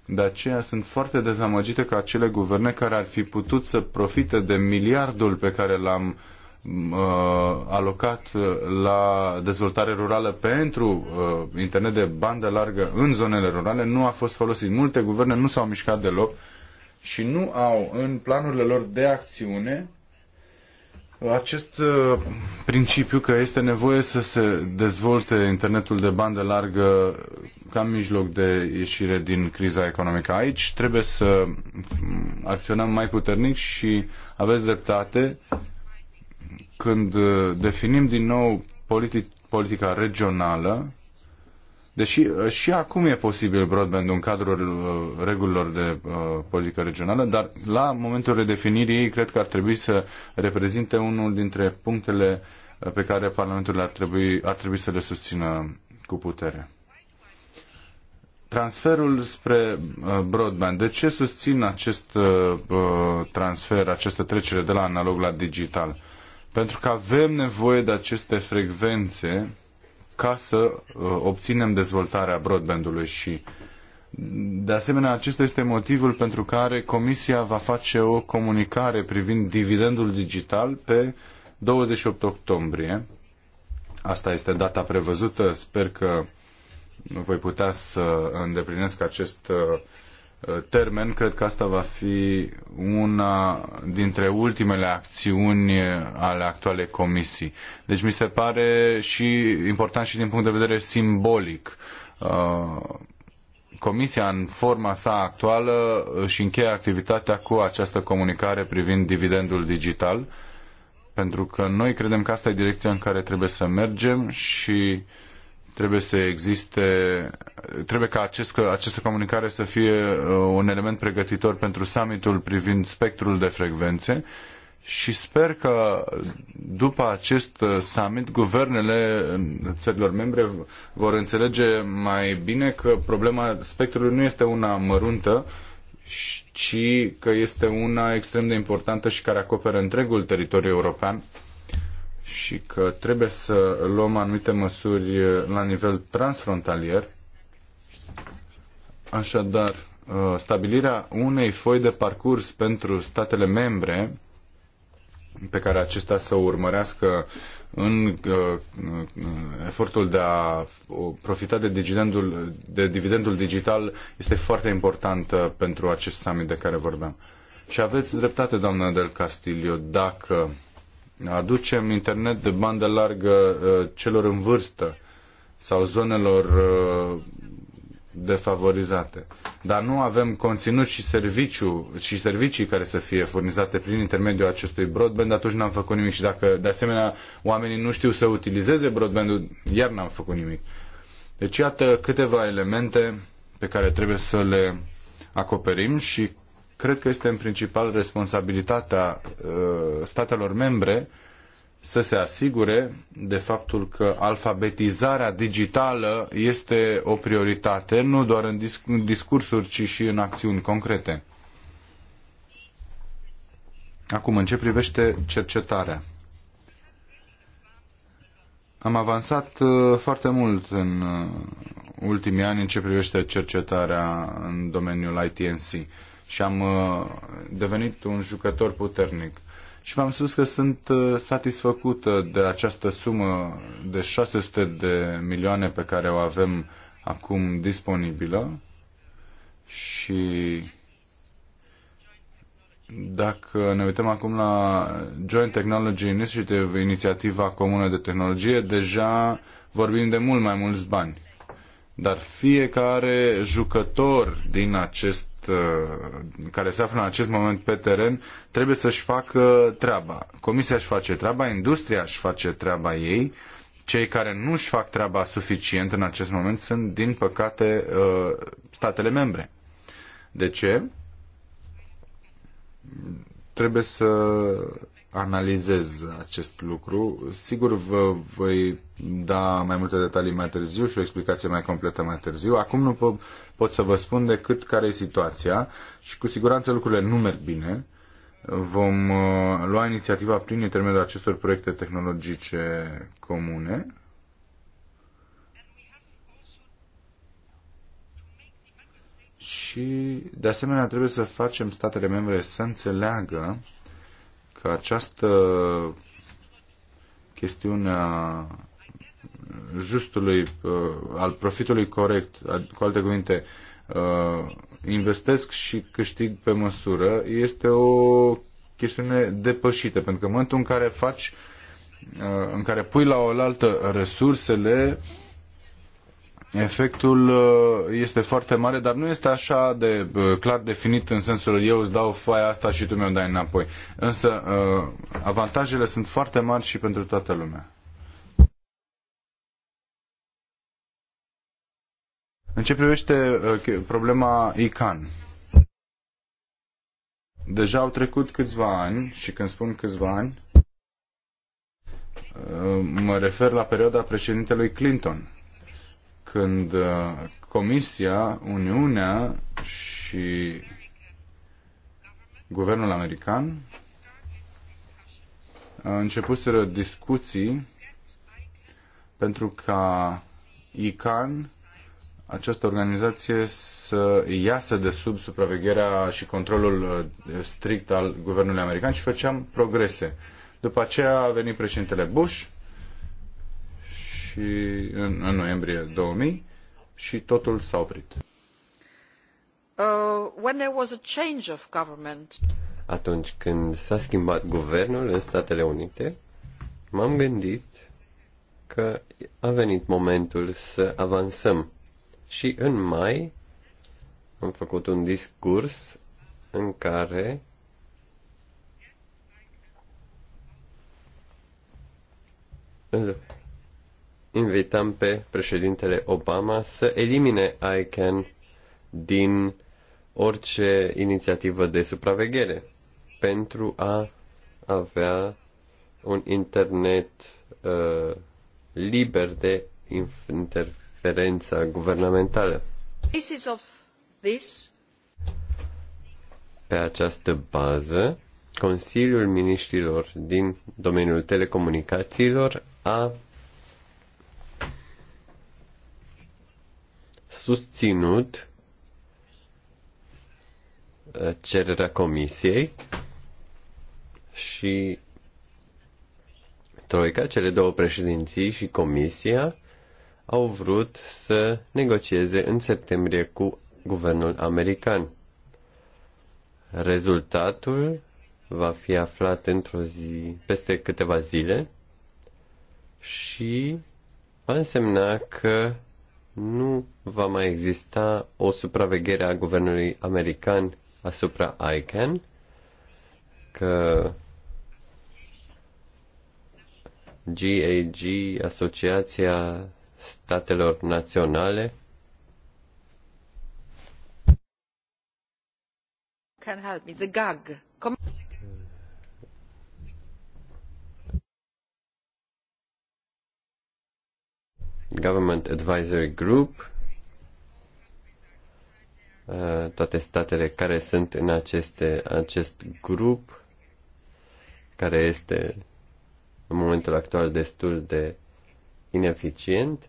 de aceea sunt foarte dezamăgite că acele guverne care ar fi putut să profite de miliardul pe care l-am uh, alocat uh, la dezvoltare rurală pentru uh, internet de bandă largă în zonele rurale nu a fost folosit. Multe guverne nu s-au mișcat deloc uh, și nu au în planurile lor de acțiune acest uh, principiu că este nevoie să se dezvolte internetul de bandă largă ca mijloc de ieșire din criza economică. Aici trebuie să acționăm mai puternic și aveți dreptate când uh, definim din nou politi- politica regională Deși uh, și acum e posibil broadband în cadrul uh, regulilor de uh, politică regională, dar la momentul redefinirii ei cred că ar trebui să reprezinte unul dintre punctele uh, pe care Parlamentul ar trebui, ar trebui să le susțină cu putere. Transferul spre uh, broadband. De ce susțin acest uh, uh transfer, această trecere de la analog la digital? Pentru că avem nevoie de aceste frecvențe uh, ca să uh, obținem dezvoltarea broadbandului și de asemenea, acesta este motivul pentru care Comisia va face o comunicare privind dividendul digital pe 28 octombrie. Asta este data prevăzută. Sper că voi putea să îndeplinesc acest uh, termen, cred că asta va fi una dintre ultimele acțiuni ale actualei comisii. Deci mi se pare și important și din punct de vedere simbolic. Uh, comisia, în forma sa actuală, își încheie activitatea cu această comunicare privind dividendul digital, pentru că noi credem că asta e direcția în care trebuie să mergem și uh, Trebuie să existe, trebuie ca acest, această comunicare să fie uh, un element pregătitor pentru summitul privind spectrul de frecvențe și sper că după acest uh, summit guvernele țărilor membre vor înțelege mai bine că problema spectrului nu este una măruntă, ci că este una extrem de importantă și care acoperă întregul teritoriu european și că trebuie să luăm anumite măsuri uh, la nivel transfrontalier. Așadar, uh, stabilirea unei foi de parcurs pentru statele membre pe care acestea să o urmărească în uh, efortul de a profita de dividendul, de dividendul digital este foarte important pentru acest summit de care vorbeam. Și aveți dreptate, doamnă Del Castillo, dacă uh, aducem internet de bandă largă uh, celor în vârstă sau zonelor uh, defavorizate. Dar nu avem conținut și, serviciu, și servicii care să fie furnizate prin intermediul acestui broadband, atunci n-am făcut nimic. Și dacă, de asemenea, oamenii nu știu să utilizeze broadband-ul, iar n-am făcut nimic. Deci, iată câteva elemente pe care trebuie să le acoperim și Cred că este în principal responsabilitatea uh, statelor membre să se asigure de faptul că alfabetizarea digitală este o prioritate, nu doar în, disc- în discursuri, ci și în acțiuni concrete. Acum, în ce privește cercetarea. Am avansat uh, foarte mult în uh, ultimii ani în ce privește cercetarea în domeniul ITNC și am uh, devenit un jucător puternic. Și v-am spus că sunt uh, satisfăcut de această sumă de 600 de milioane pe care o avem acum disponibilă și dacă ne uităm acum la Joint Technology Initiative, inițiativa comună de tehnologie, deja vorbim de mult mai mulți bani. Dar fiecare jucător din acest Uh, care se află în acest moment pe teren trebuie să-și facă treaba. Comisia își face treaba, industria își face treaba ei. Cei care nu își fac treaba suficient în acest moment sunt, din păcate, uh, statele membre. De ce? Trebuie să analizez acest lucru. Sigur, vă voi da mai multe detalii mai târziu și o explicație mai completă mai târziu. Acum nu pot să vă spun decât care e situația și cu siguranță lucrurile nu merg bine. Vom uh, lua inițiativa prin intermediul acestor proiecte tehnologice comune. Și, de asemenea, trebuie să facem statele membre să înțeleagă că această chestiune a justului, uh, al profitului corect, cu alte cuvinte, uh, investesc și câștig pe măsură, este o chestiune depășită, pentru că în momentul în care faci, uh, în care pui la oaltă resursele, uh, Efectul uh, este foarte mare, dar nu este așa de uh, clar definit în sensul eu îți dau foaia asta și tu mi-o dai înapoi. Însă uh, avantajele sunt foarte mari și pentru toată lumea. În ce privește problema ICAN, deja au trecut câțiva ani și când spun câțiva ani, mă refer la perioada președintelui Clinton când uh, Comisia, Uniunea și guvernul american începuseră discuții pentru ca ICAN, această organizație, să iasă de sub supravegherea și controlul uh, strict al guvernului american și făceam progrese. După aceea a venit președintele Bush, și în, în noiembrie 2000 și totul s-a oprit. Uh, when there was a change of government. Atunci când s-a schimbat guvernul în Statele Unite, m-am gândit că a venit momentul să avansăm. Și în mai am făcut un discurs în care îl invităm pe președintele Obama să elimine ICANN din orice inițiativă de supraveghere pentru a avea un internet uh, liber de interferența guvernamentală. Pe această bază, Consiliul Ministrilor din domeniul telecomunicațiilor a susținut uh, cererea comisiei și Troica, cele două președinții și comisia au vrut să negocieze în septembrie cu guvernul american. Rezultatul va fi aflat într-o zi, peste câteva zile și va însemna că nu va mai exista o supraveghere a guvernului american asupra ICANN, că GAG, Asociația Statelor Naționale, can help me, the GAG. come Government Advisory Group, uh, toate statele care sunt în aceste, acest grup, care este în momentul actual destul de ineficient.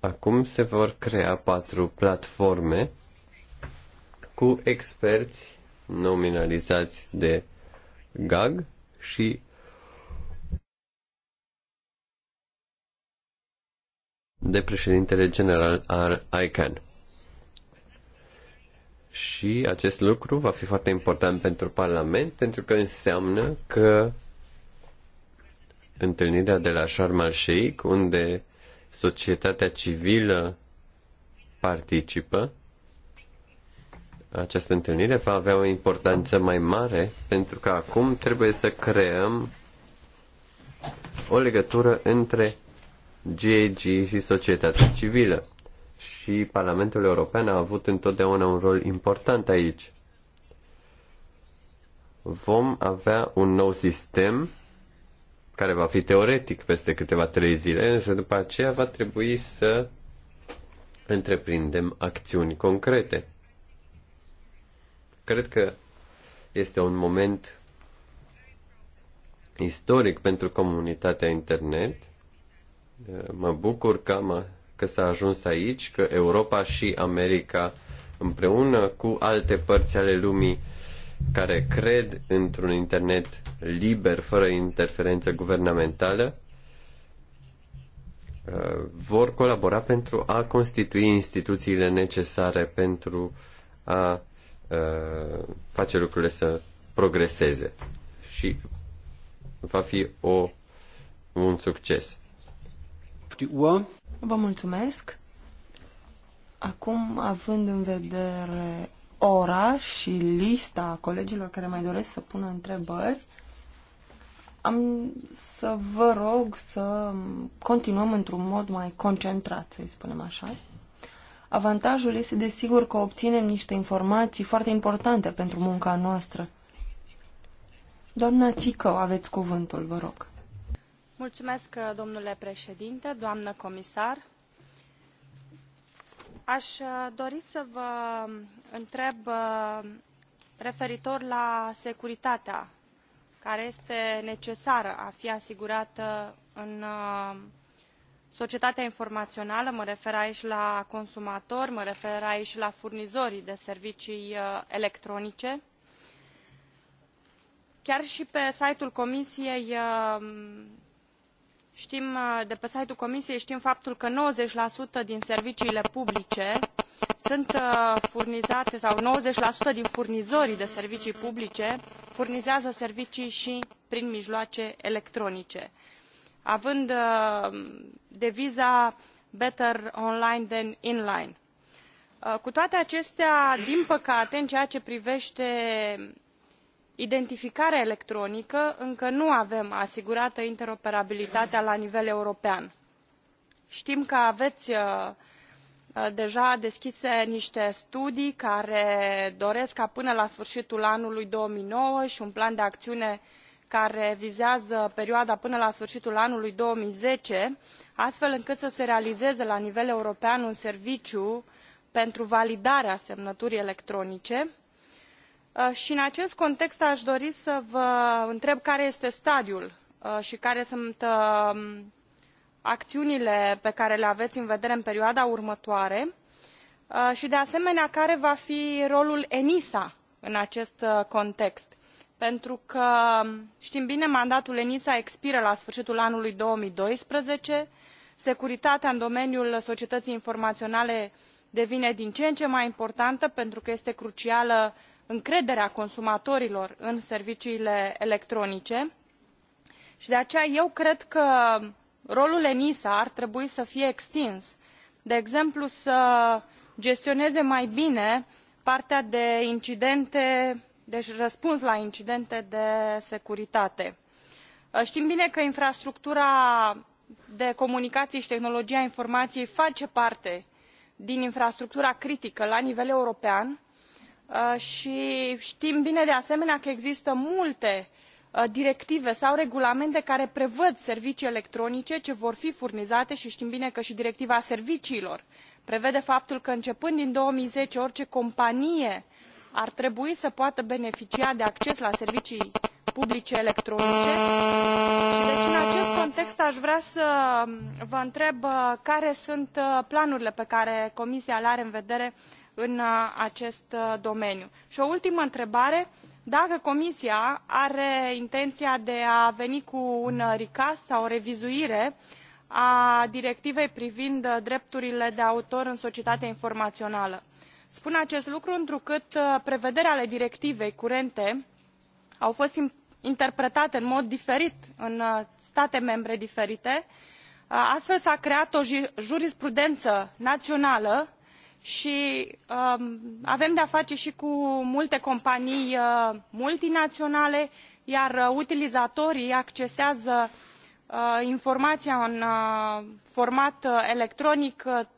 Acum se vor crea patru platforme cu experți nominalizați de GAG, și de președintele general al ICANN. Și acest lucru va fi foarte important pentru Parlament, pentru că înseamnă că întâlnirea de la Sharm el Sheikh, unde societatea civilă participă, această întâlnire va avea o importanță mai mare, pentru că acum trebuie să creăm o legătură între GAG și societatea civilă. Și Parlamentul European a avut întotdeauna un rol important aici. Vom avea un nou sistem care va fi teoretic peste câteva trei zile, însă după aceea va trebui să întreprindem acțiuni concrete. Cred că este un moment istoric pentru comunitatea internet. Mă bucur că, mă, că s-a ajuns aici, că Europa și America împreună cu alte părți ale lumii care cred într-un internet liber, fără interferență guvernamentală, vor colabora pentru a constitui instituțiile necesare pentru a Uh, face lucrurile să progreseze și va fi o, un succes. Vă mulțumesc. Acum, având în vedere ora și lista colegilor care mai doresc să pună întrebări, am să vă rog să continuăm într-un mod mai concentrat, să-i spunem așa. Avantajul este desigur că obținem niște informații foarte importante pentru munca noastră. Doamna Țicău, aveți cuvântul, vă rog. Mulțumesc, domnule președinte, doamnă comisar. Aș uh, dori să vă um, întreb uh, referitor la securitatea care este necesară a fi asigurată în uh, societatea informaională mă refer aici la consumatori mă refer aici la furnizorii de servicii uh, electronice chiar i pe site ul comisiei uh, tim uh, de pe site ul comisiei tim faptul că nouăzeci din serviciile publice sunt furnizate sau nouăzeci din furnizorii de servicii publice furnizează servicii i prin mijloace electronice având uh, deviza better online than in line. Uh, cu toate acestea din păcate în ceea ce privete identificarea electronică încă nu avem asigurată interoperabilitatea la nivel european. tim că avei uh, deja deschise nite studii care doresc ca până la sfâritul anului două mii nouă i un plan de aciune care vizează perioada până la sfâritul anului două mii zece astfel încât să se realizeze la nivel european un serviciu pentru validarea semnăturii electronice uh, i în acest context a dori să vă întreb care este stadiul uh, i care sunt um, aciunile pe care le avei în vedere în perioada următoare uh, i de asemenea care va fi rolul enisa în acest context pentru că tim bine mandatul enisa expiră la sfâritul anului două mii doisprezece securitatea în domeniul societăii informaionale devine din ce în ce mai importantă pentru că este crucială încrederea consumatorilor în serviciile electronice i de aceea eu cred că rolul enisa ar trebui să fie extins de exemplu să gestioneze mai bine partea de incidente deci răspuns la incidente de securitate. Ă, tim bine că infrastructura de comunicaii i tehnologia informaiei face parte din infrastructura critică la nivel european ă, i tim bine de asemenea că există multe ă, directive sau regulamente care prevăd servicii electronice ce vor fi furnizate i tim bine că i directiva serviciilor prevede faptul că începând din două mii zece orice companie ar trebui să poată beneficia de acces la servicii publice electronice i deci în acest context a vrea să vă întreb uh, care sunt uh, planurile pe care comisia le are în vedere în uh, acest domeniu. i o ultimă întrebare dacă comisia are intenia de a veni cu un recast sau o revizuire a directivei privind drepturile de autor în societatea informaională spun acest lucru întrucât uh, prevederile ale directivei curente au fost interpretate în mod diferit în uh, state membre diferite uh, astfel s a creat o jurisprudenă naională i um, avem de a face i cu multe companii multinaionale iar utilizatorii accesează informaia în format electronic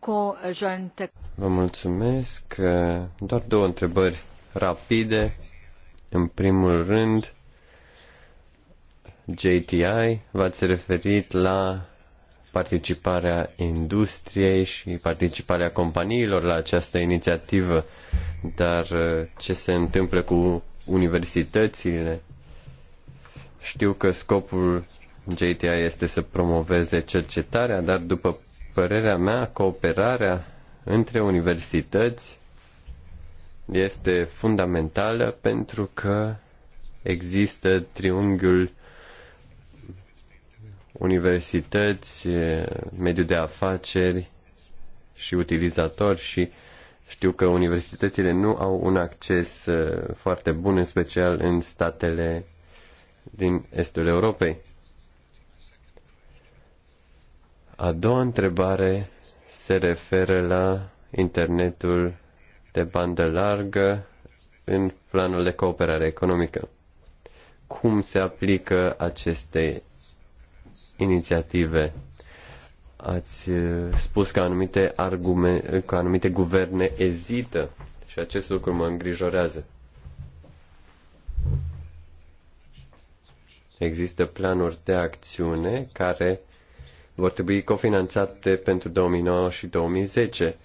conjointe. Vă mulțumesc. Doar două întrebări rapide. În primul rând, JTI, v-ați referit la participarea industriei și participarea companiilor la această inițiativă, dar uh, ce se întâmplă cu universitățile? Știu că scopul JTI este să promoveze cercetarea, dar după părerea mea, cooperarea între universități este fundamentală pentru că există triunghiul universități, mediu de afaceri și utilizatori și știu că universitățile nu au un acces foarte bun, în special în statele din estul Europei. A doua întrebare se referă la internetul de bandă largă în planul de cooperare economică. Cum se aplică aceste inițiative? Ați uh, spus că anumite, argume, că anumite guverne ezită și acest lucru mă îngrijorează. Există planuri de acțiune care vor trebui cofinanțate pentru 2009 și 2010.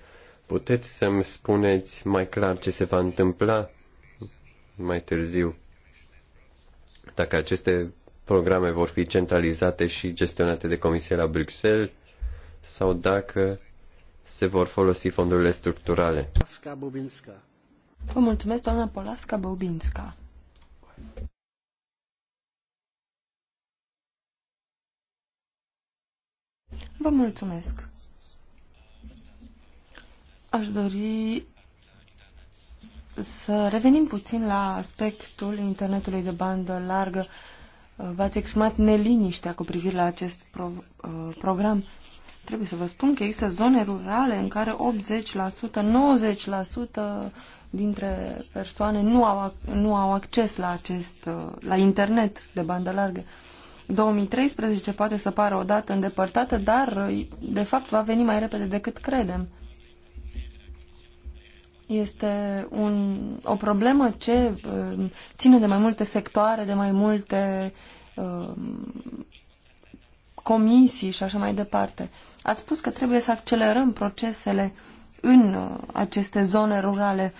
Puteți să-mi spuneți mai clar ce se va întâmpla mai târziu? Dacă aceste programe vor fi centralizate și gestionate de Comisia la Bruxelles sau dacă se vor folosi fondurile structurale. Vă mulțumesc, doamna Polasca Bobinska. Vă mulțumesc. Aș dori să revenim puțin la aspectul internetului de bandă largă. V-ați exprimat neliniștea cu privire la acest pro, uh, program. Trebuie să vă spun că există zone rurale în care 80%, 90% dintre persoane nu au, nu au acces la, acest, uh, la internet de bandă largă. Uh, 2013 poate să pară o dată îndepărtată, dar de fapt va veni mai repede decât credem. Este un, o problemă ce uh, ține de mai multe sectoare, de mai multe uh, comisii și așa mai departe. Ați spus că trebuie să accelerăm procesele în uh, aceste zone rurale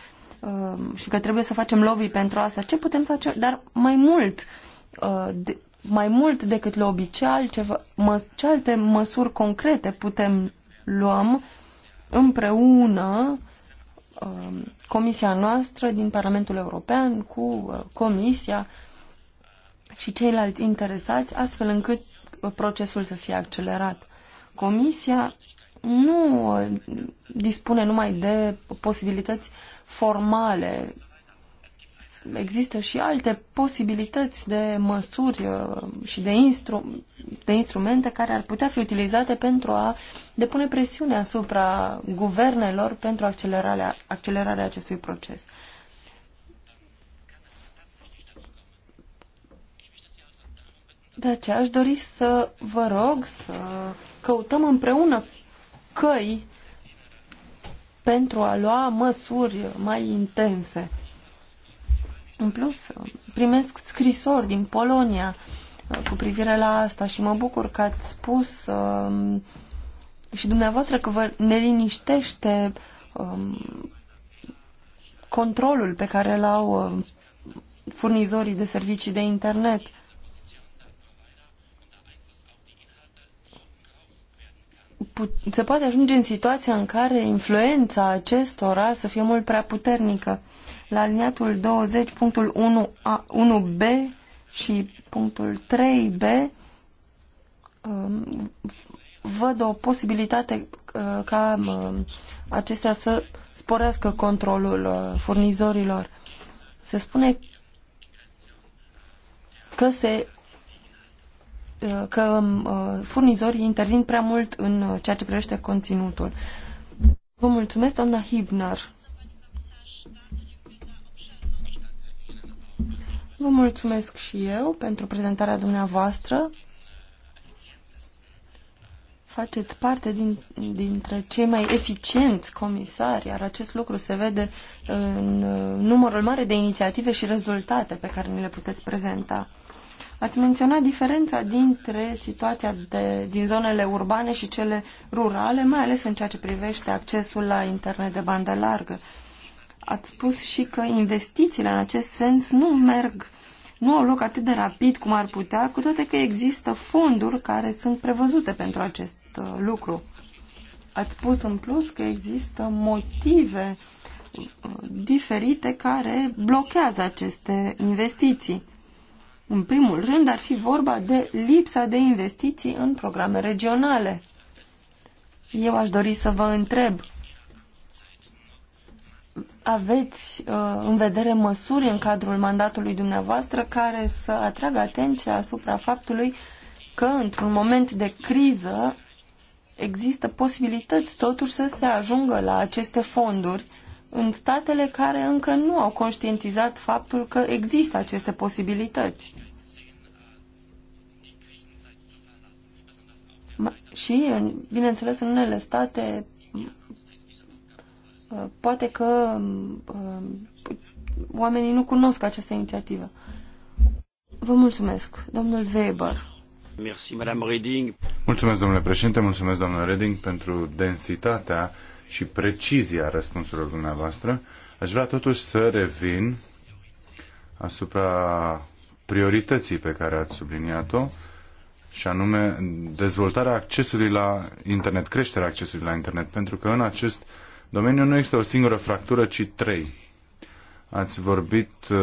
și că trebuie să facem lobby pentru asta. Ce putem face? Dar mai mult, mai mult decât la obicei, altceva, mă, ce alte măsuri concrete putem luăm împreună uh, comisia noastră din Parlamentul European cu uh, comisia și ceilalți interesați, astfel încât uh, procesul să fie accelerat. Comisia nu uh, dispune numai de posibilități formale există și alte posibilități de măsuri uh, și de, instru de instrumente care ar putea fi utilizate pentru a depune presiune asupra guvernelor pentru accelerarea, accelerarea acestui proces. De aceea aș dori să vă rog să căutăm împreună căi pentru a lua măsuri mai intense. În plus, primesc scrisori din Polonia uh, cu privire la asta și mă bucur că ați spus um, și dumneavoastră că vă neliniștește um, controlul pe care îl au uh, furnizorii de servicii de internet. se poate ajunge în situația în care influența acestora să fie mult prea puternică. La aliniatul 20, punctul 1, a, 1B și punctul 3B um, văd o posibilitate uh, ca um, acestea să sporească controlul uh, furnizorilor. Se spune că se uh, că um, furnizorii intervin prea mult în ceea ce privește conținutul. Vă mulțumesc, doamna Hibner. Vă mulțumesc și eu pentru prezentarea dumneavoastră. Faceți parte din, dintre cei mai eficienți comisari, iar acest lucru se vede în uh, numărul mare de inițiative și rezultate pe care ni le puteți prezenta. Ați menționat diferența dintre situația de, din zonele urbane și cele rurale, mai ales în ceea ce privește accesul la internet de bandă largă. Ați spus și că investițiile în acest sens nu merg, nu au loc atât de rapid cum ar putea, cu toate că există fonduri care sunt prevăzute pentru acest uh, lucru. Ați spus în plus că există motive uh, diferite care blochează aceste investiții. În primul rând ar fi vorba de lipsa de investiții în programe regionale. Eu aș dori să vă întreb aveți uh, în vedere măsuri în cadrul mandatului dumneavoastră care să atragă atenția asupra faptului că într-un moment de criză există posibilități totuși să se ajungă la aceste fonduri în statele care încă nu au conștientizat faptul că există aceste posibilități. Și, bineînțeles, în unele state Uh, poate că um, um, oamenii nu cunosc această inițiativă. Vă mulțumesc, domnul Weber. Merci, Madame Reding. Mulțumesc, domnule președinte, mulțumesc, domnule Reding, pentru densitatea și precizia răspunsurilor dumneavoastră. Aș vrea totuși să revin asupra priorității pe care ați subliniat-o și anume dezvoltarea accesului la internet, creșterea accesului la internet, pentru că în acest Domeniul nu este o singură fractură, ci trei. Ați vorbit uh,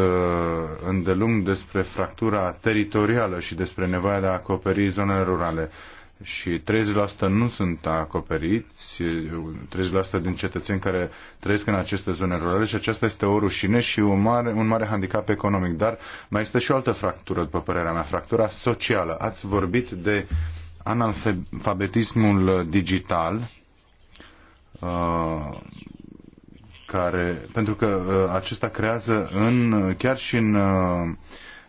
îndelung despre fractura teritorială și despre nevoia de a acoperi zonele rurale. Și 30% nu sunt acoperiți, 30% din cetățeni care trăiesc în aceste zone rurale și aceasta este o rușine și un mare, un mare handicap economic. Dar mai este și o altă fractură, după părerea mea, fractura socială. Ați vorbit de analfabetismul digital, Uh, care, pentru că uh, acesta creează în, chiar și în uh,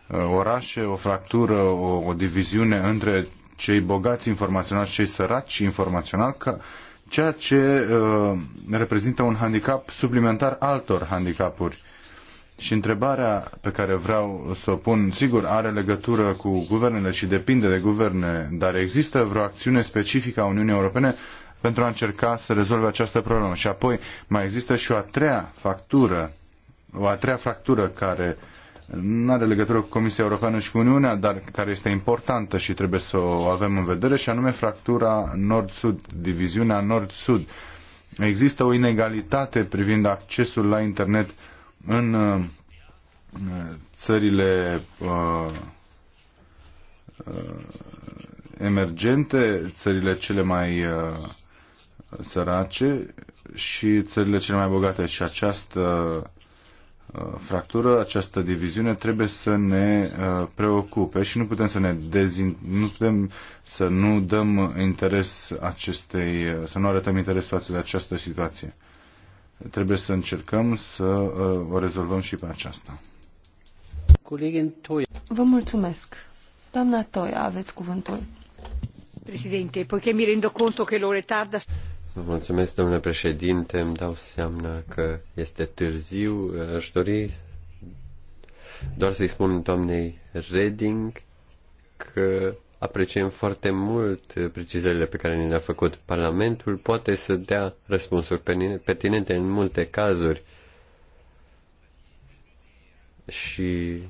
uh orașe o fractură, o, o diviziune între cei bogați informațional și cei săraci informațional, ca, ceea ce uh, reprezintă un handicap suplimentar altor handicapuri. Și întrebarea pe care vreau să o pun, sigur, are legătură cu guvernele și depinde de guverne, dar există vreo acțiune specifică a Uniunii Europene pentru a încerca să rezolve această problemă. Și apoi mai există și o a treia factură, o a treia fractură care nu are legătură cu Comisia Europeană și cu Uniunea, dar care este importantă și trebuie să o avem în vedere, și anume fractura Nord-Sud, diviziunea Nord-Sud. Există o inegalitate privind accesul la internet în uh, țările uh, uh, emergente, țările cele mai uh, sărace și țările cele mai bogate. Și această uh, fractură, această diviziune trebuie să ne uh, preocupe și nu putem să ne dezin, nu putem să nu dăm interes acestei, uh, să nu arătăm interes față de această situație. Trebuie să încercăm să o rezolvăm și pe aceasta. Vă mulțumesc. Doamna Toia, aveți cuvântul. Președinte, poiché mi rendo conto che lo retarda mulțumesc, domnule președinte. Îmi dau seama că este târziu. Aș dori doar să-i spun doamnei Reding că apreciem foarte mult precizările pe care ni le-a făcut. Parlamentul poate să dea răspunsuri pertinente în multe cazuri și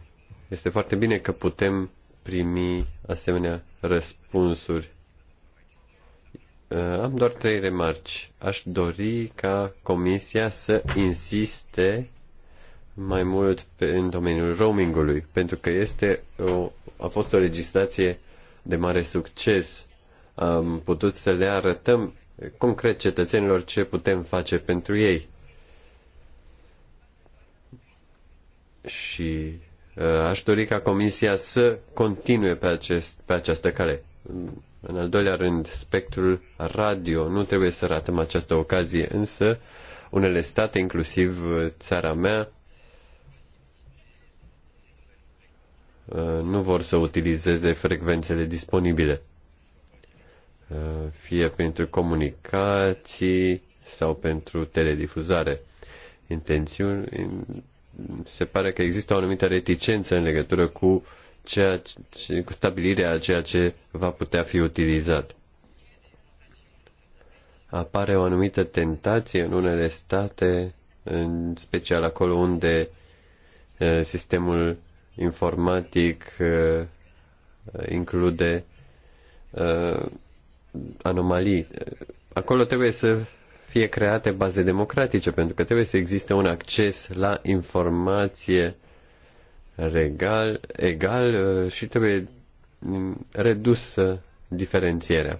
este foarte bine că putem primi asemenea răspunsuri Uh, am doar trei remarci. Aș dori ca Comisia să insiste mai mult pe, în domeniul roamingului, pentru că este o, a fost o legislație de mare succes. Am putut să le arătăm concret cetățenilor ce putem face pentru ei. Și uh, aș dori ca Comisia să continue pe, acest, pe această cale. În al doilea rând, spectrul radio. Nu trebuie să ratăm această ocazie, însă unele state, inclusiv uh, țara mea, uh, nu vor să utilizeze frecvențele disponibile, uh, fie pentru comunicații sau pentru teledifuzare. Intențiuni, se pare că există o anumită reticență în legătură cu ceea ce, cu stabilirea a ceea ce va putea fi utilizat. Apare o anumită tentație în unele state, în special acolo unde sistemul informatic include anomalii. Acolo trebuie să fie create baze democratice, pentru că trebuie să existe un acces la informație regal, egal uh, și trebuie mm, redusă diferențierea.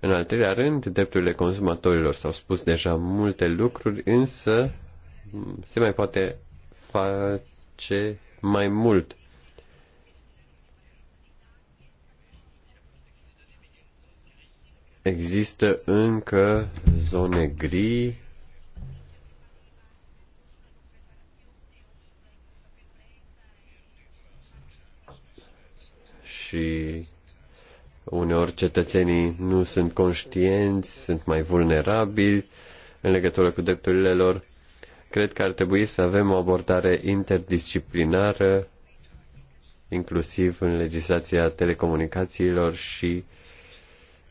În al treilea rând, drepturile consumatorilor s-au spus deja multe lucruri, însă mm, se mai poate face mai mult. Există încă zone gri și uneori cetățenii nu sunt conștienți, sunt mai vulnerabili în legătură cu drepturile lor. Cred că ar trebui să avem o abordare interdisciplinară, inclusiv în legislația telecomunicațiilor și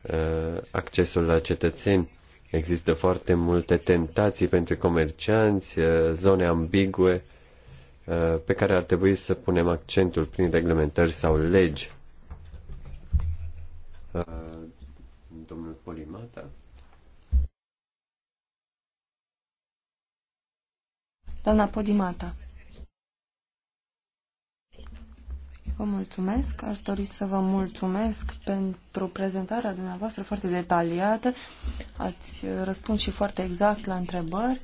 uh, accesul la cetățeni. Există foarte multe tentații pentru comercianți, uh, zone ambigue, uh, pe care ar trebui să punem accentul prin reglementări sau legi Uh, domnul Polimata. Doamna Polimata. Vă mulțumesc. Aș dori să vă mulțumesc pentru prezentarea dumneavoastră foarte detaliată. Ați răspuns și foarte exact la întrebări.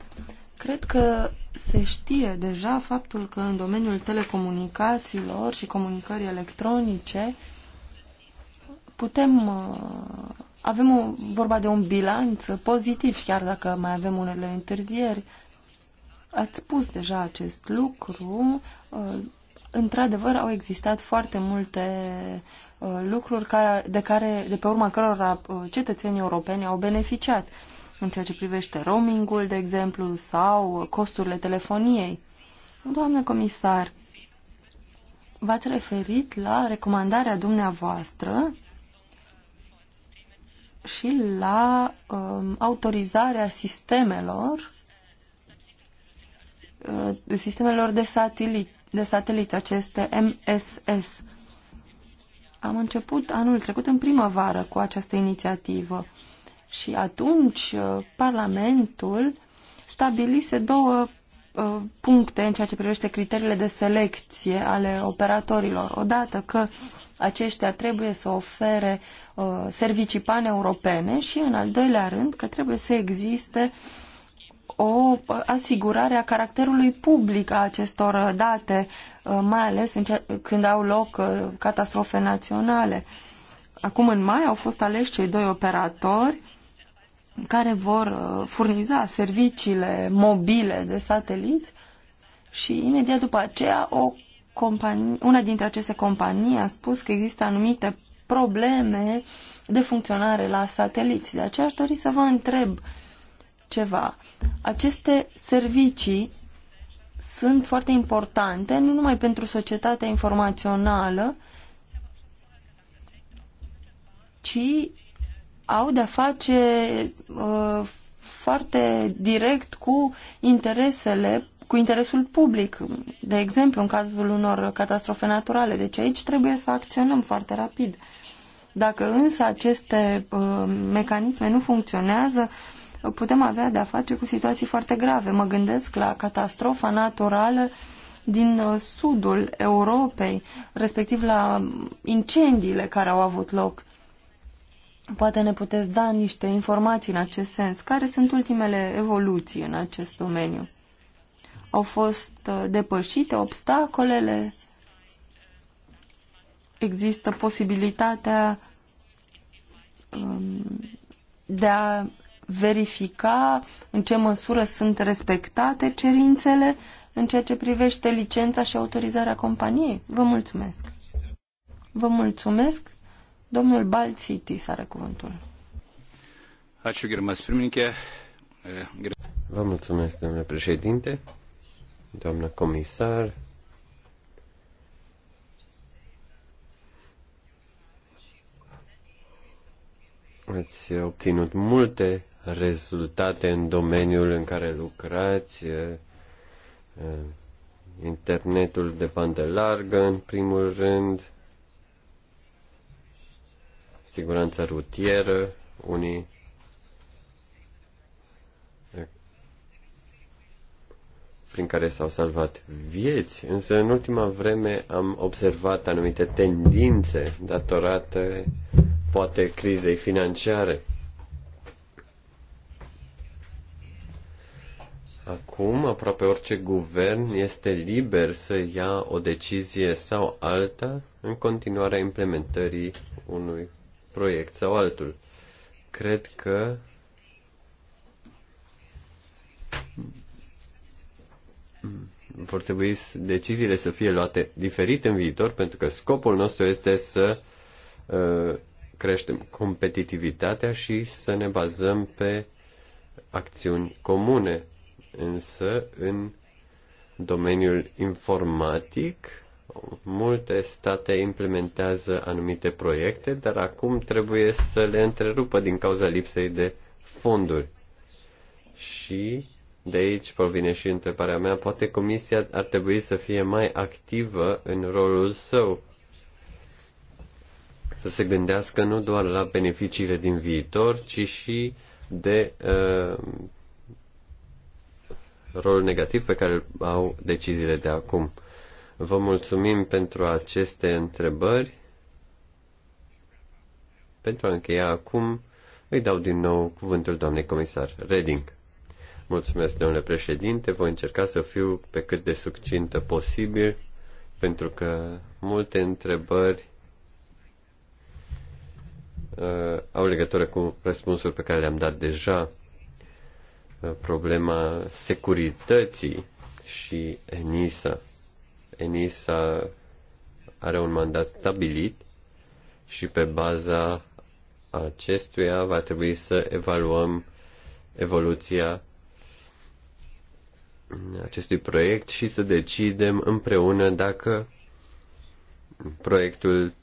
Cred că se știe deja faptul că în domeniul telecomunicațiilor și comunicării electronice putem, uh, avem o, vorba de un bilanț pozitiv, chiar dacă mai avem unele întârzieri. Ați spus deja acest lucru. Uh, într-adevăr, au existat foarte multe uh, lucruri care, de, care, de pe urma cărora cetățenii europeni au beneficiat în ceea ce privește roamingul, de exemplu, sau costurile telefoniei. doamne comisar, v-ați referit la recomandarea dumneavoastră și la um, autorizarea sistemelor uh, sistemelor de satelit, de sateliți, aceste MSS. Am început anul trecut în primăvară cu această inițiativă și atunci uh, Parlamentul stabilise două uh, puncte în ceea ce privește criteriile de selecție ale operatorilor. Odată că uh, aceștia trebuie să ofere uh, servicii paneuropene și, în al doilea rând, că trebuie să existe o asigurare a caracterului public a acestor date, uh, mai ales în ce, când au loc uh, catastrofe naționale. Acum, în mai, au fost aleși cei doi operatori care vor uh, furniza serviciile mobile de satelit și imediat după aceea o una dintre aceste companii a spus că există anumite probleme de funcționare la sateliți. De aceea aș dori să vă întreb ceva. Aceste servicii sunt foarte importante, nu numai pentru societatea informațională, ci au de-a face uh, foarte direct cu interesele cu interesul public, de exemplu în cazul unor catastrofe naturale. Deci aici trebuie să acționăm foarte rapid. Dacă însă aceste uh, mecanisme nu funcționează, putem avea de-a face cu situații foarte grave. Mă gândesc la catastrofa naturală din uh, sudul Europei, respectiv la incendiile care au avut loc. Poate ne puteți da niște informații în acest sens. Care sunt ultimele evoluții în acest domeniu? Au fost uh, depășite obstacolele? Există posibilitatea um, de a verifica în ce măsură sunt respectate cerințele în ceea ce privește licența și autorizarea companiei? Vă mulțumesc! Vă mulțumesc! Domnul Balțitis are cuvântul. Ačiū, Vă mulțumesc, domnule președinte doamnă comisar. Ați obținut multe rezultate în domeniul în care lucrați, internetul de bandă largă, în primul rând, siguranța rutieră, unii prin care s-au salvat vieți, însă în ultima vreme am observat anumite tendințe datorate poate crizei financiare. Acum aproape orice guvern este liber să ia o decizie sau alta în continuarea implementării unui proiect sau altul. Cred că vor trebui deciziile să fie luate diferit în viitor, pentru că scopul nostru este să uh, creștem competitivitatea și să ne bazăm pe acțiuni comune. Însă, în domeniul informatic, multe state implementează anumite proiecte, dar acum trebuie să le întrerupă din cauza lipsei de fonduri. Și de aici provine și întrebarea mea. Poate Comisia ar trebui să fie mai activă în rolul său, să se gândească nu doar la beneficiile din viitor, ci și de uh, rolul negativ pe care îl au deciziile de acum. Vă mulțumim pentru aceste întrebări. Pentru a încheia acum, îi dau din nou cuvântul doamnei comisar Reding. Mulțumesc, domnule președinte. Voi încerca să fiu pe cât de succintă posibil, pentru că multe întrebări uh, au legătură cu răspunsul pe care le-am dat deja. Uh, problema securității și ENISA. ENISA are un mandat stabilit și pe baza acestuia va trebui să evaluăm evoluția acestui proiect și să decidem împreună dacă proiectul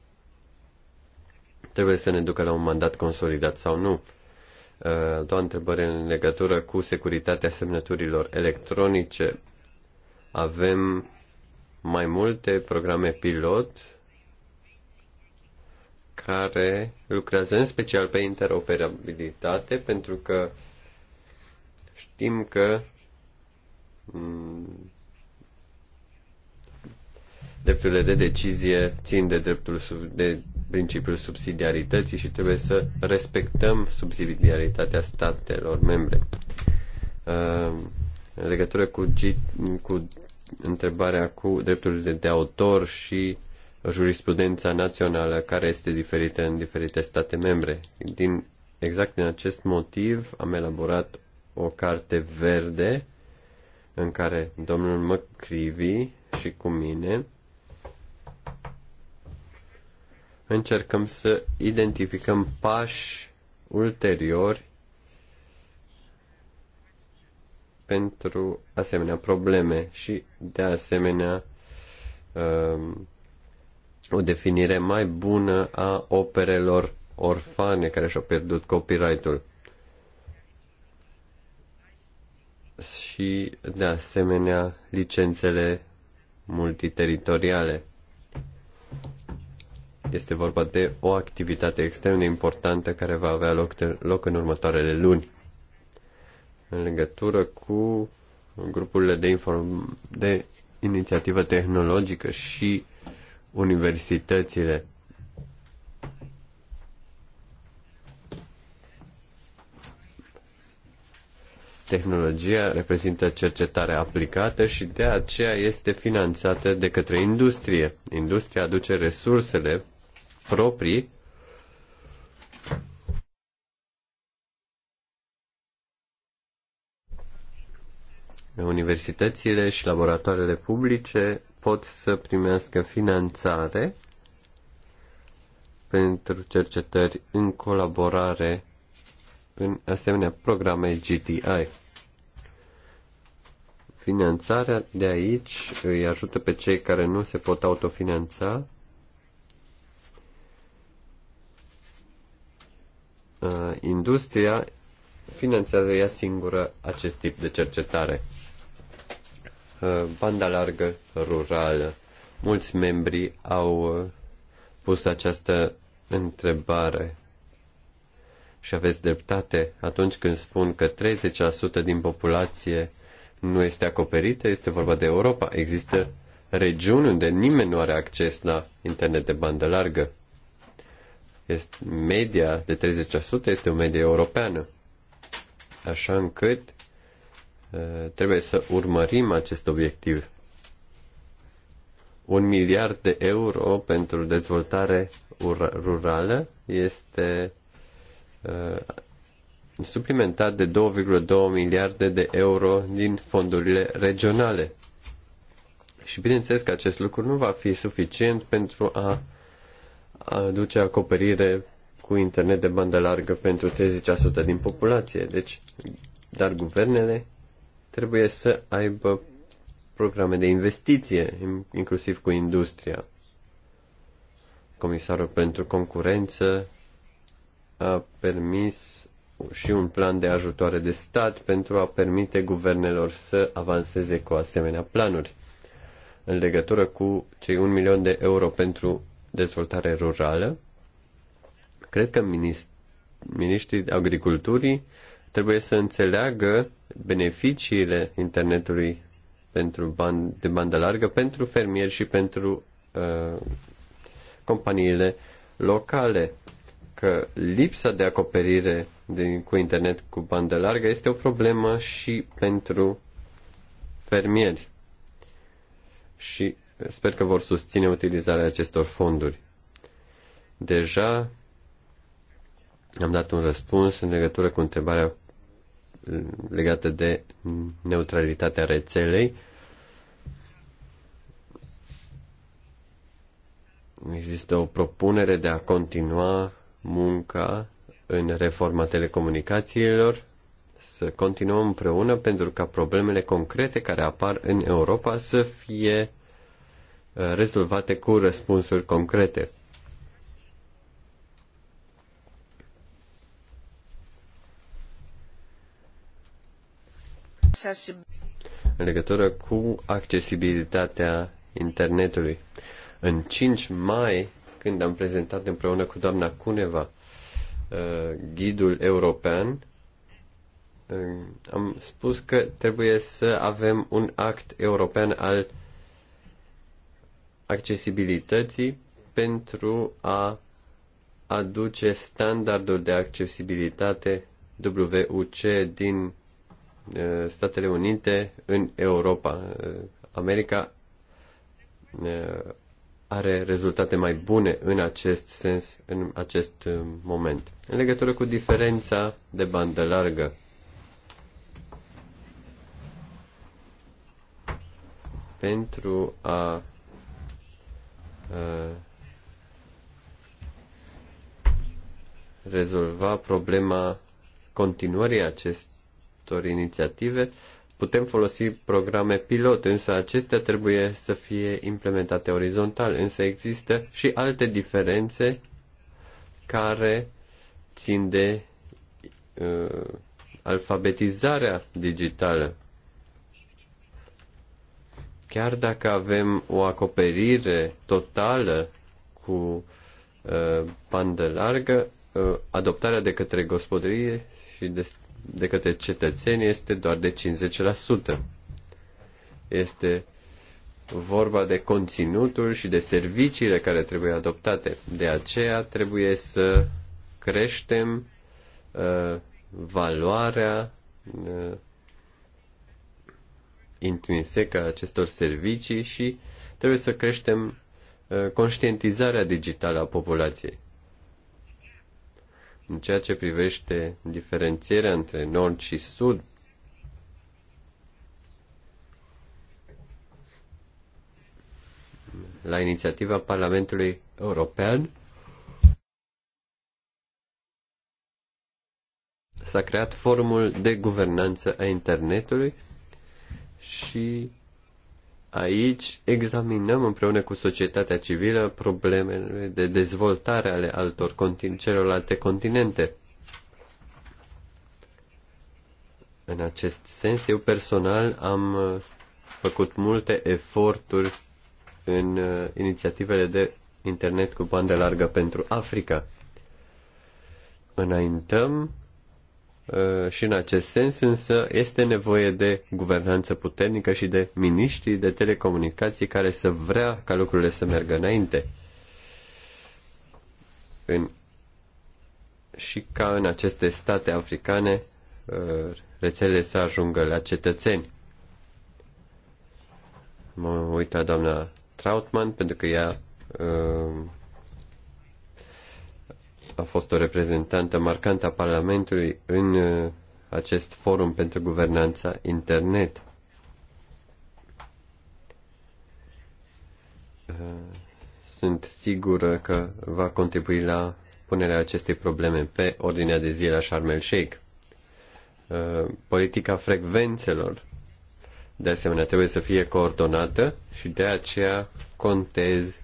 trebuie să ne ducă la un mandat consolidat sau nu. Uh, Doar întrebare în legătură cu securitatea semnăturilor electronice. Avem mai multe programe pilot care lucrează în special pe interoperabilitate pentru că știm că Mm. drepturile de decizie țin de dreptul sub, de principiul subsidiarității și trebuie să respectăm subsidiaritatea statelor membre. Uh, în legătură cu, G, cu întrebarea cu drepturile de autor și jurisprudența națională care este diferită în diferite state membre. Din, exact din acest motiv am elaborat o carte verde uh, în care domnul McCreevy și cu mine încercăm să identificăm pași ulteriori pentru asemenea probleme și de asemenea um, o definire mai bună a operelor orfane care și-au pierdut copyright-ul. și, de asemenea, licențele multiteritoriale. Este vorba de o activitate extrem de importantă care va avea loc, de, loc în următoarele luni. În legătură cu grupurile de, inform, de inițiativă tehnologică și universitățile. Tehnologia reprezintă cercetare aplicată și de aceea este finanțată de către industrie. Industria aduce resursele proprii Universitățile și laboratoarele publice pot să primească finanțare pentru cercetări în colaborare în asemenea programe GTI. Finanțarea de aici îi ajută pe cei care nu se pot autofinanța uh, industria finanțează ea singură acest tip de cercetare. Uh, banda largă rurală. Mulți membri au uh, pus această întrebare și aveți dreptate atunci când spun că 30% din populație nu este acoperită, este vorba de Europa. Există regiuni unde nimeni nu are acces la internet de bandă largă. Este media de 30% este o medie europeană. Așa încât uh, trebuie să urmărim acest obiectiv. Un miliard de euro pentru dezvoltare rurală este Uh, suplimentat de 2,2 miliarde de euro din fondurile regionale. Și bineînțeles că acest lucru nu va fi suficient pentru a aduce acoperire cu internet de bandă largă pentru 30% din populație. Deci, dar guvernele trebuie să aibă programe de investiție, inclusiv cu industria. Comisarul pentru concurență a permis și un plan de ajutoare de stat pentru a permite guvernelor să avanseze cu asemenea planuri în legătură cu cei un milion de euro pentru dezvoltare rurală. Cred că ministrii agriculturii trebuie să înțeleagă beneficiile internetului pentru ban- de bandă largă pentru fermieri și pentru uh, companiile locale că lipsa de acoperire de, cu internet cu bandă largă este o problemă și pentru fermieri. Și sper că vor susține utilizarea acestor fonduri. Deja am dat un răspuns în legătură cu întrebarea legată de neutralitatea rețelei. Există o propunere de a continua munca în reforma telecomunicațiilor, să continuăm împreună pentru ca problemele concrete care apar în Europa să fie uh, rezolvate cu răspunsuri concrete. În legătură cu accesibilitatea internetului. În 5 mai când am prezentat împreună cu doamna Cuneva uh, ghidul european, uh, am spus că trebuie să avem un act european al accesibilității pentru a aduce standardul de accesibilitate WUC din uh, Statele Unite în Europa. America are rezultate mai bune în acest sens, în acest uh, moment. În legătură cu diferența de bandă largă, pentru a, uh, rezolva problema continuării acestor inițiative, Putem folosi programe pilot, însă acestea trebuie să fie implementate orizontal. Însă există și alte diferențe care țin de uh, alfabetizarea digitală. Chiar dacă avem o acoperire totală cu uh, bandă largă, uh, adoptarea de către gospodărie și de de către cetățeni este doar de 50%. Este vorba de conținutul și de serviciile care trebuie adoptate. De aceea trebuie să creștem uh, valoarea uh, intrinsecă a acestor servicii și trebuie să creștem uh, conștientizarea digitală a populației. În ceea ce privește diferențierea între nord și sud, la inițiativa Parlamentului European, s-a creat forumul de guvernanță a internetului și Aici examinăm împreună cu societatea civilă problemele de dezvoltare ale altor contin- celorlalte continente. În acest sens, eu personal am uh, făcut multe eforturi în uh, inițiativele de internet cu bandă largă pentru Africa. Înaintăm Uh, și în acest sens, însă este nevoie de guvernanță puternică și de miniștri de telecomunicații care să vrea ca lucrurile să meargă înainte. În, și ca în aceste state africane uh, rețelele să ajungă la cetățeni. Mă uit la doamna Trautman pentru că ea uh, a fost o reprezentantă marcantă a Parlamentului în uh, acest forum pentru guvernanța internet. Uh, sunt sigur că va contribui la punerea acestei probleme pe ordinea de zi la Sharm el Sheikh. Uh, politica frecvențelor, de asemenea, trebuie să fie coordonată și de aceea contez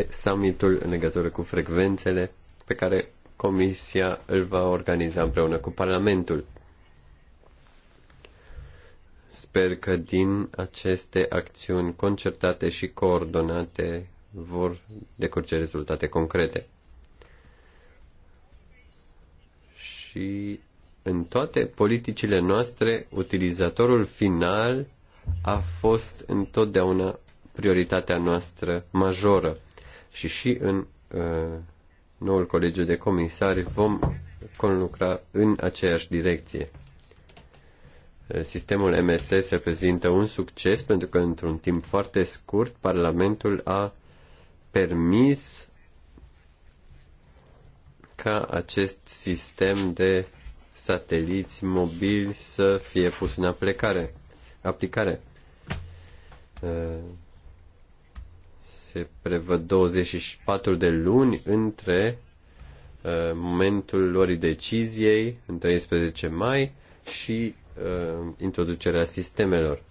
pe summitul în legătură cu frecvențele pe care Comisia îl va organiza împreună cu Parlamentul. Sper că din aceste acțiuni concertate și coordonate vor decurge rezultate concrete. Și în toate politicile noastre, utilizatorul final a fost întotdeauna prioritatea noastră majoră și și în uh, noul colegiu de comisari vom conlucra în aceeași direcție. Uh, sistemul MSS reprezintă un succes pentru că într-un timp foarte scurt Parlamentul a permis ca acest sistem de sateliți mobili să fie pus în aplicare. aplicare. Uh, se prevăd 24 de luni între uh, momentul luării deciziei, în 13 mai, și uh, introducerea sistemelor.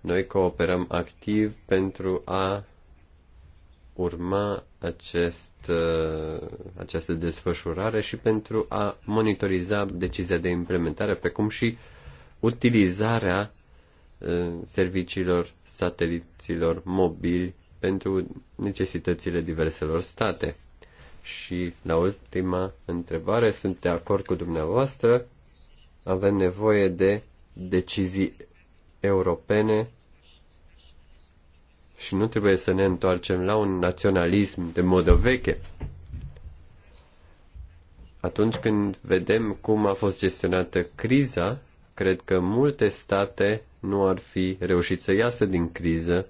Noi cooperăm activ pentru a urma acest, uh, această desfășurare și pentru a monitoriza decizia de implementare, precum și utilizarea uh, serviciilor sateliților mobili pentru necesitățile diverselor state. Și la ultima întrebare, sunt de acord cu dumneavoastră, avem nevoie de decizii europene și nu trebuie să ne întoarcem la un naționalism de modă veche. Atunci când vedem cum a fost gestionată criza, cred că multe state nu ar fi reușit să iasă din criză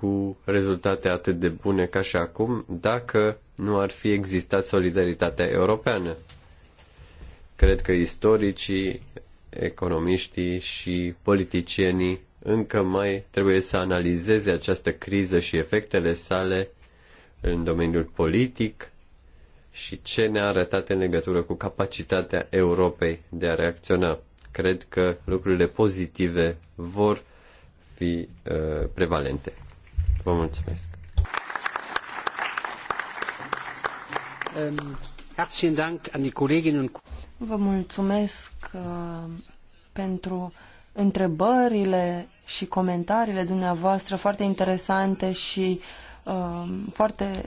cu rezultate atât de bune ca și acum dacă nu ar fi existat solidaritatea europeană. Cred că istoricii, economiștii și politicienii încă mai trebuie să analizeze această criză și efectele sale în domeniul politic și ce ne-a arătat în legătură cu capacitatea Europei de a reacționa. Cred că lucrurile pozitive vor fi uh, prevalente. Vă mulțumesc. Ehm, Vă mulțumesc uh, pentru întrebările și comentariile dumneavoastră foarte interesante și uh, foarte,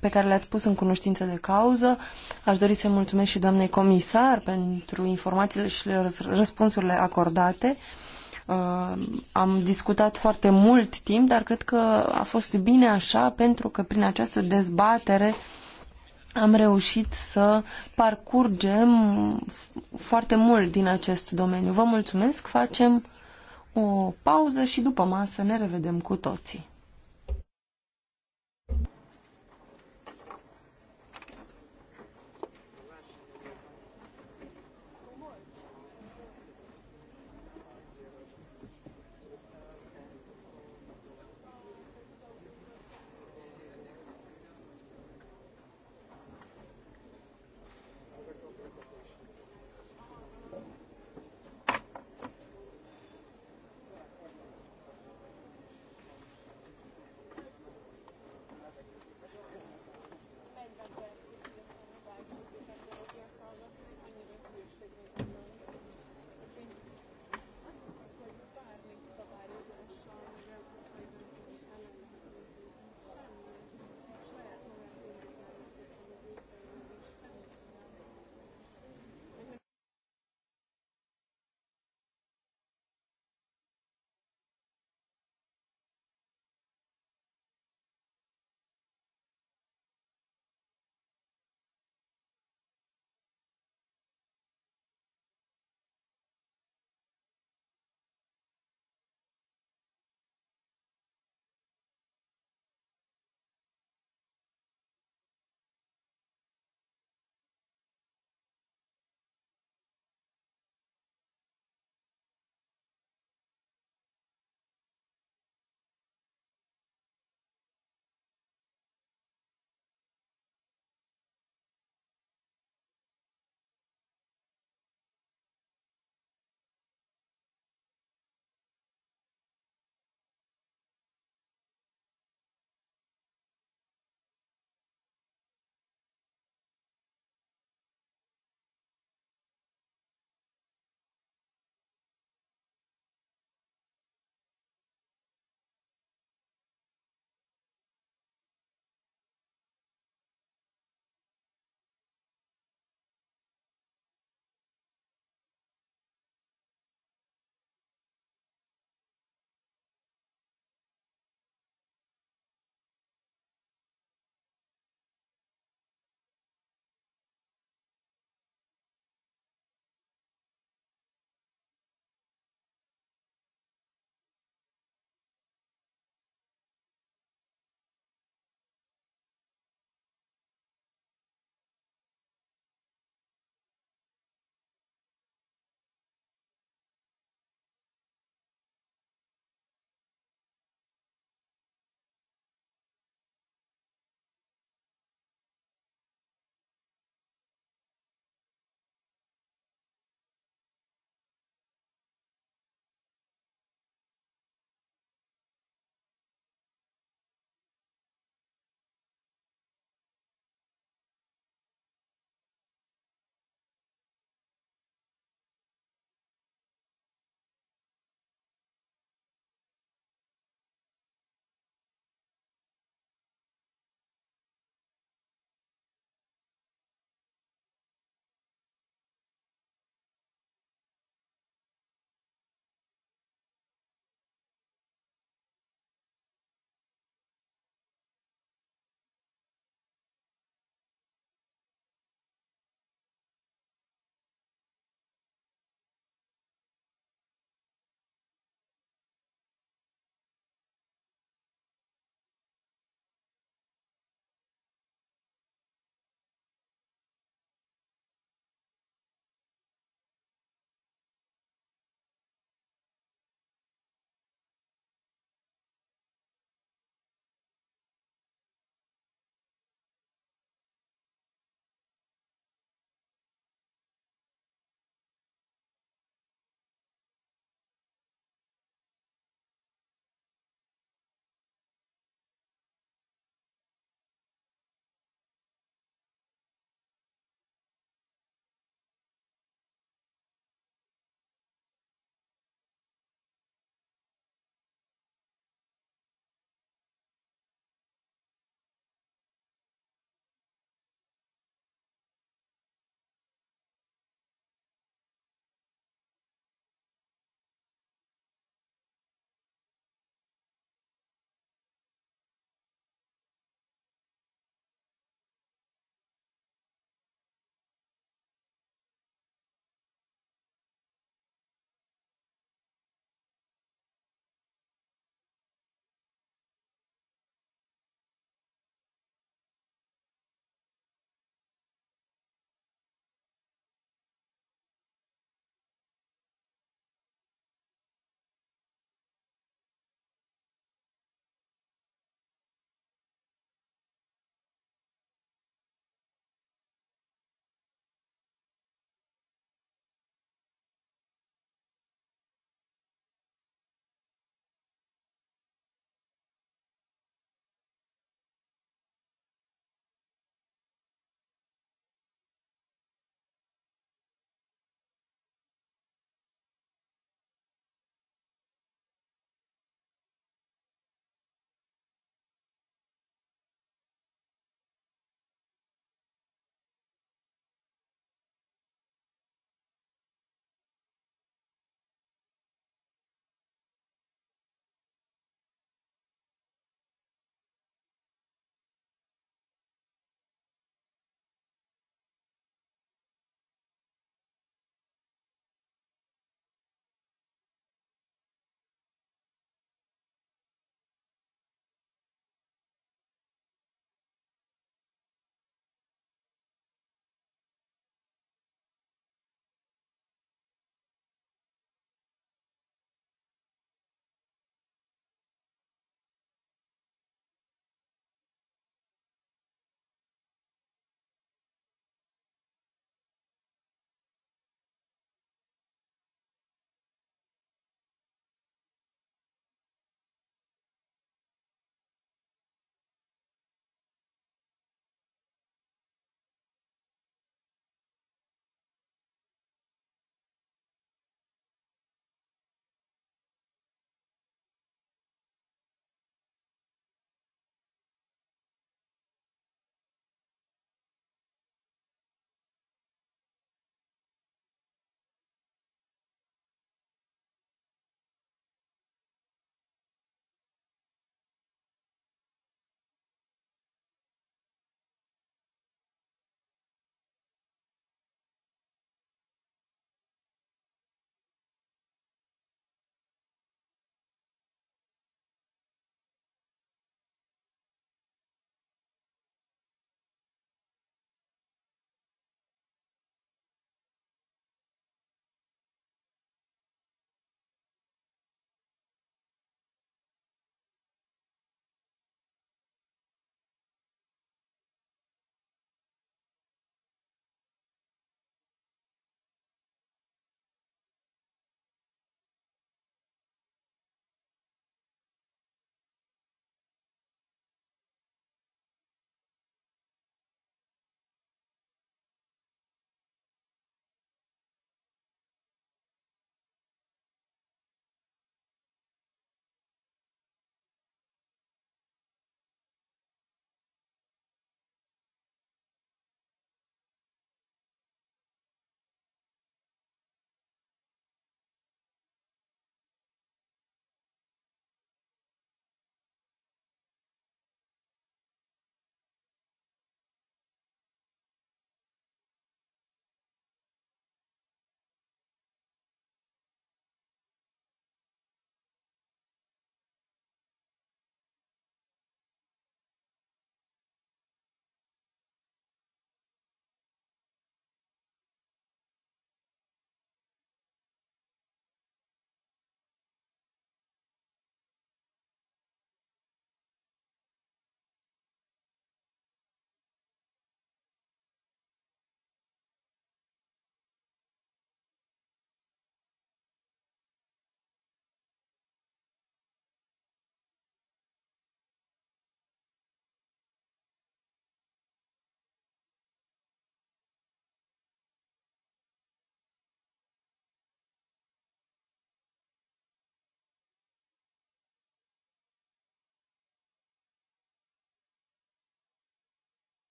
pe care le-ați pus în cunoștință de cauză. Aș dori să mulțumesc și doamnei comisar pentru informațiile și răspunsurile acordate. Uh, am discutat foarte mult timp, dar cred că a fost bine așa pentru că prin această dezbatere am reușit să parcurgem foarte mult din acest domeniu. Vă mulțumesc, facem o pauză și după masă ne revedem cu toții.